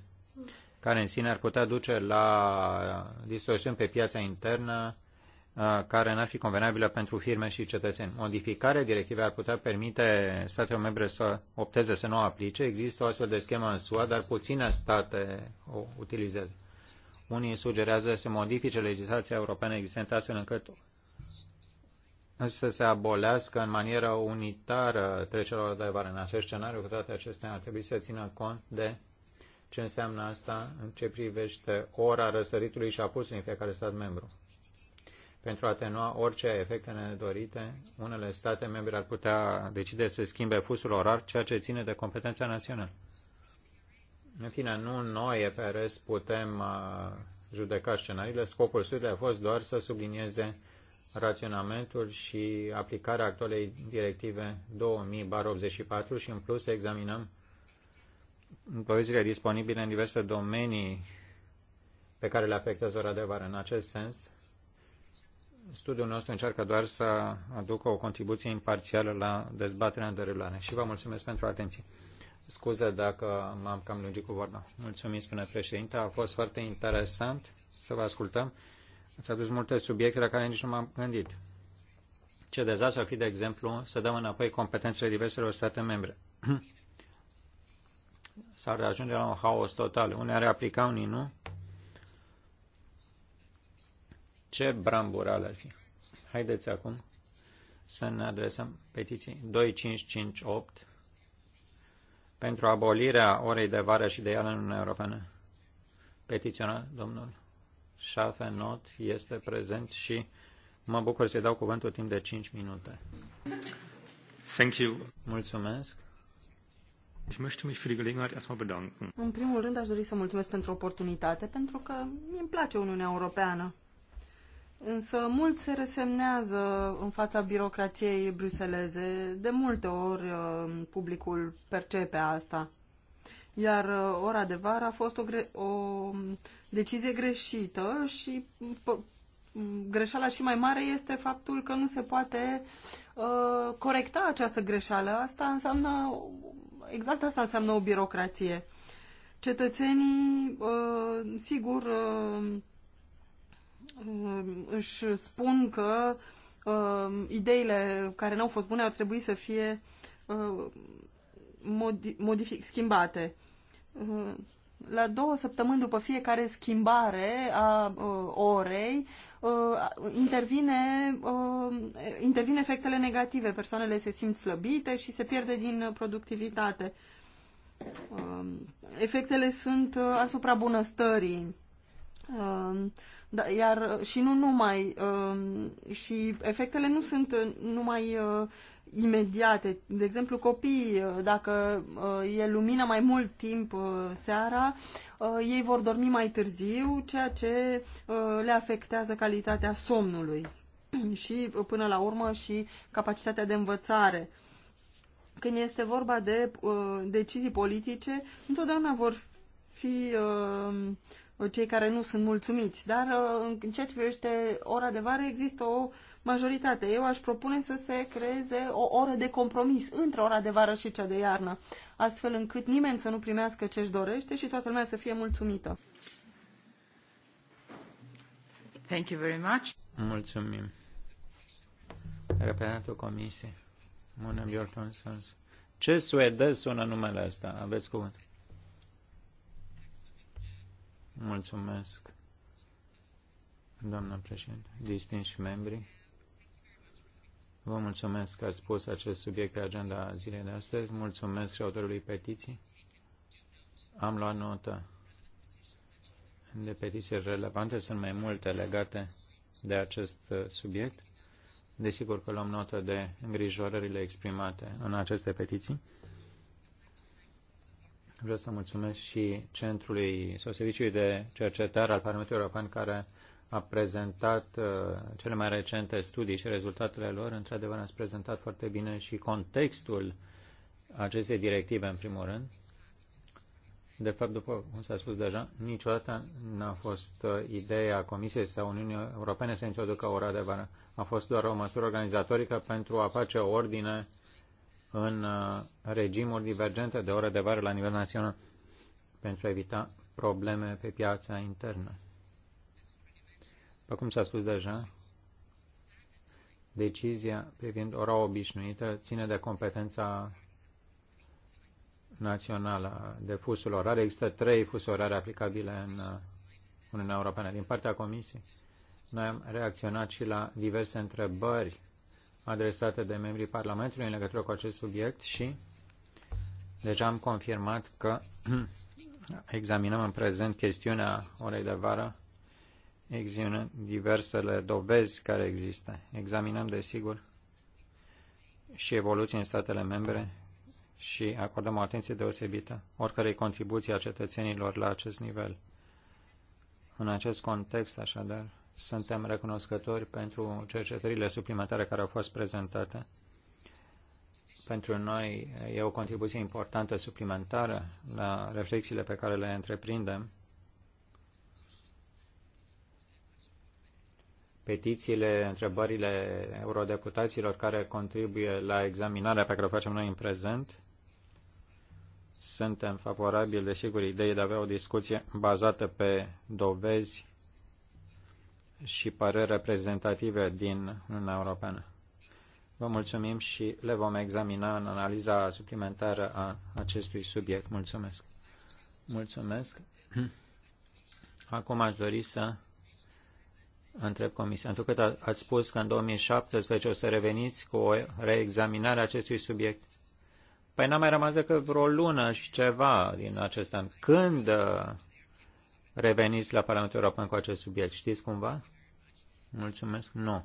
Speaker 1: care în sine ar putea duce la distorsiuni pe piața internă, uh, care n-ar fi convenabilă pentru firme și cetățeni. Modificarea directivei ar putea permite statelor membre să opteze să nu o aplice. Există o astfel de schemă în SUA, dar puține state o utilizează. Unii sugerează să modifice legislația europeană existentă astfel încât să se abolească în manieră unitară trecerilor de vară. În acest scenariu, cu toate acestea, ar trebui să țină cont de ce înseamnă asta în ce privește ora răsăritului și apusului în fiecare stat membru. Pentru a atenua orice efecte nedorite, unele state membre ar putea decide să schimbe fusul orar, ceea ce ține de competența națională. În fine, nu noi, EPRS, putem uh, judeca scenariile. Scopul studiului a fost doar să sublinieze raționamentul și aplicarea actualei directive 2000-84 și în plus examinăm dovezile disponibile în diverse domenii pe care le afectează ora de vară. În acest sens, studiul nostru încearcă doar să aducă o contribuție imparțială la dezbaterea în derulare. Și vă mulțumesc pentru atenție. Scuze dacă m-am cam lungit cu vorba. Mulțumim, spune președinte. A fost foarte interesant să vă ascultăm. Ați adus multe subiecte la care nici nu m-am gândit. Ce dezastru ar fi, de exemplu, să dăm înapoi competențele diverselor state membre. S-ar ajunge la un haos total. Unii ar aplica, unii nu. Ce brambural ar fi? Haideți acum să ne adresăm petiții 2558 pentru abolirea orei de vară și de iarnă în Uniunea Europeană. Petiționat, domnul Schaffenot este prezent și mă bucur să-i dau cuvântul timp de 5 minute. Thank you. Mulțumesc. Ich möchte mich für die Gelegenheit erstmal bedanken.
Speaker 5: În primul rând aș dori să mulțumesc pentru oportunitate, pentru că îmi place Uniunea Europeană. Însă mulți se resemnează în fața birocrației bruseleze. De multe ori uh, publicul percepe asta. Iar uh, ora de vară a fost o, gre- o decizie greșită și greșeala și mai mare este faptul că nu se poate uh, corecta această greșeală. Asta înseamnă, exact asta înseamnă o birocrație. Cetățenii, uh, sigur, uh, își spun că uh, ideile care nu au fost bune ar trebui să fie uh, modific, schimbate. Uh, la două săptămâni după fiecare schimbare a uh, orei, uh, intervine, uh, intervine efectele negative. Persoanele se simt slăbite și se pierde din productivitate. Uh, efectele sunt uh, asupra bunăstării. Uh, da, iar uh, și nu numai, uh, și efectele nu sunt uh, numai uh, imediate. De exemplu, copiii, uh, dacă uh, e lumină mai mult timp uh, seara, ei vor dormi mai târziu, ceea ce le afectează calitatea somnului și, până la urmă, și capacitatea de învățare. Când este vorba de decizii politice, întotdeauna vor fi cei care nu sunt mulțumiți, dar în ceea ce privește ora de vară există o uh, majoritate. Eu aș propune să se creeze o oră de compromis între ora de vară și cea de iarnă, astfel încât nimeni să nu primească ce își dorește și toată lumea să fie mulțumită. Thank you very much.
Speaker 1: Mulțumim. Reprezentantul comisiei. Mona Bjork Ce suedez sună numele ăsta? Aveți cuvânt. Mulțumesc, doamnă președinte, distinși membri. Vă mulțumesc că ați pus acest subiect pe agenda zilei de astăzi. Mulțumesc și autorului petiții. Am luat notă de petiții relevante. Sunt mai multe legate de acest subiect. Desigur că luăm notă de îngrijorările exprimate în aceste petiții. Vreau să mulțumesc și Centrului sau Serviciului de Cercetare al Parlamentului European care a prezentat uh, cele mai recente studii și rezultatele lor. Într-adevăr, ați prezentat foarte bine și contextul acestei directive, în primul rând. De fapt, după cum s-a spus deja, niciodată n-a fost uh, ideea Comisiei sau Uniunii Europene să introducă o oră de vară. A fost doar o măsură organizatorică pentru a face ordine în uh, regimuri divergente de ore de vară la nivel național pentru a evita probleme pe piața internă. După cum s-a spus deja, decizia privind ora obișnuită ține de competența națională de fusul orar. Există trei fusuri orare aplicabile în uh, Uniunea Europeană. Din partea Comisiei, noi am reacționat și la diverse întrebări adresate de membrii Parlamentului în legătură cu acest subiect și deja am confirmat că examinăm în prezent chestiunea orei de vară examinăm diversele dovezi care există. Examinăm, desigur, și evoluția în statele membre și acordăm o atenție deosebită oricărei contribuții a cetățenilor la acest nivel. În acest context, așadar, suntem recunoscători pentru cercetările suplimentare care au fost prezentate. Pentru noi e o contribuție importantă suplimentară la reflexiile pe care le întreprindem petițiile, întrebările eurodeputaților care contribuie la examinarea pe care o facem noi în prezent. Suntem favorabili, desigur, ideea de a avea o discuție bazată pe dovezi și păreri reprezentative din Uniunea Europeană. Vă mulțumim și le vom examina în analiza suplimentară a acestui subiect. Mulțumesc! Mulțumesc! Acum aș dori să întreb comisia, pentru că ați spus că în 2017 o să reveniți cu o reexaminare a acestui subiect. Păi n-a mai rămas decât vreo lună și ceva din acest an. Când uh, reveniți la Parlamentul European cu acest subiect? Știți cumva? Mulțumesc. Nu.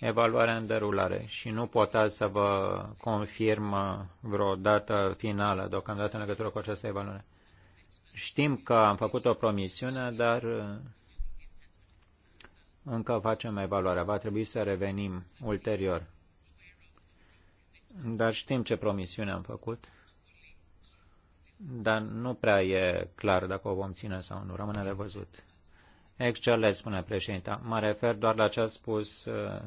Speaker 1: Evaluarea în derulare și nu pot azi să vă confirm uh, vreo dată finală deocamdată în legătură cu această evaluare. Știm că am făcut o promisiune, dar uh, încă facem evaluarea, va trebui să revenim ulterior. Dar știm ce promisiune am făcut, dar nu prea e clar dacă o vom ține sau nu. Rămâne de văzut. Excelent, spune președinta. Mă refer doar la ce a spus uh,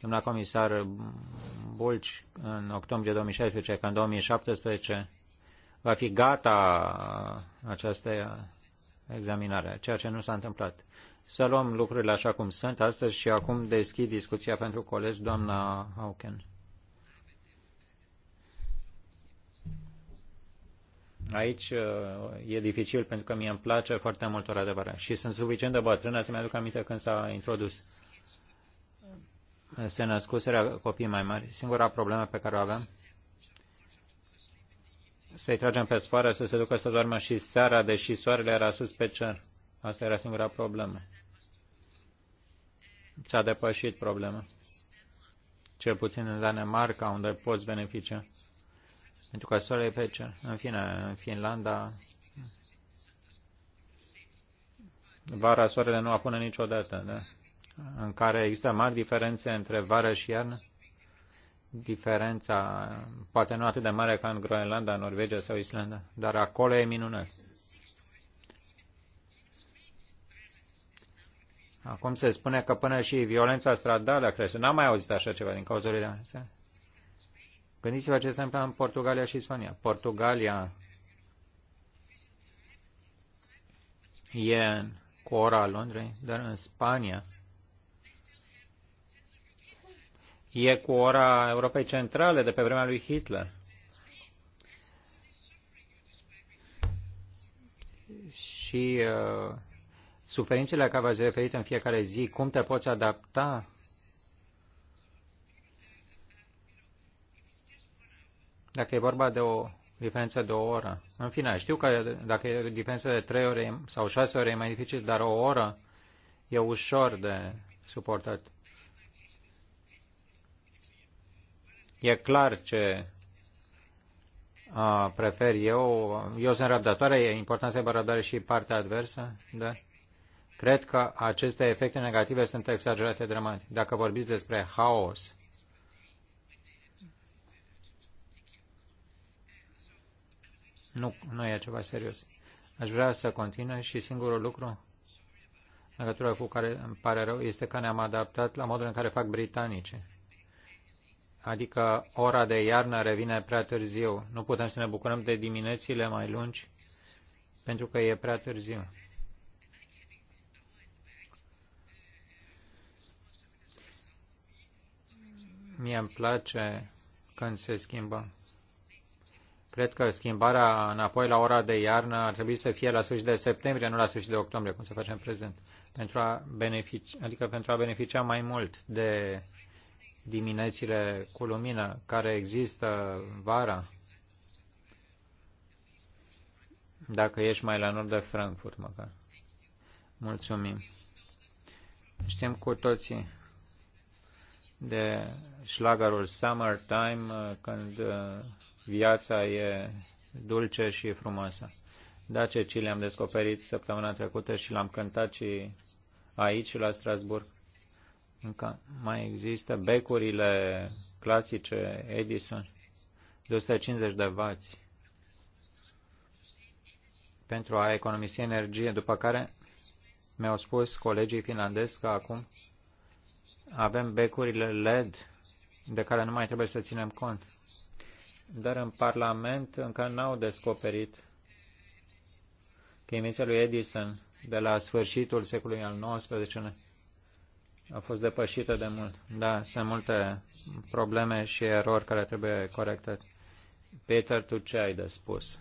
Speaker 1: domnul comisar Bulci în octombrie 2016, că în 2017 va fi gata această examinare, ceea ce nu s-a întâmplat să luăm lucrurile așa cum sunt astăzi și acum deschid discuția pentru colegi, doamna Hauken. Aici uh, e dificil pentru că mie îmi place foarte mult ora de vară și sunt suficient de bătrână să-mi aduc aminte când s-a introdus. Uh, se născuserea copii mai mari. Singura problemă pe care o aveam să-i tragem pe sfoară să se ducă să doarmă și seara, deși soarele era sus pe cer. Asta era singura problemă ți-a depășit problema. Cel puțin în Danemarca, unde poți beneficia. Pentru că soarele e pe cer. În fine, în Finlanda, vara soarele nu apune niciodată, da? în care există mari diferențe între vară și iarnă. Diferența poate nu atât de mare ca în Groenlanda, Norvegia sau Islanda, dar acolo e minunat. Acum se spune că până și violența stradală crește. N-am mai auzit așa ceva din cauza lui de Gândiți-vă ce se întâmplă în Portugalia și Spania. Portugalia e cu ora Londrei, dar în Spania e cu ora Europei Centrale de pe vremea lui Hitler. Și uh, suferințele la care v-ați referit în fiecare zi, cum te poți adapta dacă e vorba de o diferență de o oră. În fine, știu că dacă e o diferență de trei ore sau șase ore e mai dificil, dar o oră e ușor de suportat. E clar ce a, prefer eu. Eu sunt răbdătoare, e important să aibă răbdare și partea adversă, da? Cred că aceste efecte negative sunt exagerate dramatic. Dacă vorbiți despre haos, nu, nu e ceva serios. Aș vrea să continui și singurul lucru în legătură cu care îmi pare rău este că ne-am adaptat la modul în care fac britanice. adică ora de iarnă revine prea târziu. Nu putem să ne bucurăm de diminețile mai lungi pentru că e prea târziu. Mie îmi place când se schimbă. Cred că schimbarea înapoi la ora de iarnă ar trebui să fie la sfârșit de septembrie, nu la sfârșit de octombrie, cum se face în prezent. Pentru a beneficia, adică pentru a beneficia mai mult de diminețile cu lumină care există vara, dacă ești mai la nord de Frankfurt, măcar. Mulțumim. Știm cu toții de șlagarul Summertime, uh, când uh, viața e dulce și frumoasă. Da, ce ci le-am descoperit săptămâna trecută și l-am cântat și aici la Strasburg. Încă mai există becurile clasice Edison de 150 de vați pentru a economisi energie, după care mi-au spus colegii finlandezi că acum avem becurile LED de care nu mai trebuie să ținem cont. Dar în Parlament încă n-au descoperit că invenția lui Edison de la sfârșitul secolului al XIX-lea a fost depășită de mult. Da, sunt multe probleme și erori care trebuie corectate. Peter, tu ce ai de spus?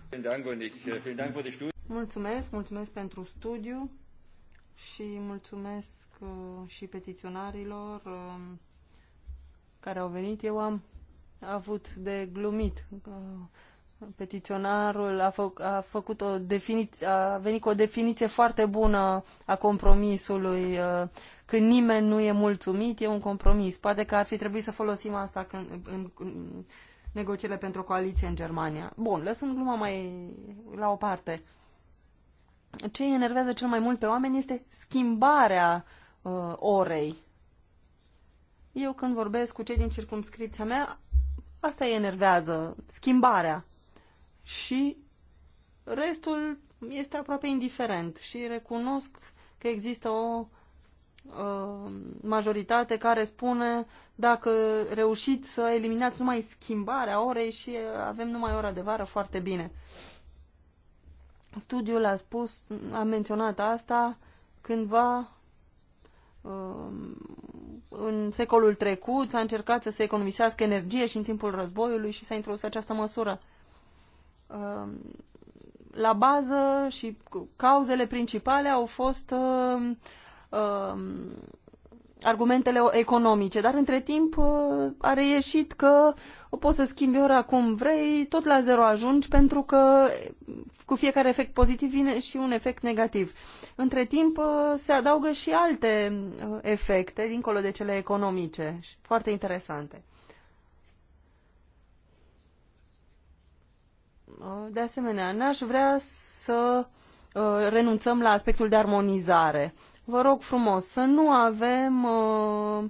Speaker 5: Mulțumesc, mulțumesc pentru studiu și mulțumesc uh, și petiționarilor uh, care au venit. Eu am avut de glumit. Petiționarul a, fă, a făcut o definiție, a venit cu o definiție foarte bună a compromisului. Uh, când nimeni nu e mulțumit, e un compromis. Poate că ar fi trebuit să folosim asta când, în, în negocierile pentru o coaliție în Germania. Bun, lăsăm gluma mai la o parte ce îi enervează cel mai mult pe oameni este schimbarea uh, orei. Eu când vorbesc cu cei din circumscripția mea, asta îi enervează, schimbarea. Și restul este aproape indiferent și recunosc că există o uh, majoritate care spune dacă reușiți să eliminați numai schimbarea orei și avem numai ora de vară, foarte bine. Uh, Studiul a spus, a menționat asta cândva um, în secolul trecut s-a încercat să se economisească energie și în timpul războiului și s-a introdus această măsură. Um, la bază și cauzele principale au fost um, argumentele economice, dar între timp uh, a reieșit că o poți să schimbi ora cum vrei, tot la zero ajungi, pentru că uh, cu fiecare efect pozitiv vine și un efect negativ. Între timp uh, se adaugă și alte efecte, dincolo de cele economice, foarte interesante. De asemenea, n-aș vrea să renunțăm la aspectul de armonizare vă rog frumos să nu avem uh,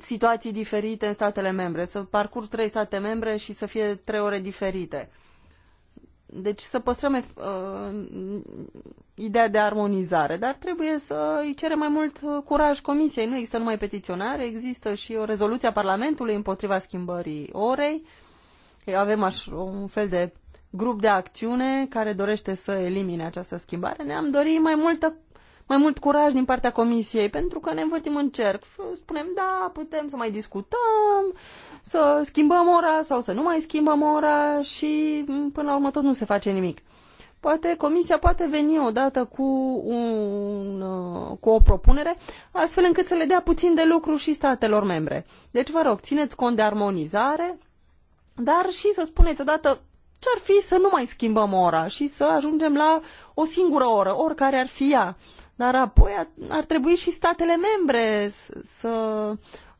Speaker 5: situații diferite în statele membre, să parcurg trei state membre și să fie trei ore diferite. Deci să păstrăm uh, ideea de armonizare, dar trebuie să îi cere mai mult uh, curaj comisiei. Nu există numai petiționare, există și o rezoluție a Parlamentului împotriva schimbării orei. Avem așa un fel de grup de acțiune care dorește să elimine această schimbare. Ne-am dorit mai multă mai mult curaj din partea comisiei, pentru că ne învârtim în cerc. Spunem, da, putem să mai discutăm, să schimbăm ora sau să nu mai schimbăm ora și mm, până la urmă tot nu se face nimic. Poate comisia poate veni odată cu, un, uh, cu o propunere, astfel încât să le dea puțin de lucru și statelor membre. Deci, vă rog, țineți cont de armonizare, dar și să spuneți odată ce-ar fi să nu mai schimbăm ora și să ajungem la o singură oră, oricare ar fi ea dar apoi ar trebui și statele membre să,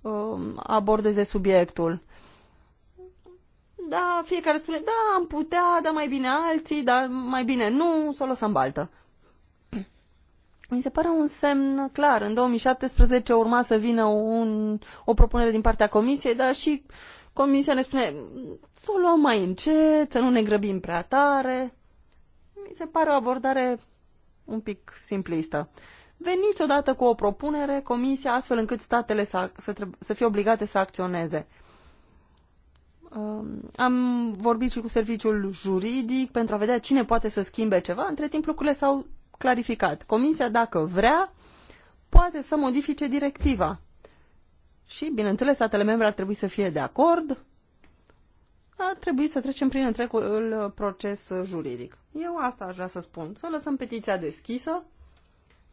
Speaker 5: um, abordeze subiectul. Da, fiecare spune, da, am putea, dar mai bine alții, dar mai bine nu, să o lăsăm baltă. Mi se pare un semn clar. În 2017 urma să vină un, o propunere din partea Comisiei, dar și Comisia ne spune să o luăm mai încet, să nu ne grăbim prea tare. Mi se pare o abordare un pic simplistă. Veniți odată cu o propunere, comisia, astfel încât statele să, să, să fie obligate să acționeze. Um, am vorbit și cu serviciul juridic pentru a vedea cine poate să schimbe ceva. Între timp lucrurile s-au clarificat. Comisia, dacă vrea, poate să modifice directiva. Și, bineînțeles, statele membre ar trebui să fie de acord ar trebui să trecem prin întregul proces juridic. Eu asta aș vrea să spun, să lăsăm petiția deschisă,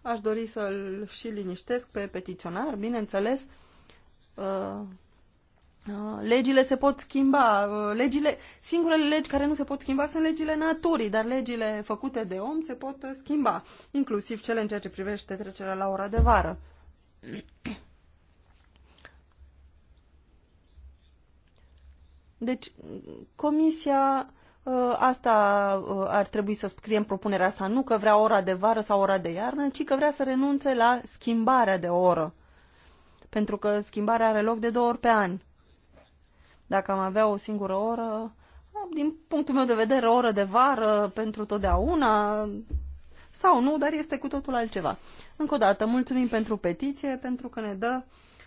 Speaker 5: aș dori să-l și liniștesc pe petiționar, bineînțeles, uh, uh, legile se pot schimba, uh, legile, singurele legi care nu se pot schimba sunt legile naturii, dar legile făcute de om se pot schimba, inclusiv cele în ceea ce privește trecerea la ora de vară. Deci, comisia ă, asta ă, ar trebui să scriem propunerea sa, nu că vrea ora de vară sau ora de iarnă, ci că vrea să renunțe la schimbarea de oră. Pentru că schimbarea are loc de două ori pe an. Dacă am avea o singură oră, din punctul meu de vedere, o oră de vară pentru totdeauna sau nu, dar este cu totul altceva. Încă o dată, mulțumim pentru petiție, pentru că ne dă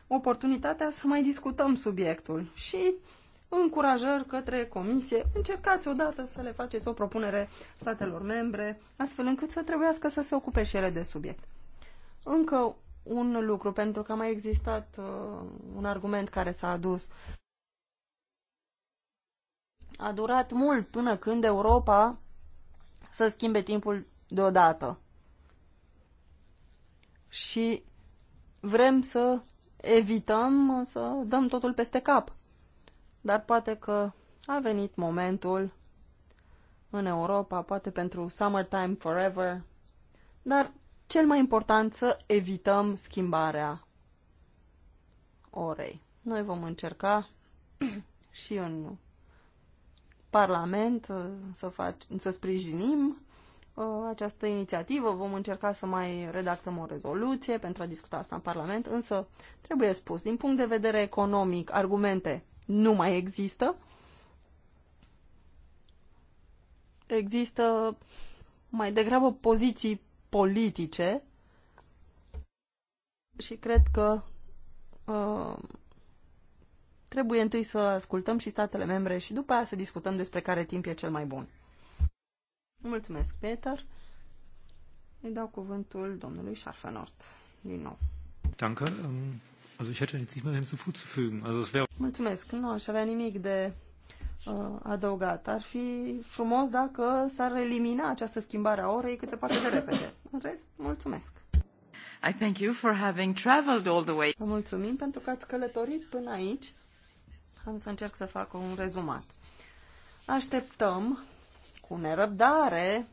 Speaker 5: oportunitatea să mai discutăm subiectul și încurajări către Comisie. Încercați odată să le faceți o propunere statelor membre, astfel încât să trebuiască să se ocupe și ele de subiect. Încă un lucru, pentru că a mai existat uh, un argument care s-a adus. A durat mult până când Europa să schimbe timpul deodată. Și vrem să evităm să dăm totul peste cap dar poate că a venit momentul în Europa, poate pentru Summertime Forever, dar cel mai important să evităm schimbarea orei. Noi vom încerca și în Parlament uh, să, fac, să sprijinim uh, această inițiativă, vom încerca să mai redactăm o rezoluție pentru a discuta asta în Parlament, însă trebuie spus, din punct de vedere economic, argumente nu mai există. Există mai degrabă poziții politice și cred că uh, trebuie întâi să ascultăm și statele membre și după aia să discutăm despre care timp e cel mai bun. Mulțumesc, Peter. Îi dau cuvântul domnului Șarfenort din
Speaker 1: nou. Danke. Ähm,
Speaker 5: Mulțumesc. Nu aș avea nimic de uh, adăugat. Ar fi frumos dacă s-ar elimina această schimbare a orei cât se poate de repede. În rest, mulțumesc. I thank you for having traveled all the way. Vă mulțumim pentru că ați călătorit până aici. Am să încerc să fac un rezumat. Așteptăm cu nerăbdare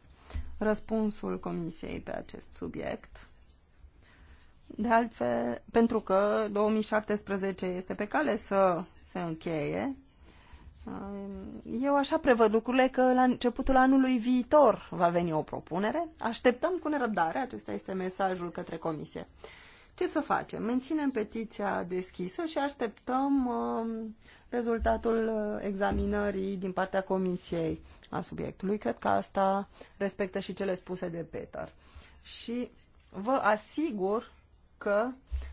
Speaker 5: răspunsul Comisiei pe acest subiect de altfel, pentru că 2017 este pe cale să se încheie, eu așa prevăd lucrurile că la începutul anului viitor va veni o propunere. Așteptăm cu nerăbdare, acesta este mesajul către comisie. Ce să facem? Menținem petiția deschisă și așteptăm um, rezultatul uh, examinării din partea comisiei a subiectului. Cred că asta respectă și cele spuse de Peter. Și vă asigur că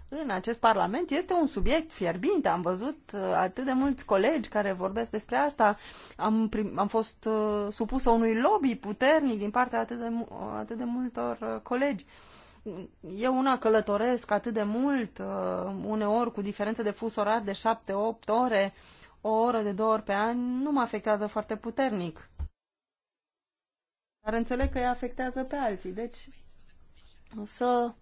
Speaker 5: în acest Parlament este un subiect fierbinte. Am văzut uh, atât de mulți colegi care vorbesc despre asta. Am, prim, am fost uh, supusă unui lobby puternic din partea atât de, uh, atât de multor colegi. Eu una călătoresc atât de mult, uneori cu diferență de fus orar de 7-8 ore, o oră de două ori pe an, nu mă afectează foarte puternic. Dar înțeleg că îi afectează pe alții. Deci să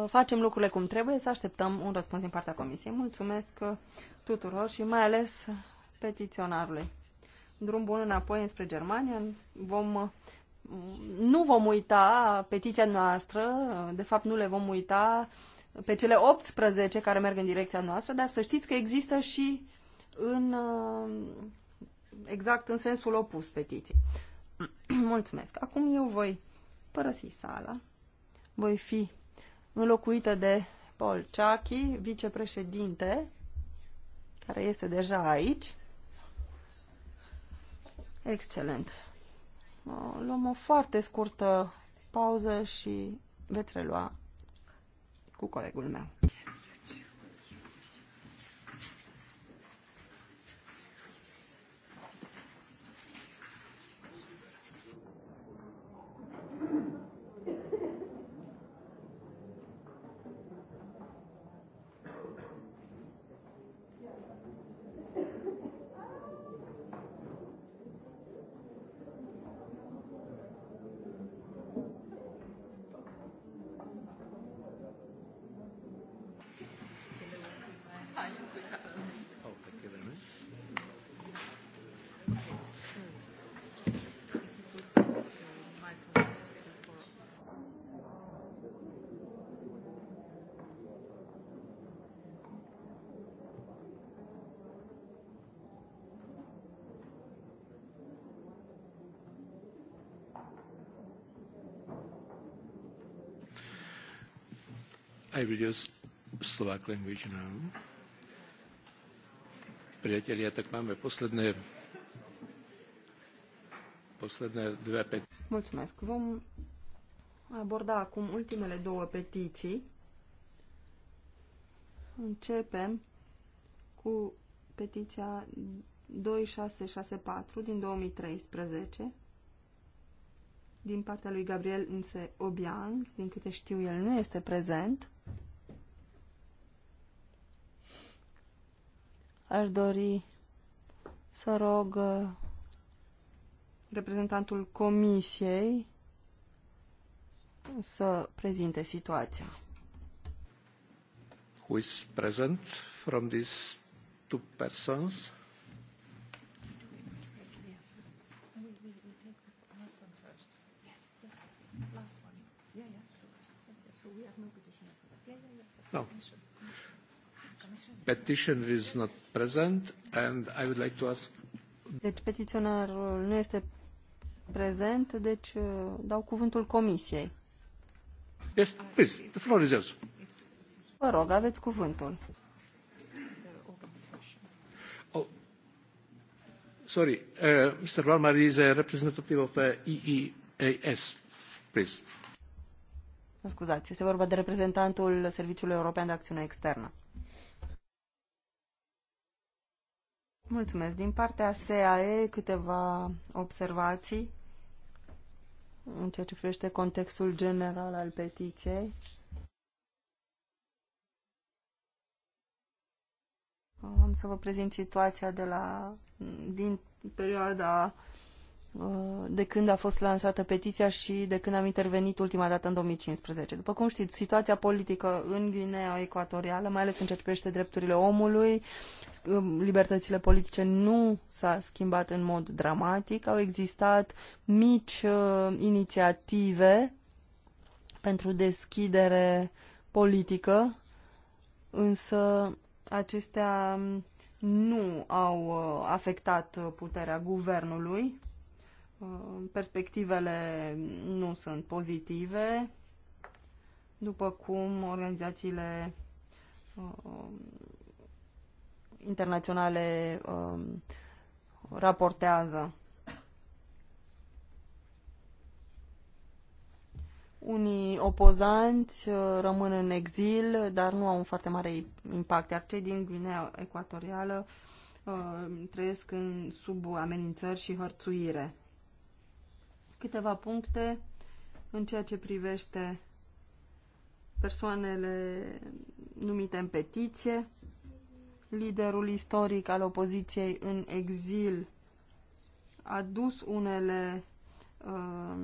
Speaker 5: Uh, facem lucrurile cum trebuie, să așteptăm un răspuns din partea Comisiei. Mulțumesc uh, tuturor și mai ales petiționarului. Drum bun înapoi înspre Germania. Vom, uh, nu vom uita petiția noastră, de fapt nu le vom uita pe cele 18 care merg în direcția noastră, dar să știți că există și în exact în sensul opus petiției. Mulțumesc. Acum eu voi părăsi sala, voi fi înlocuită de Paul Ciachi, vicepreședinte, care este deja aici. Excelent. Luăm o foarte scurtă pauză și veți relua cu colegul meu.
Speaker 3: aj will Slovak language now. Priatelia, tak máme posledné, posledné dve petiții.
Speaker 5: Mulțumesc. Vom aborda acum ultimele două petiții. Începem cu petiția 2664 din 2013 din partea lui Gabriel Nse Obiang, din câte știu el nu este prezent. Aș dori să rog uh, reprezentantul comisiei să prezinte situația.
Speaker 3: Who is present from these two persons? No. Petitioner is not present and I would like to ask...
Speaker 5: Deci petiționarul nu este prezent, deci uh, dau cuvântul comisiei.
Speaker 3: Yes, please, the floor is yours.
Speaker 5: Vă rog, aveți cuvântul.
Speaker 3: Oh. Sorry, uh, Mr. Valmar is a representative of uh, EEAS, please.
Speaker 5: Mă scuzați, este vorba de reprezentantul Serviciului European de Acțiune Externă. Mulțumesc. Din partea SAE câteva observații în ceea ce privește contextul general al petiției. Am să vă prezint situația de la, din perioada Uh, de când a fost lansată petiția și de când am intervenit ultima dată în 2015. După cum știți, situația politică în Guinea Ecuatorială, mai ales în ceea ce privește drepturile omului, uh, libertățile politice nu s-a schimbat în mod dramatic. Au existat mici uh, inițiative pentru deschidere politică, însă acestea nu au uh, afectat puterea guvernului Uh, perspectivele nu sunt pozitive, după cum organizațiile uh, internaționale uh, raportează. Unii opozanți rămân în exil, dar nu au un foarte mare impact, iar cei din Guinea Ecuatorială trăiesc în, sub amenințări și hărțuire câteva puncte în ceea ce privește persoanele numite în petiție, liderul istoric al opoziției în exil a dus unele uh,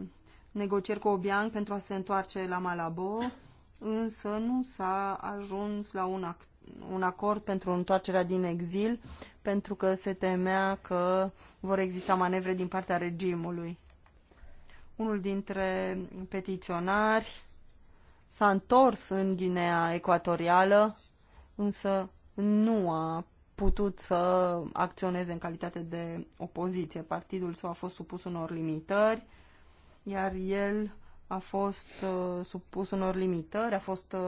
Speaker 5: negocieri cu Obian pentru a se întoarce la Malabo, însă nu s-a ajuns la un, ac- un acord pentru întoarcerea din exil, pentru că se temea că vor exista manevre din partea regimului. Unul dintre petiționari s-a întors în Guinea Ecuatorială, însă nu a putut să acționeze în calitate de opoziție. Partidul său a fost supus unor limitări, iar el a fost uh, supus unor limitări, a fost uh,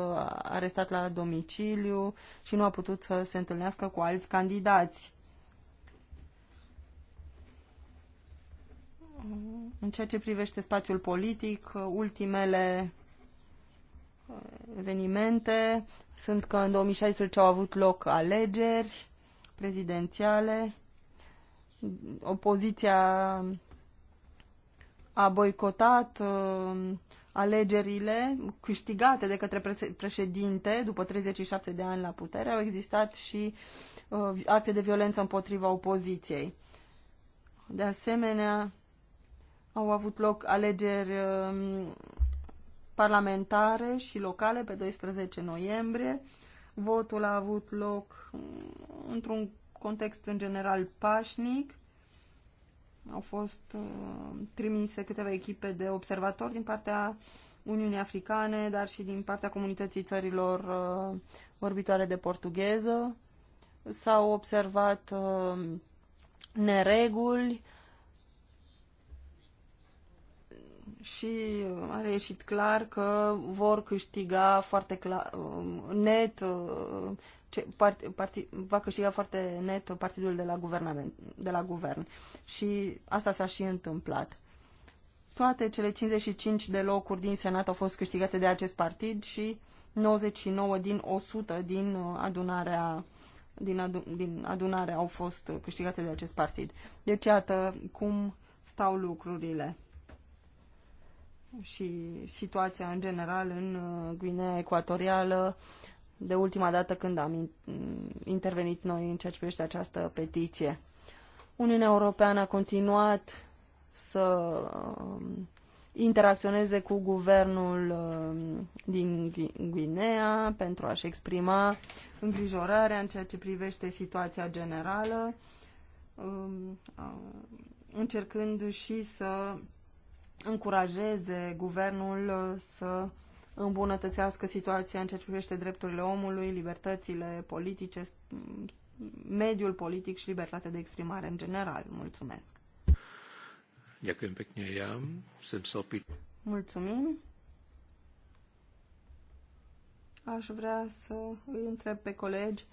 Speaker 5: arestat la domiciliu și nu a putut să se întâlnească cu alți candidați. Mhm. În ceea ce privește spațiul politic, ultimele uh, evenimente sunt că în 2016 au avut loc alegeri prezidențiale, opoziția a boicotat uh, alegerile câștigate de către președinte după 37 de ani la putere, au existat și uh, acte de violență împotriva opoziției. De asemenea, au avut loc alegeri um, parlamentare și locale pe 12 noiembrie. Votul a avut loc um, într-un context în general pașnic. Au fost um, trimise câteva echipe de observatori din partea Uniunii Africane, dar și din partea comunității țărilor vorbitoare uh, de portugheză. S-au observat nereguli, și uh, a reieșit clar că vor câștiga foarte clar, uh, net, uh, ce, part, part, va câștiga foarte net partidul de la, guvernament, de la guvern. Și asta s-a și întâmplat. Toate cele 55 de locuri din Senat au fost câștigate de acest partid și 99 din 100 din adunarea din, adu- din adunare au fost câștigate de acest partid. Deci, iată cum stau lucrurile și situația în general în uh, Guinea Ecuatorială de ultima dată când am mm, intervenit noi în ceea ce privește această petiție. Uniunea Europeană a continuat să um, interacționeze cu guvernul um, din Guinea pentru a-și exprima îngrijorarea în ceea ce privește situația generală, um, încercând și să încurajeze guvernul uh, să îmbunătățească situația în ceea ce privește drepturile omului, libertățile politice, mediul politic și libertatea de exprimare în general. Mulțumesc! Mulțumim! Aș vrea să îi întreb pe colegi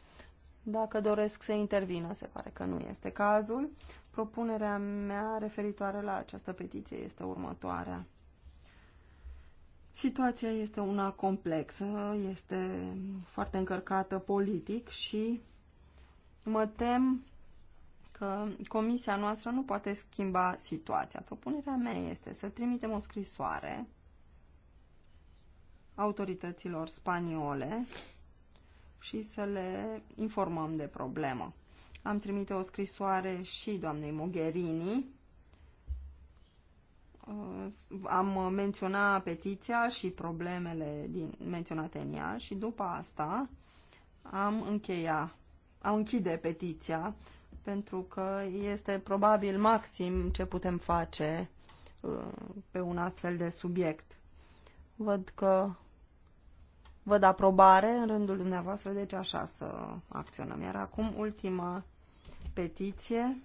Speaker 5: dacă doresc să intervină. Se pare că nu este cazul. Propunerea mea referitoare la această petiție este următoarea. Situația este una complexă, este foarte încărcată politic și mă tem că comisia noastră nu poate schimba situația. Propunerea mea este să trimitem o scrisoare autorităților spaniole și să le informăm de problemă. Am trimit o scrisoare și doamnei Mogherini. Uh, am menționat petiția și problemele din, menționate în ea și după asta am încheia, am închide petiția pentru că este probabil maxim ce putem face uh, pe un astfel de subiect. Văd că văd aprobare în rândul dumneavoastră, deci așa să acționăm. Iar acum ultima petiție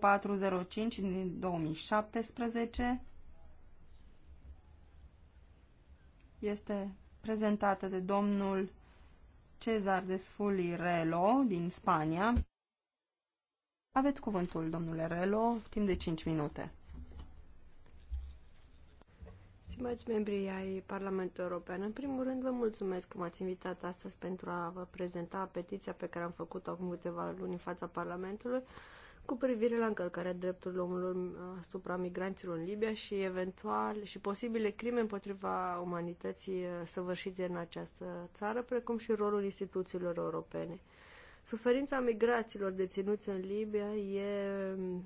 Speaker 5: 0405 din 2017 este prezentată de domnul Cezar Sfuli Relo din Spania. Aveți cuvântul, domnule Relo, timp de 5 minute.
Speaker 4: Stimați membrii ai Parlamentului European, în primul rând vă mulțumesc că m-ați invitat astăzi pentru a vă prezenta petiția pe care am făcut-o acum câteva luni în fața Parlamentului cu privire la încălcarea drepturilor omului uh, asupra migranților în Libia și eventual și posibile crime împotriva umanității uh, săvârșite în această țară, precum și rolul instituțiilor europene. Suferința migraților deținuți în Libia e um,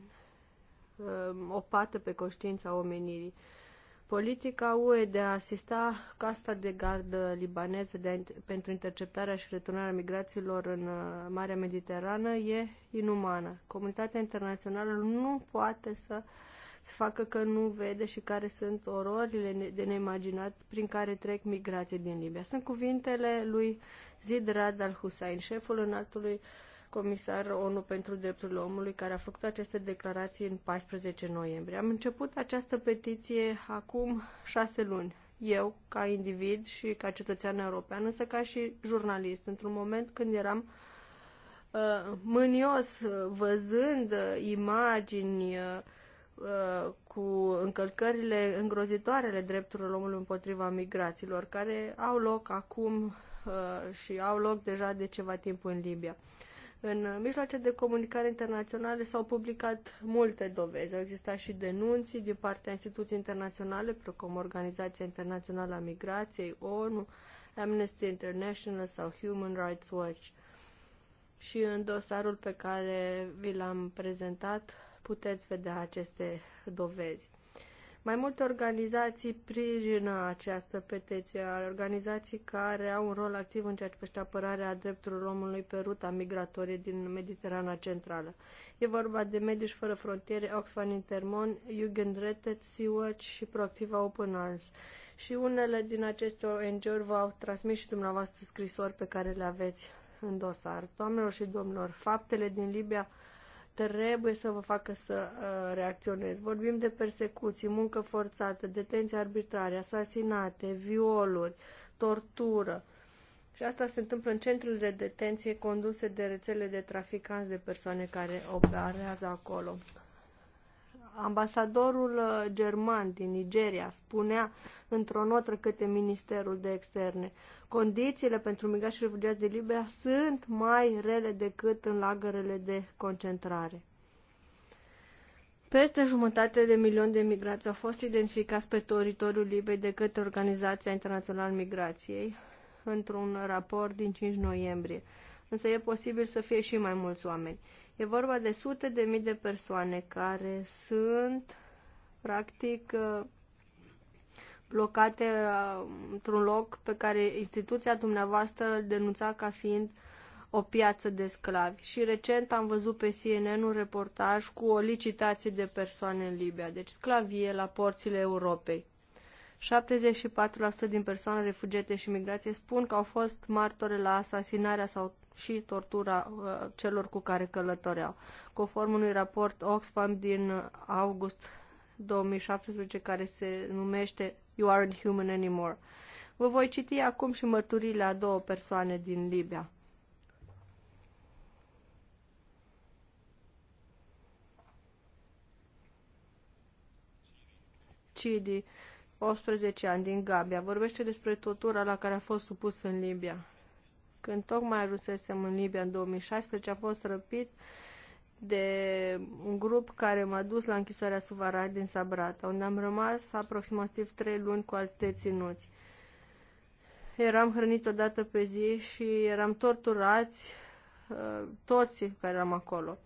Speaker 4: uh, o pată pe conștiința omenirii. Politica UE de a asista casta de gardă libaneză de a, pentru interceptarea și returnarea migrațiilor în uh, Marea Mediterană e inumană. Comunitatea internațională nu poate să se facă că nu vede și care sunt ororile de neimaginat prin care trec migrații din Libia. Sunt cuvintele lui Zid Rad al-Hussein, șeful înaltului uh, comisar ONU pentru drepturile omului, care a făcut aceste declarații în 14 noiembrie. Am început această petiție acum șase luni. Eu, ca individ și ca cetățean european, însă ca și jurnalist, într-un moment când eram uh, mânios uh, văzând uh, imagini uh, uh, cu încălcările îngrozitoare ale drepturilor omului împotriva migraților, care au loc acum uh, și au loc deja de ceva timp în Libia. În mijloace de comunicare internaționale s-au publicat multe dovezi. Au existat și denunții din partea instituției internaționale, precum Organizația Internațională a Migrației, ONU, Amnesty International sau Human Rights Watch. Și în dosarul pe care vi l-am prezentat puteți vedea aceste dovezi. Mai multe organizații prijină această petiție, organizații care au un rol activ în ceea ce privește apărarea drepturilor omului pe ruta migratorie din Mediterana Centrală. E vorba de Medici Fără Frontiere, Oxfam Intermon, Jugendrettet, Sea-Watch și Proactiva Open Arms. Și unele din aceste ONG-uri v-au transmis și dumneavoastră scrisori pe care le aveți în dosar. Doamnelor și domnilor, faptele din Libia trebuie să vă facă să uh, reacționezi. Vorbim de persecuții, muncă forțată, detenție arbitrare, asasinate, violuri, tortură. Și asta se întâmplă în centrele de detenție conduse de rețele de traficanți de persoane care operează acolo. Ambasadorul uh, german din Nigeria spunea într-o notă către Ministerul de Externe condițiile pentru migrați și refugiați de Libia sunt mai rele decât în lagărele de concentrare. Peste jumătate de milion de migrați au fost identificați pe teritoriul Libiei de către Organizația Internațională Migrației într-un raport din 5 noiembrie însă e posibil să fie și mai mulți oameni. E vorba de sute de mii de persoane care sunt, practic, uh, blocate uh, într-un loc pe care instituția dumneavoastră îl denunța ca fiind o piață de sclavi. Și recent am văzut pe CNN un reportaj cu o licitație de persoane în Libia, deci sclavie la porțile Europei. 74% din persoane refugiate și migrație spun că au fost martore la asasinarea sau și tortura uh, celor cu care călătoreau. Conform unui raport Oxfam din august 2017 care se numește You aren't human anymore. Vă voi citi acum și mărturile a două persoane din Libia. Cidi, 18 ani, din Gabia, vorbește despre tortura la care a fost supus în Libia. Când tocmai ajunsesem în Libia în 2016, a fost răpit de un grup care m-a dus la închisoarea Suvarai din Sabrata, unde am rămas aproximativ trei luni cu alți deținuți. Eram hrănit o dată pe zi și eram torturați uh, toți care eram acolo.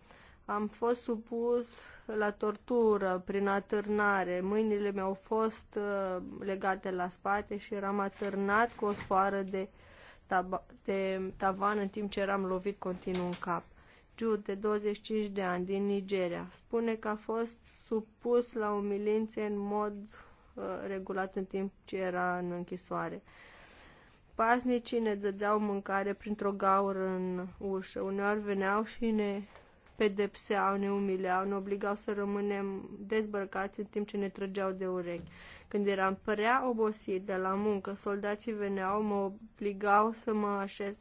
Speaker 4: Am fost supus la tortură, prin atârnare. Mâinile mi-au fost uh, legate la spate și eram atârnat cu o sfoară de uh, de tavan în timp ce eram lovit continuu în cap. Jude, de 25 de ani, din Nigeria, spune că a fost supus la umilințe în mod uh, regulat în timp ce era în închisoare. Pasnicii ne dădeau mâncare printr-o gaură în ușă. Uneori veneau și ne pedepseau, ne umileau, ne obligau să rămânem dezbărcați în timp ce ne trăgeau de urechi. Când eram prea obosit de la muncă, soldații veneau, mă obligau să mă așez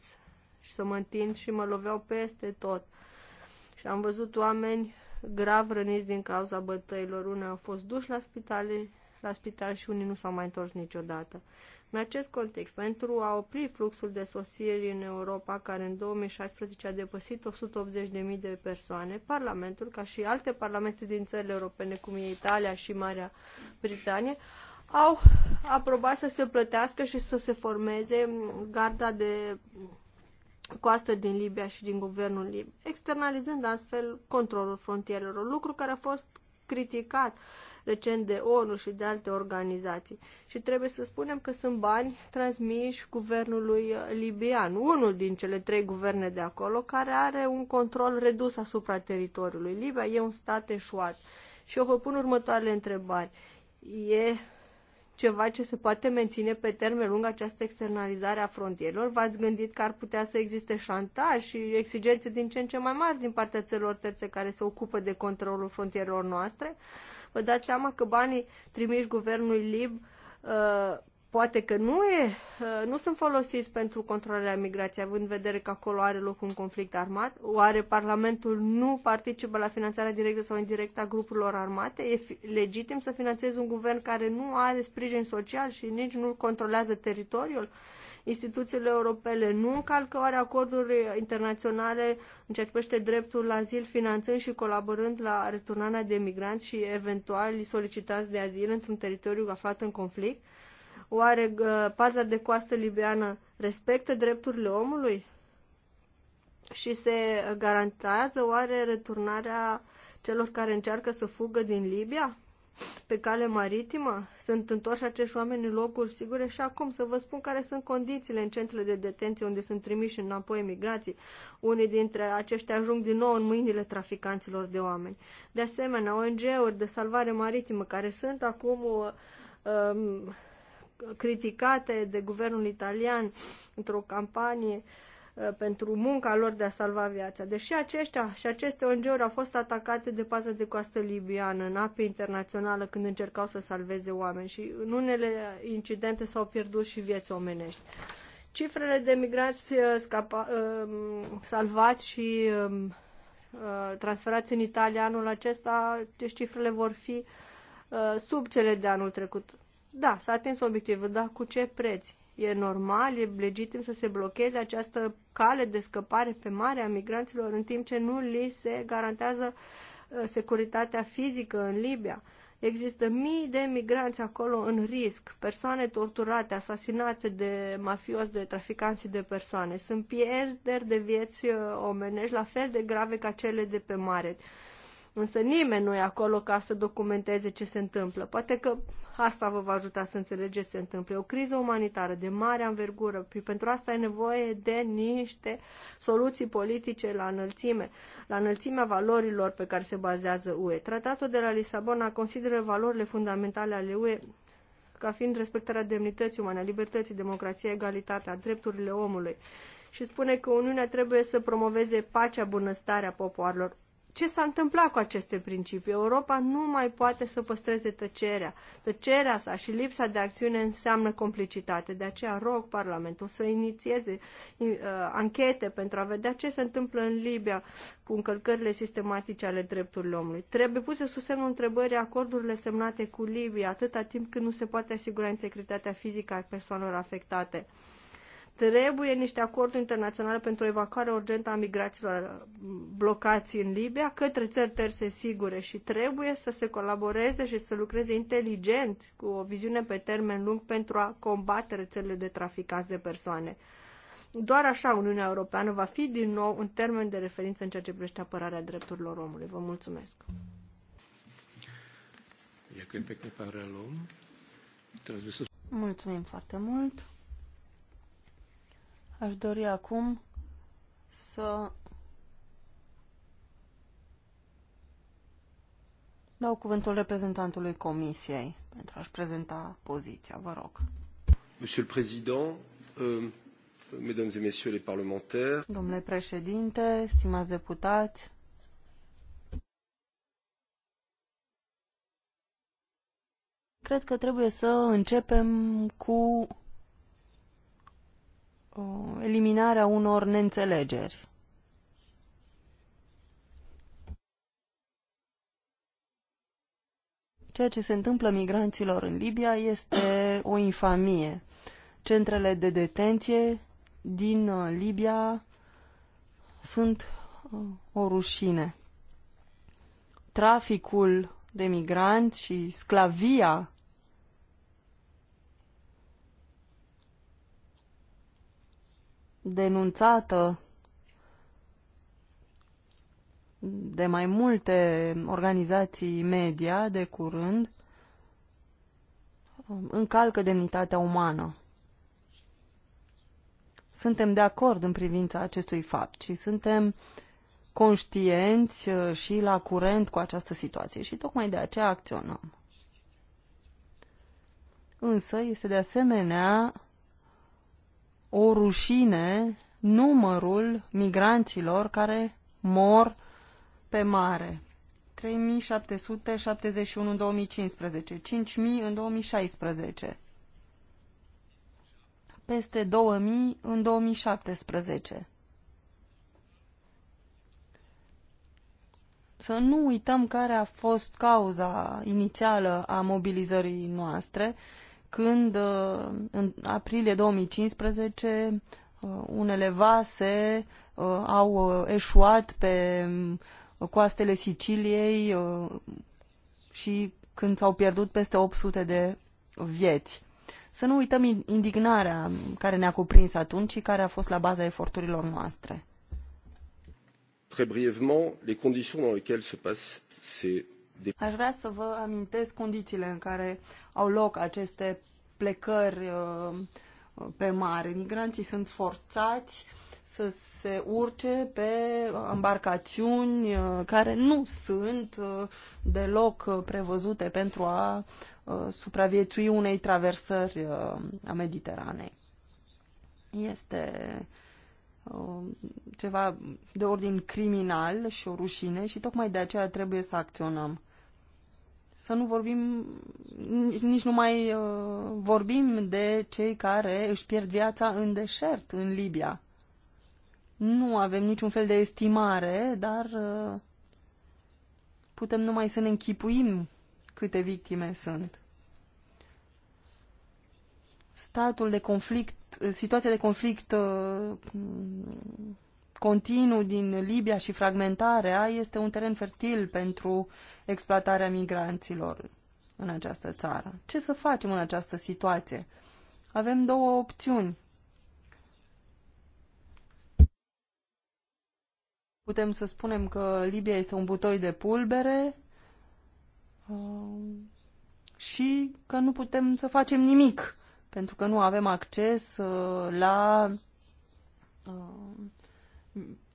Speaker 4: și să mă întind și mă loveau peste tot. Și am văzut oameni grav răniți din cauza bătăilor. Unii au fost duși la spitale, la spital și unii nu s-au mai întors niciodată. În acest context, pentru a opri fluxul de sosiri în Europa, care în 2016 a depășit 180.000 de persoane, Parlamentul, ca și alte parlamente din țările europene, cum e Italia și Marea Britanie, au aprobat să se plătească și să se formeze garda de coastă din Libia și din guvernul Lib, externalizând astfel controlul frontierelor, lucru care a fost criticat recent de ONU și de alte organizații. Și trebuie să spunem că sunt bani transmiși guvernului libian, unul din cele trei guverne de acolo, care are un control redus asupra teritoriului. Libia e un stat eșuat. Și eu vă pun următoarele întrebări. E ceva ce se poate menține pe termen lung această externalizare a frontierelor? V-ați gândit că ar putea să existe șantaj și exigențe din ce în ce mai mari din partea țărilor terțe care se ocupă de controlul frontierelor noastre? vă dați seama că banii trimiși guvernului lib uh, poate că nu, e, uh, nu sunt folosiți pentru controlarea migrației, având în vedere că acolo are loc un conflict armat? Oare Parlamentul nu participă la finanțarea directă sau indirectă a grupurilor armate? E legitim să finanțeze un guvern care nu are sprijin social și nici nu controlează teritoriul? instituțiile europene nu încalcă oare acorduri internaționale în ceea ce privește dreptul la azil, finanțând și colaborând la returnarea de migranți și eventuali solicitați de azil într-un teritoriu aflat în conflict? Oare uh, paza de coastă libiană respectă drepturile omului? Și se garantează oare returnarea celor care încearcă să fugă din Libia? pe cale maritimă? Sunt întorși acești oameni în locuri sigure și acum să vă spun care sunt condițiile în centrele de detenție unde sunt trimiși înapoi emigrații. Unii dintre aceștia ajung din nou în mâinile traficanților de oameni. De asemenea, ONG-uri de salvare maritimă care sunt acum uh, um, criticate de guvernul italian într-o campanie uh, Uh, pentru munca lor de a salva viața. Deși aceștia și aceste ONG-uri au fost atacate de pază de coastă libiană în ape internațională când încercau să salveze oameni și în unele incidente s-au pierdut și vieți omenești. Cifrele de migranți uh, scapa, uh, salvați și um, transferați în Italia anul acesta, deci cifrele vor fi sub cele de anul trecut. Da, s-a atins obiectivul, dar cu ce preț? E normal, e legitim să se blocheze această cale de scăpare pe mare a migranților în timp ce nu li se garantează uh, securitatea fizică în Libia. Există mii de migranți acolo în risc, persoane torturate, asasinate de mafioși, de traficanți de persoane. Sunt pierderi de vieți uh, omenești la fel de grave ca cele de pe mare. Însă nimeni nu e acolo ca să documenteze ce se întâmplă. Poate că asta vă va ajuta să înțelegeți ce se întâmplă. E o criză umanitară de mare anvergură. Păi pentru asta e nevoie de niște soluții politice la înălțime, la înălțimea valorilor pe care se bazează UE. Tratatul de la Lisabona consideră valorile fundamentale ale UE ca fiind respectarea demnității umane, a libertății, democrației, egalitatea, drepturile omului. Și spune că Uniunea trebuie să promoveze pacea, bunăstarea popoarelor, ce s-a întâmplat cu aceste principii. Europa nu mai poate să păstreze tăcerea. Tăcerea sa și lipsa de acțiune înseamnă complicitate. De aceea rog Parlamentul să inițieze uh, anchete pentru a vedea ce se întâmplă în Libia cu încălcările sistematice ale drepturilor omului. Trebuie puse sub semnul întrebării acordurile semnate cu Libia atâta timp cât nu se poate asigura integritatea fizică a persoanelor afectate. Trebuie niște acorduri internaționale pentru evacuarea urgentă a migraților blocați în Libia către țări terse sigure și trebuie să se colaboreze și să lucreze inteligent cu o viziune pe termen lung pentru a combate rețelele de traficați de persoane. Doar așa Uniunea Europeană va fi din nou un termen de referință în ceea ce privește apărarea drepturilor omului. Vă mulțumesc! Mulțumim foarte mult!
Speaker 5: Aș dori acum să dau cuvântul reprezentantului Comisiei pentru a-și prezenta poziția. Vă rog.
Speaker 6: Monsieur le
Speaker 3: Président, euh, Mesdames et Messieurs les parlementaires.
Speaker 5: Domnule președinte, stimați deputați, cred că trebuie să începem cu eliminarea unor neînțelegeri. Ceea ce se întâmplă migranților în Libia este o infamie. Centrele de detenție din uh, Libia sunt uh, o rușine. Traficul de migranți și sclavia denunțată de mai multe organizații media de curând um, încalcă demnitatea umană. Suntem de acord în privința acestui fapt și suntem conștienți uh, și la curent cu această situație și tocmai de aceea acționăm. Însă este de asemenea o rușine numărul migranților care mor pe mare. 3771 în 2015, 5000 în 2016, peste 2000 în 2017. Să nu uităm care a fost cauza inițială a mobilizării noastre, când uh, în aprilie 2015 uh, unele vase uh, au eșuat pe coastele Siciliei și când s-au pierdut peste 800 de vieți. Să nu uităm indignarea care ne-a cuprins atunci și care a fost la baza eforturilor noastre.
Speaker 3: Très brièvement, les conditions dans lesquelles se passent ces deci- Aș vrea să vă
Speaker 5: amintesc condițiile în care au loc aceste plecări uh, pe mare. Migranții sunt forțați să se urce pe embarcațiuni uh, care nu sunt uh, deloc prevăzute pentru a supraviețui unei traversări a Mediteranei. Este ceva de ordin criminal și o rușine și tocmai de aceea trebuie să acționăm să nu vorbim, nici nu mai uh, vorbim de cei care își pierd viața în deșert, în Libia. Nu avem niciun fel de estimare, dar uh, putem numai să ne închipuim câte victime sunt. Statul de conflict, situația de conflict uh, continuu din Libia și fragmentarea este un teren fertil pentru exploatarea migranților în această țară. Ce să facem în această situație? Avem două opțiuni. Putem să spunem că Libia este un butoi de pulbere um, și că nu putem să facem nimic, pentru că nu avem acces uh, la um,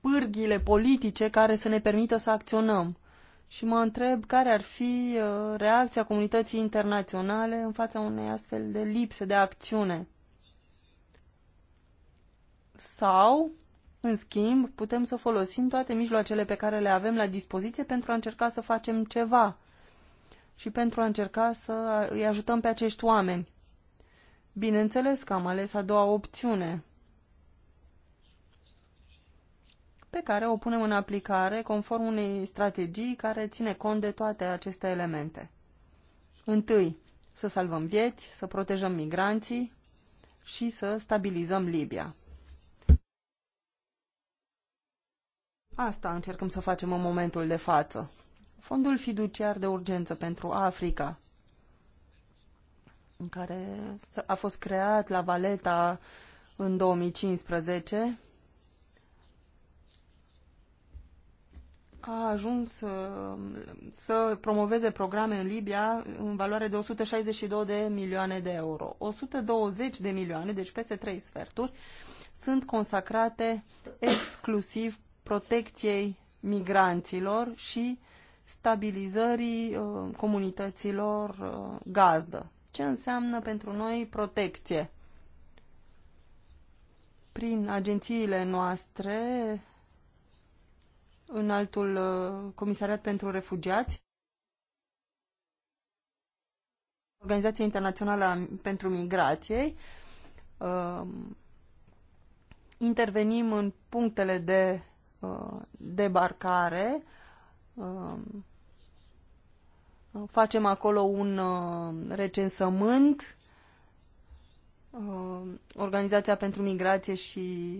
Speaker 5: pârghile politice care să ne permită să acționăm. Și mă întreb care ar fi uh, reacția comunității internaționale în fața unei astfel de lipse de acțiune. Sau, în schimb, putem să folosim toate mijloacele pe care le avem la dispoziție pentru a încerca să facem ceva și pentru a încerca să uh, îi ajutăm pe acești oameni. Bineînțeles că am ales a doua opțiune pe care o punem în aplicare conform unei strategii care ține cont de toate aceste elemente. Întâi, să salvăm vieți, să protejăm migranții și să stabilizăm Libia. Asta încercăm să facem în momentul de față. Fondul fiduciar de urgență pentru Africa, care a fost creat la Valeta în 2015, a ajuns uh, să promoveze programe în Libia în valoare de 162 de milioane de euro. 120 de milioane, deci peste 3 sferturi, sunt consacrate exclusiv protecției migranților și stabilizării uh, comunităților uh, gazdă. Ce înseamnă pentru noi protecție? Prin agențiile noastre înaltul uh, comisariat pentru refugiați, Organizația Internațională pentru Migrație. Uh, intervenim în punctele de uh, debarcare, facem acolo un recensământ Uh, Organizația pentru Migrație și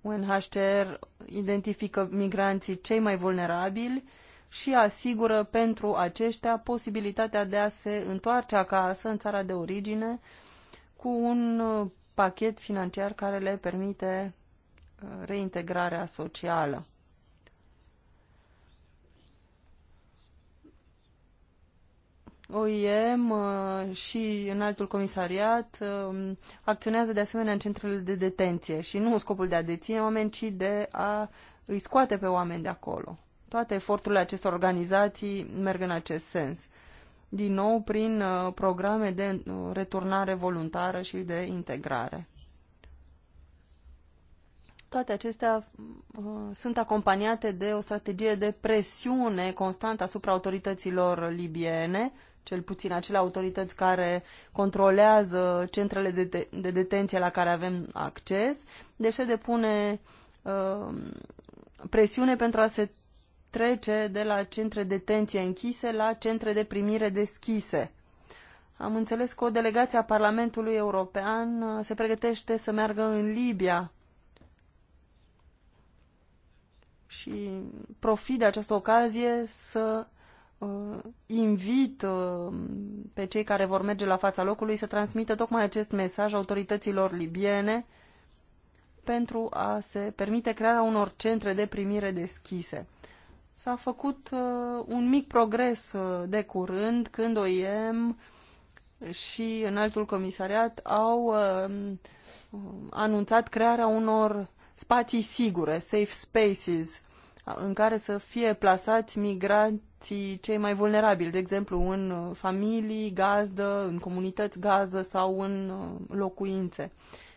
Speaker 5: UNHCR uh, identifică migranții cei mai vulnerabili și asigură pentru aceștia posibilitatea de a se întoarce acasă în țara de origine cu un uh, pachet financiar care le permite reintegrarea socială. OIM uh, și în altul comisariat um, acționează de asemenea în centrele de detenție și nu în scopul de a deține oameni, ci de a îi scoate pe oameni de acolo. Toate eforturile acestor organizații merg în acest sens. Din nou, prin uh, programe de uh, returnare voluntară și de integrare. Toate acestea sunt acompaniate de o strategie de presiune constantă asupra autorităților libiene cel puțin acele autorități care controlează centrele de, de, de detenție la care avem acces. Deci se depune uh, presiune pentru a se trece de la centre de detenție închise la centre de primire deschise. Am înțeles că o delegație a Parlamentului European uh, se pregătește să meargă în Libia și profit de această ocazie să uh, invit uh, pe cei care vor merge la fața locului să transmită tocmai acest mesaj autorităților libiene pentru a se permite crearea unor centre de primire deschise. S-a făcut uh, un mic progres uh, de curând când OIM și în altul comisariat au uh, uh, anunțat crearea unor spații sigure, safe spaces, în care să fie plasați migranți cei mai vulnerabili, de exemplu în uh, familii, gazdă, în comunități gazdă sau în uh, locuințe.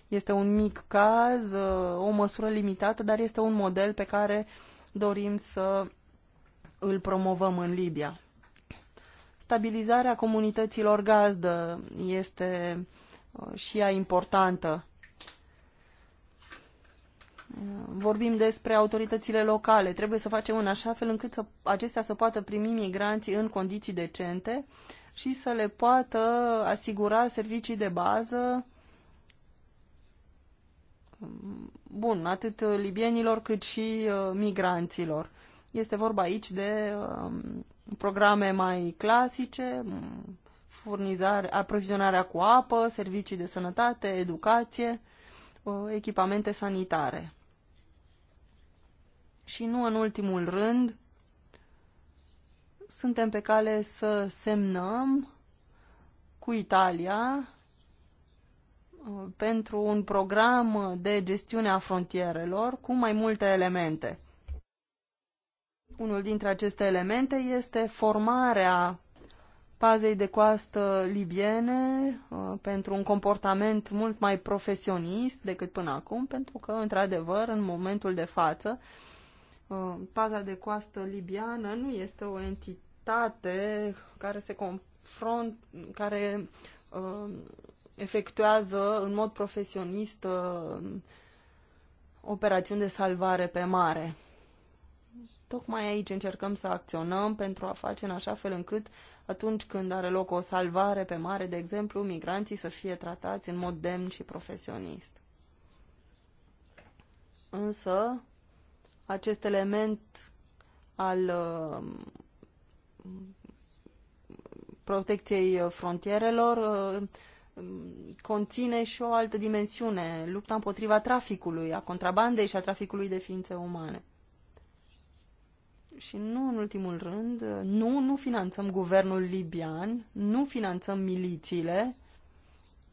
Speaker 5: Este un mic caz, uh, o măsură limitată, dar este un model pe care dorim să îl promovăm în Libia. Stabilizarea comunităților gazdă este și ea importantă vorbim despre autoritățile locale. Trebuie să facem în așa fel încât să, acestea să poată primi migranții în condiții decente și să le poată asigura servicii de bază bun, atât libienilor cât și uh, migranților. Este vorba aici de um, programe mai clasice, furnizare, aprovizionarea cu apă, servicii de sănătate, educație, uh, echipamente sanitare. Și nu în ultimul rând, suntem pe cale să semnăm cu Italia uh, pentru un program de gestiune a frontierelor cu mai multe elemente. Unul dintre aceste elemente este formarea pazei de coastă libiene uh, pentru un comportament mult mai profesionist decât până acum, pentru că, într-adevăr, în momentul de față, Ă, paza de coastă libiană nu este o entitate care se confrunt, care uh, efectuează în mod profesionist uh, operațiuni de salvare pe mare. Tocmai aici încercăm să acționăm pentru a face în așa fel încât atunci când are loc o salvare pe mare, de exemplu, migranții să fie tratați în mod demn și profesionist. Însă, acest element al uh, protecției frontierelor uh, conține și o altă dimensiune, lupta împotriva traficului, a contrabandei și a traficului de ființe umane. Și nu în ultimul rând, nu, nu finanțăm guvernul libian, nu finanțăm milițiile,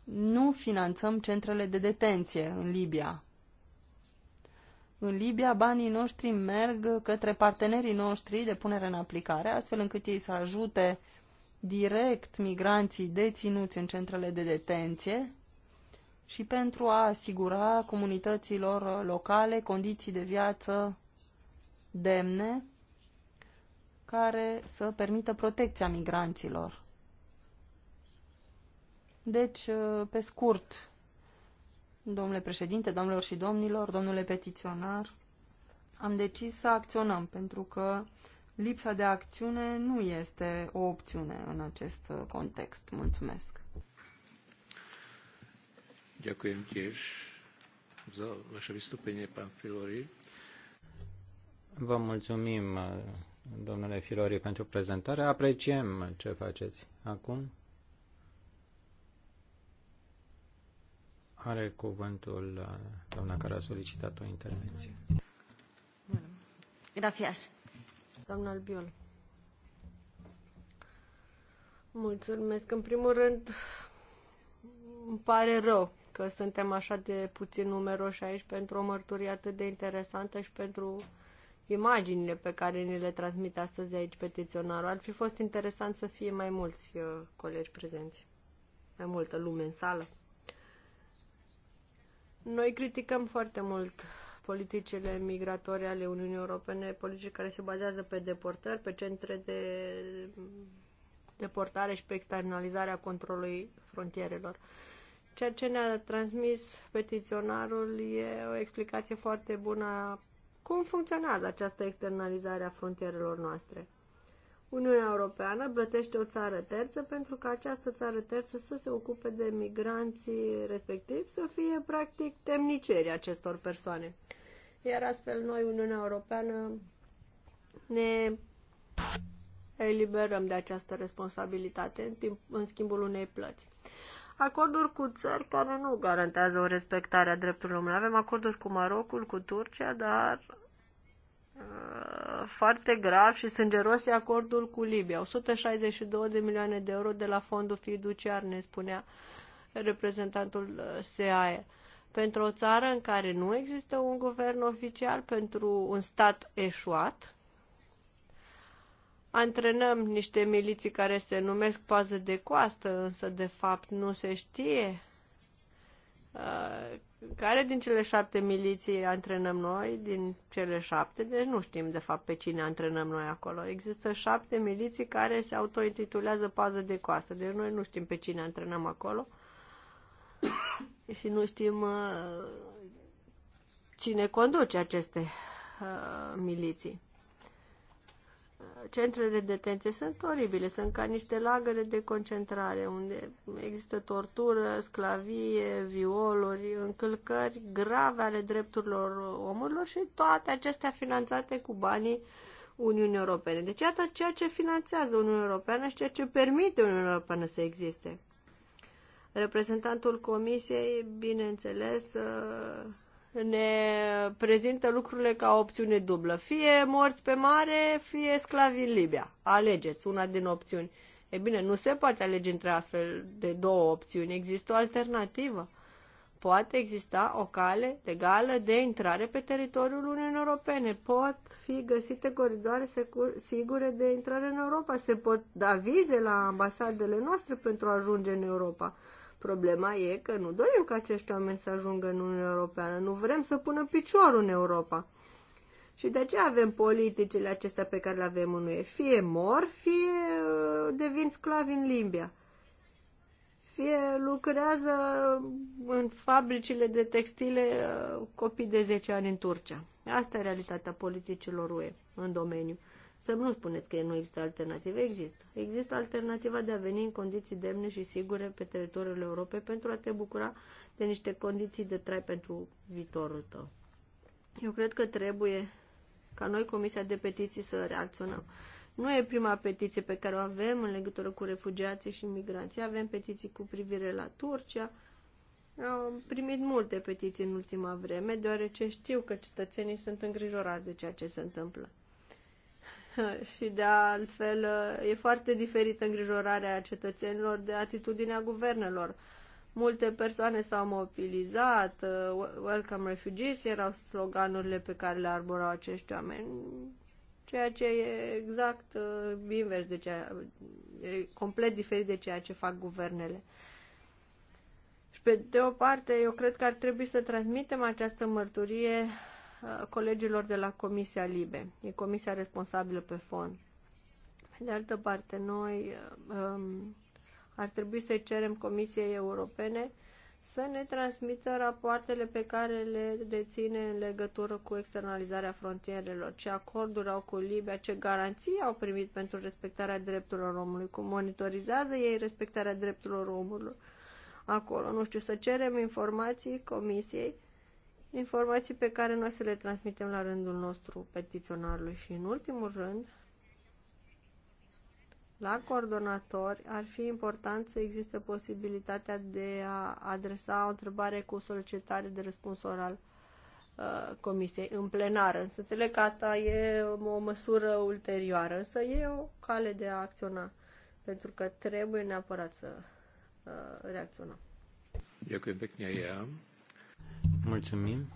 Speaker 5: nu finanțăm centrele de detenție în Libia. În Libia, banii noștri merg către partenerii noștri de punere în aplicare, astfel încât ei să ajute direct migranții deținuți în centrele de detenție și pentru a asigura comunităților locale condiții de viață demne care să permită protecția migranților. Deci, pe scurt, Domnule președinte, domnilor și domnilor, domnule petiționar, am decis să acționăm pentru că lipsa de acțiune nu este o opțiune în acest context. Mulțumesc.
Speaker 3: Ďakujem tiež za vaše vystúpenie, pán Filori.
Speaker 1: Vă mulțumim, domnule Filori, pentru prezentare. Apreciem ce faceți acum. Are cuvântul uh, doamna care a solicitat o intervenție.
Speaker 4: Bună. Gracias. Doamna Albiol. Mulțumesc. În primul rând, îmi pare rău că suntem așa de puțin numeroși aici pentru o mărturie atât de interesantă și pentru imaginile pe care ni le transmite astăzi aici petiționarul. Ar fi fost interesant să fie mai mulți uh, colegi prezenți, mai multă lume în sală. Noi criticăm foarte mult politicile migratorii ale Uniunii Europene, politici care se bazează pe deportări, pe centre de deportare și pe externalizarea controlului frontierelor. Ceea ce ne-a transmis petiționarul e o explicație foarte bună cum funcționează această externalizare a frontierelor noastre. Uniunea Europeană plătește o țară terță pentru ca această țară terță să se ocupe de migranții respectiv, să fie practic temnicerii acestor persoane. Iar astfel noi, Uniunea Europeană, ne eliberăm de această responsabilitate în, timp, în schimbul unei plăți. Acorduri cu țări care nu garantează o respectare a drepturilor omului. Avem acorduri cu Marocul, cu Turcia, dar Uh, foarte grav și sângeros e acordul cu Libia. 162 de milioane de euro de la fondul fiduciar, ne spunea reprezentantul uh, SEAE. Pentru o țară în care nu există un guvern oficial, pentru un stat eșuat, antrenăm niște miliții care se numesc pază de coastă, însă de fapt nu se știe uh, care din cele șapte miliții antrenăm noi? Din cele șapte, deci nu știm de fapt pe cine antrenăm noi acolo. Există șapte miliții care se autointitulează pază de coastă, deci noi nu știm pe cine antrenăm acolo și nu știm uh, cine conduce aceste uh, miliții centrele de detenție sunt oribile, sunt ca niște lagăre de concentrare unde există tortură, sclavie, violuri, încălcări grave ale drepturilor omurilor și toate acestea finanțate cu banii Uniunii Europene. Deci iată ceea ce finanțează Uniunea Europeană și ceea ce permite Uniunea Europeană să existe. Reprezentantul Comisiei, bineînțeles, ne prezintă lucrurile ca o opțiune dublă. Fie morți pe mare, fie sclavi în Libia. Alegeți una din opțiuni. E bine, nu se poate alege între astfel de două opțiuni. Există o alternativă. Poate exista o cale legală de intrare pe teritoriul Uniunii Europene. Pot fi găsite coridoare sigure de intrare în Europa. Se pot da vize la ambasadele noastre pentru a ajunge în Europa. Problema e că nu dorim ca acești oameni să ajungă în Uniunea Europeană, nu vrem să punem piciorul în Europa. Și de aceea avem politicile acestea pe care le avem în UE. Fie mor, fie uh, devin sclavi în Limbia. Fie lucrează în fabricile de textile uh, copii de 10 ani în Turcia. Asta e realitatea politicilor UE în domeniu. Să nu spuneți că nu există alternative. Există. Există alternativa de a veni în condiții demne și sigure pe teritoriul Europei pentru a te bucura de niște condiții de trai pentru viitorul tău. Eu cred că trebuie ca noi, Comisia de Petiții, să reacționăm. Nu e prima petiție pe care o avem în legătură cu refugiații și imigranții. Avem petiții cu privire la Turcia. Am primit multe petiții în ultima vreme, deoarece știu că cetățenii sunt îngrijorați de ceea ce se întâmplă. și de altfel e foarte diferită îngrijorarea cetățenilor de atitudinea guvernelor. Multe persoane s-au mobilizat, uh, Welcome Refugees erau sloganurile pe care le arborau acești oameni, ceea ce e exact uh, invers de ceea, e complet diferit de ceea ce fac guvernele. Și pe de o parte, eu cred că ar trebui să transmitem această mărturie colegilor de la Comisia Libe. E comisia responsabilă pe fond. de altă parte, noi um, ar trebui să cerem Comisiei Europene să ne transmită rapoartele pe care le deține în legătură cu externalizarea frontierelor, ce acorduri au cu Libia, ce garanții au primit pentru respectarea drepturilor omului, cum monitorizează ei respectarea drepturilor omului acolo. Nu știu, să cerem informații Comisiei informații pe care noi să le transmitem la rândul nostru petiționarului și în ultimul rând la coordonatori ar fi important să existe posibilitatea de a adresa o întrebare cu solicitare de răspuns oral uh, comisiei în plenară. Să înțeleg că asta e o măsură ulterioară, să e o cale de a acționa, pentru că trebuie neapărat să uh, reacționăm.
Speaker 3: Eu cred că
Speaker 1: Mulțumim.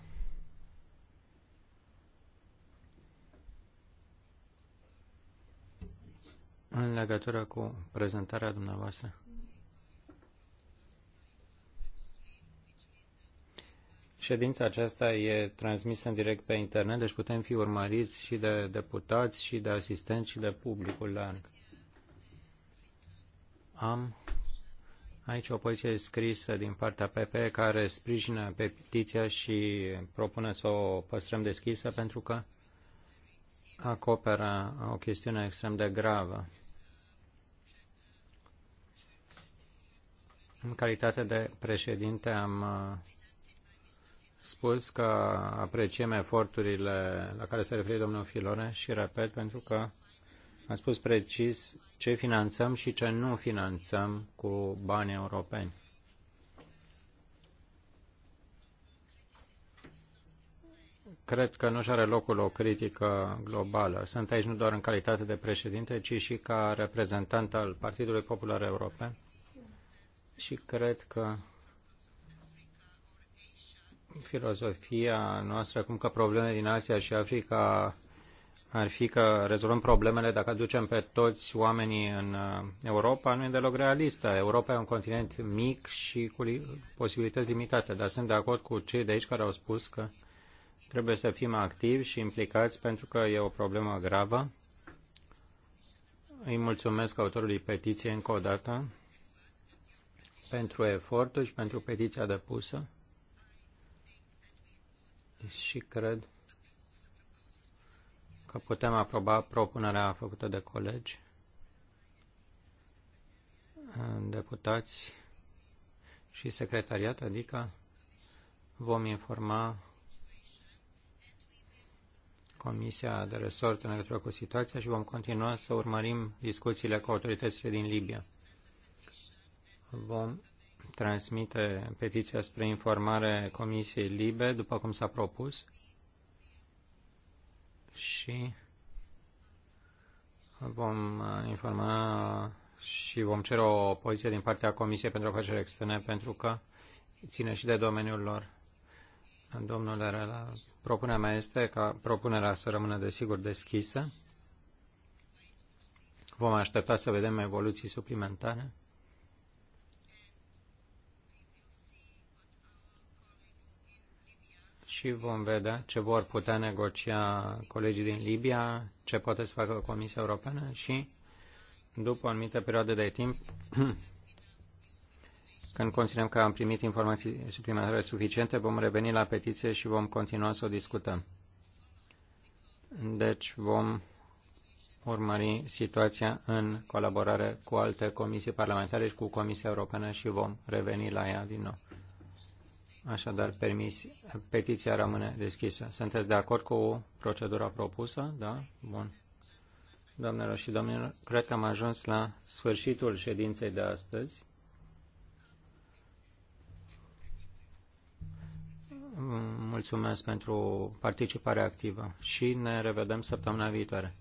Speaker 1: În legătură cu prezentarea dumneavoastră, Ședința aceasta e transmisă în direct pe internet, deci putem fi urmăriți și de deputați, și de asistenți, și de publicul larg. Am Aici o poziție scrisă din partea PP care sprijină petiția și propune să o păstrăm deschisă pentru că acoperă o chestiune extrem de gravă. În calitate de președinte am uh, spus că apreciem eforturile la care se referă domnul Filore și repet pentru că am spus precis ce finanțăm și ce nu finanțăm cu bani europeni. Cred că nu și are locul o critică globală. Sunt aici nu doar în calitate de președinte, ci și ca reprezentant al Partidului Popular European. Și cred că filozofia noastră cum că problemele din Asia și Africa ar fi că rezolvăm problemele dacă aducem pe toți oamenii în uh, Europa, nu e deloc realistă. Europa e un continent mic și cu posibilități limitate, dar sunt de acord cu cei de aici care au spus că trebuie să fim activi și implicați pentru că e o problemă gravă. Îi mulțumesc autorului petiției încă o dată pentru efortul și pentru petiția depusă și cred dacă putem aproba propunerea făcută de colegi, deputați și secretariat, adică vom informa Comisia de Resort în legătură cu situația și vom continua să urmărim discuțiile cu autoritățile din Libia. Vom transmite petiția spre informare Comisiei Libe, după cum s-a propus, și vom uh, informa și vom cere o poziție din partea Comisiei pentru Afaceri Externe pentru că ține și de domeniul lor. Domnule Rela, propunerea mea este ca propunerea să rămână desigur deschisă. Vom aștepta să vedem evoluții suplimentare. și vom vedea ce vor putea negocia colegii din Libia, ce poate să facă Comisia Europeană și după o anumită perioadă de timp, când considerăm că am primit informații suplimentare suficiente, vom reveni la petiție și vom continua să o discutăm. Deci vom urmări situația în colaborare cu alte comisii parlamentare și cu Comisia Europeană și vom reveni la ea din nou. Așadar, permis, petiția rămâne deschisă. Sunteți de acord cu procedura propusă? Da? Bun. Doamnelor și domnilor, cred că am ajuns la sfârșitul ședinței de astăzi. Mulțumesc pentru participarea activă și ne revedem săptămâna viitoare.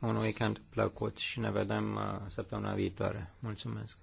Speaker 1: Un weekend plăcut și ne vedem uh, săptămâna viitoare. Mulțumesc!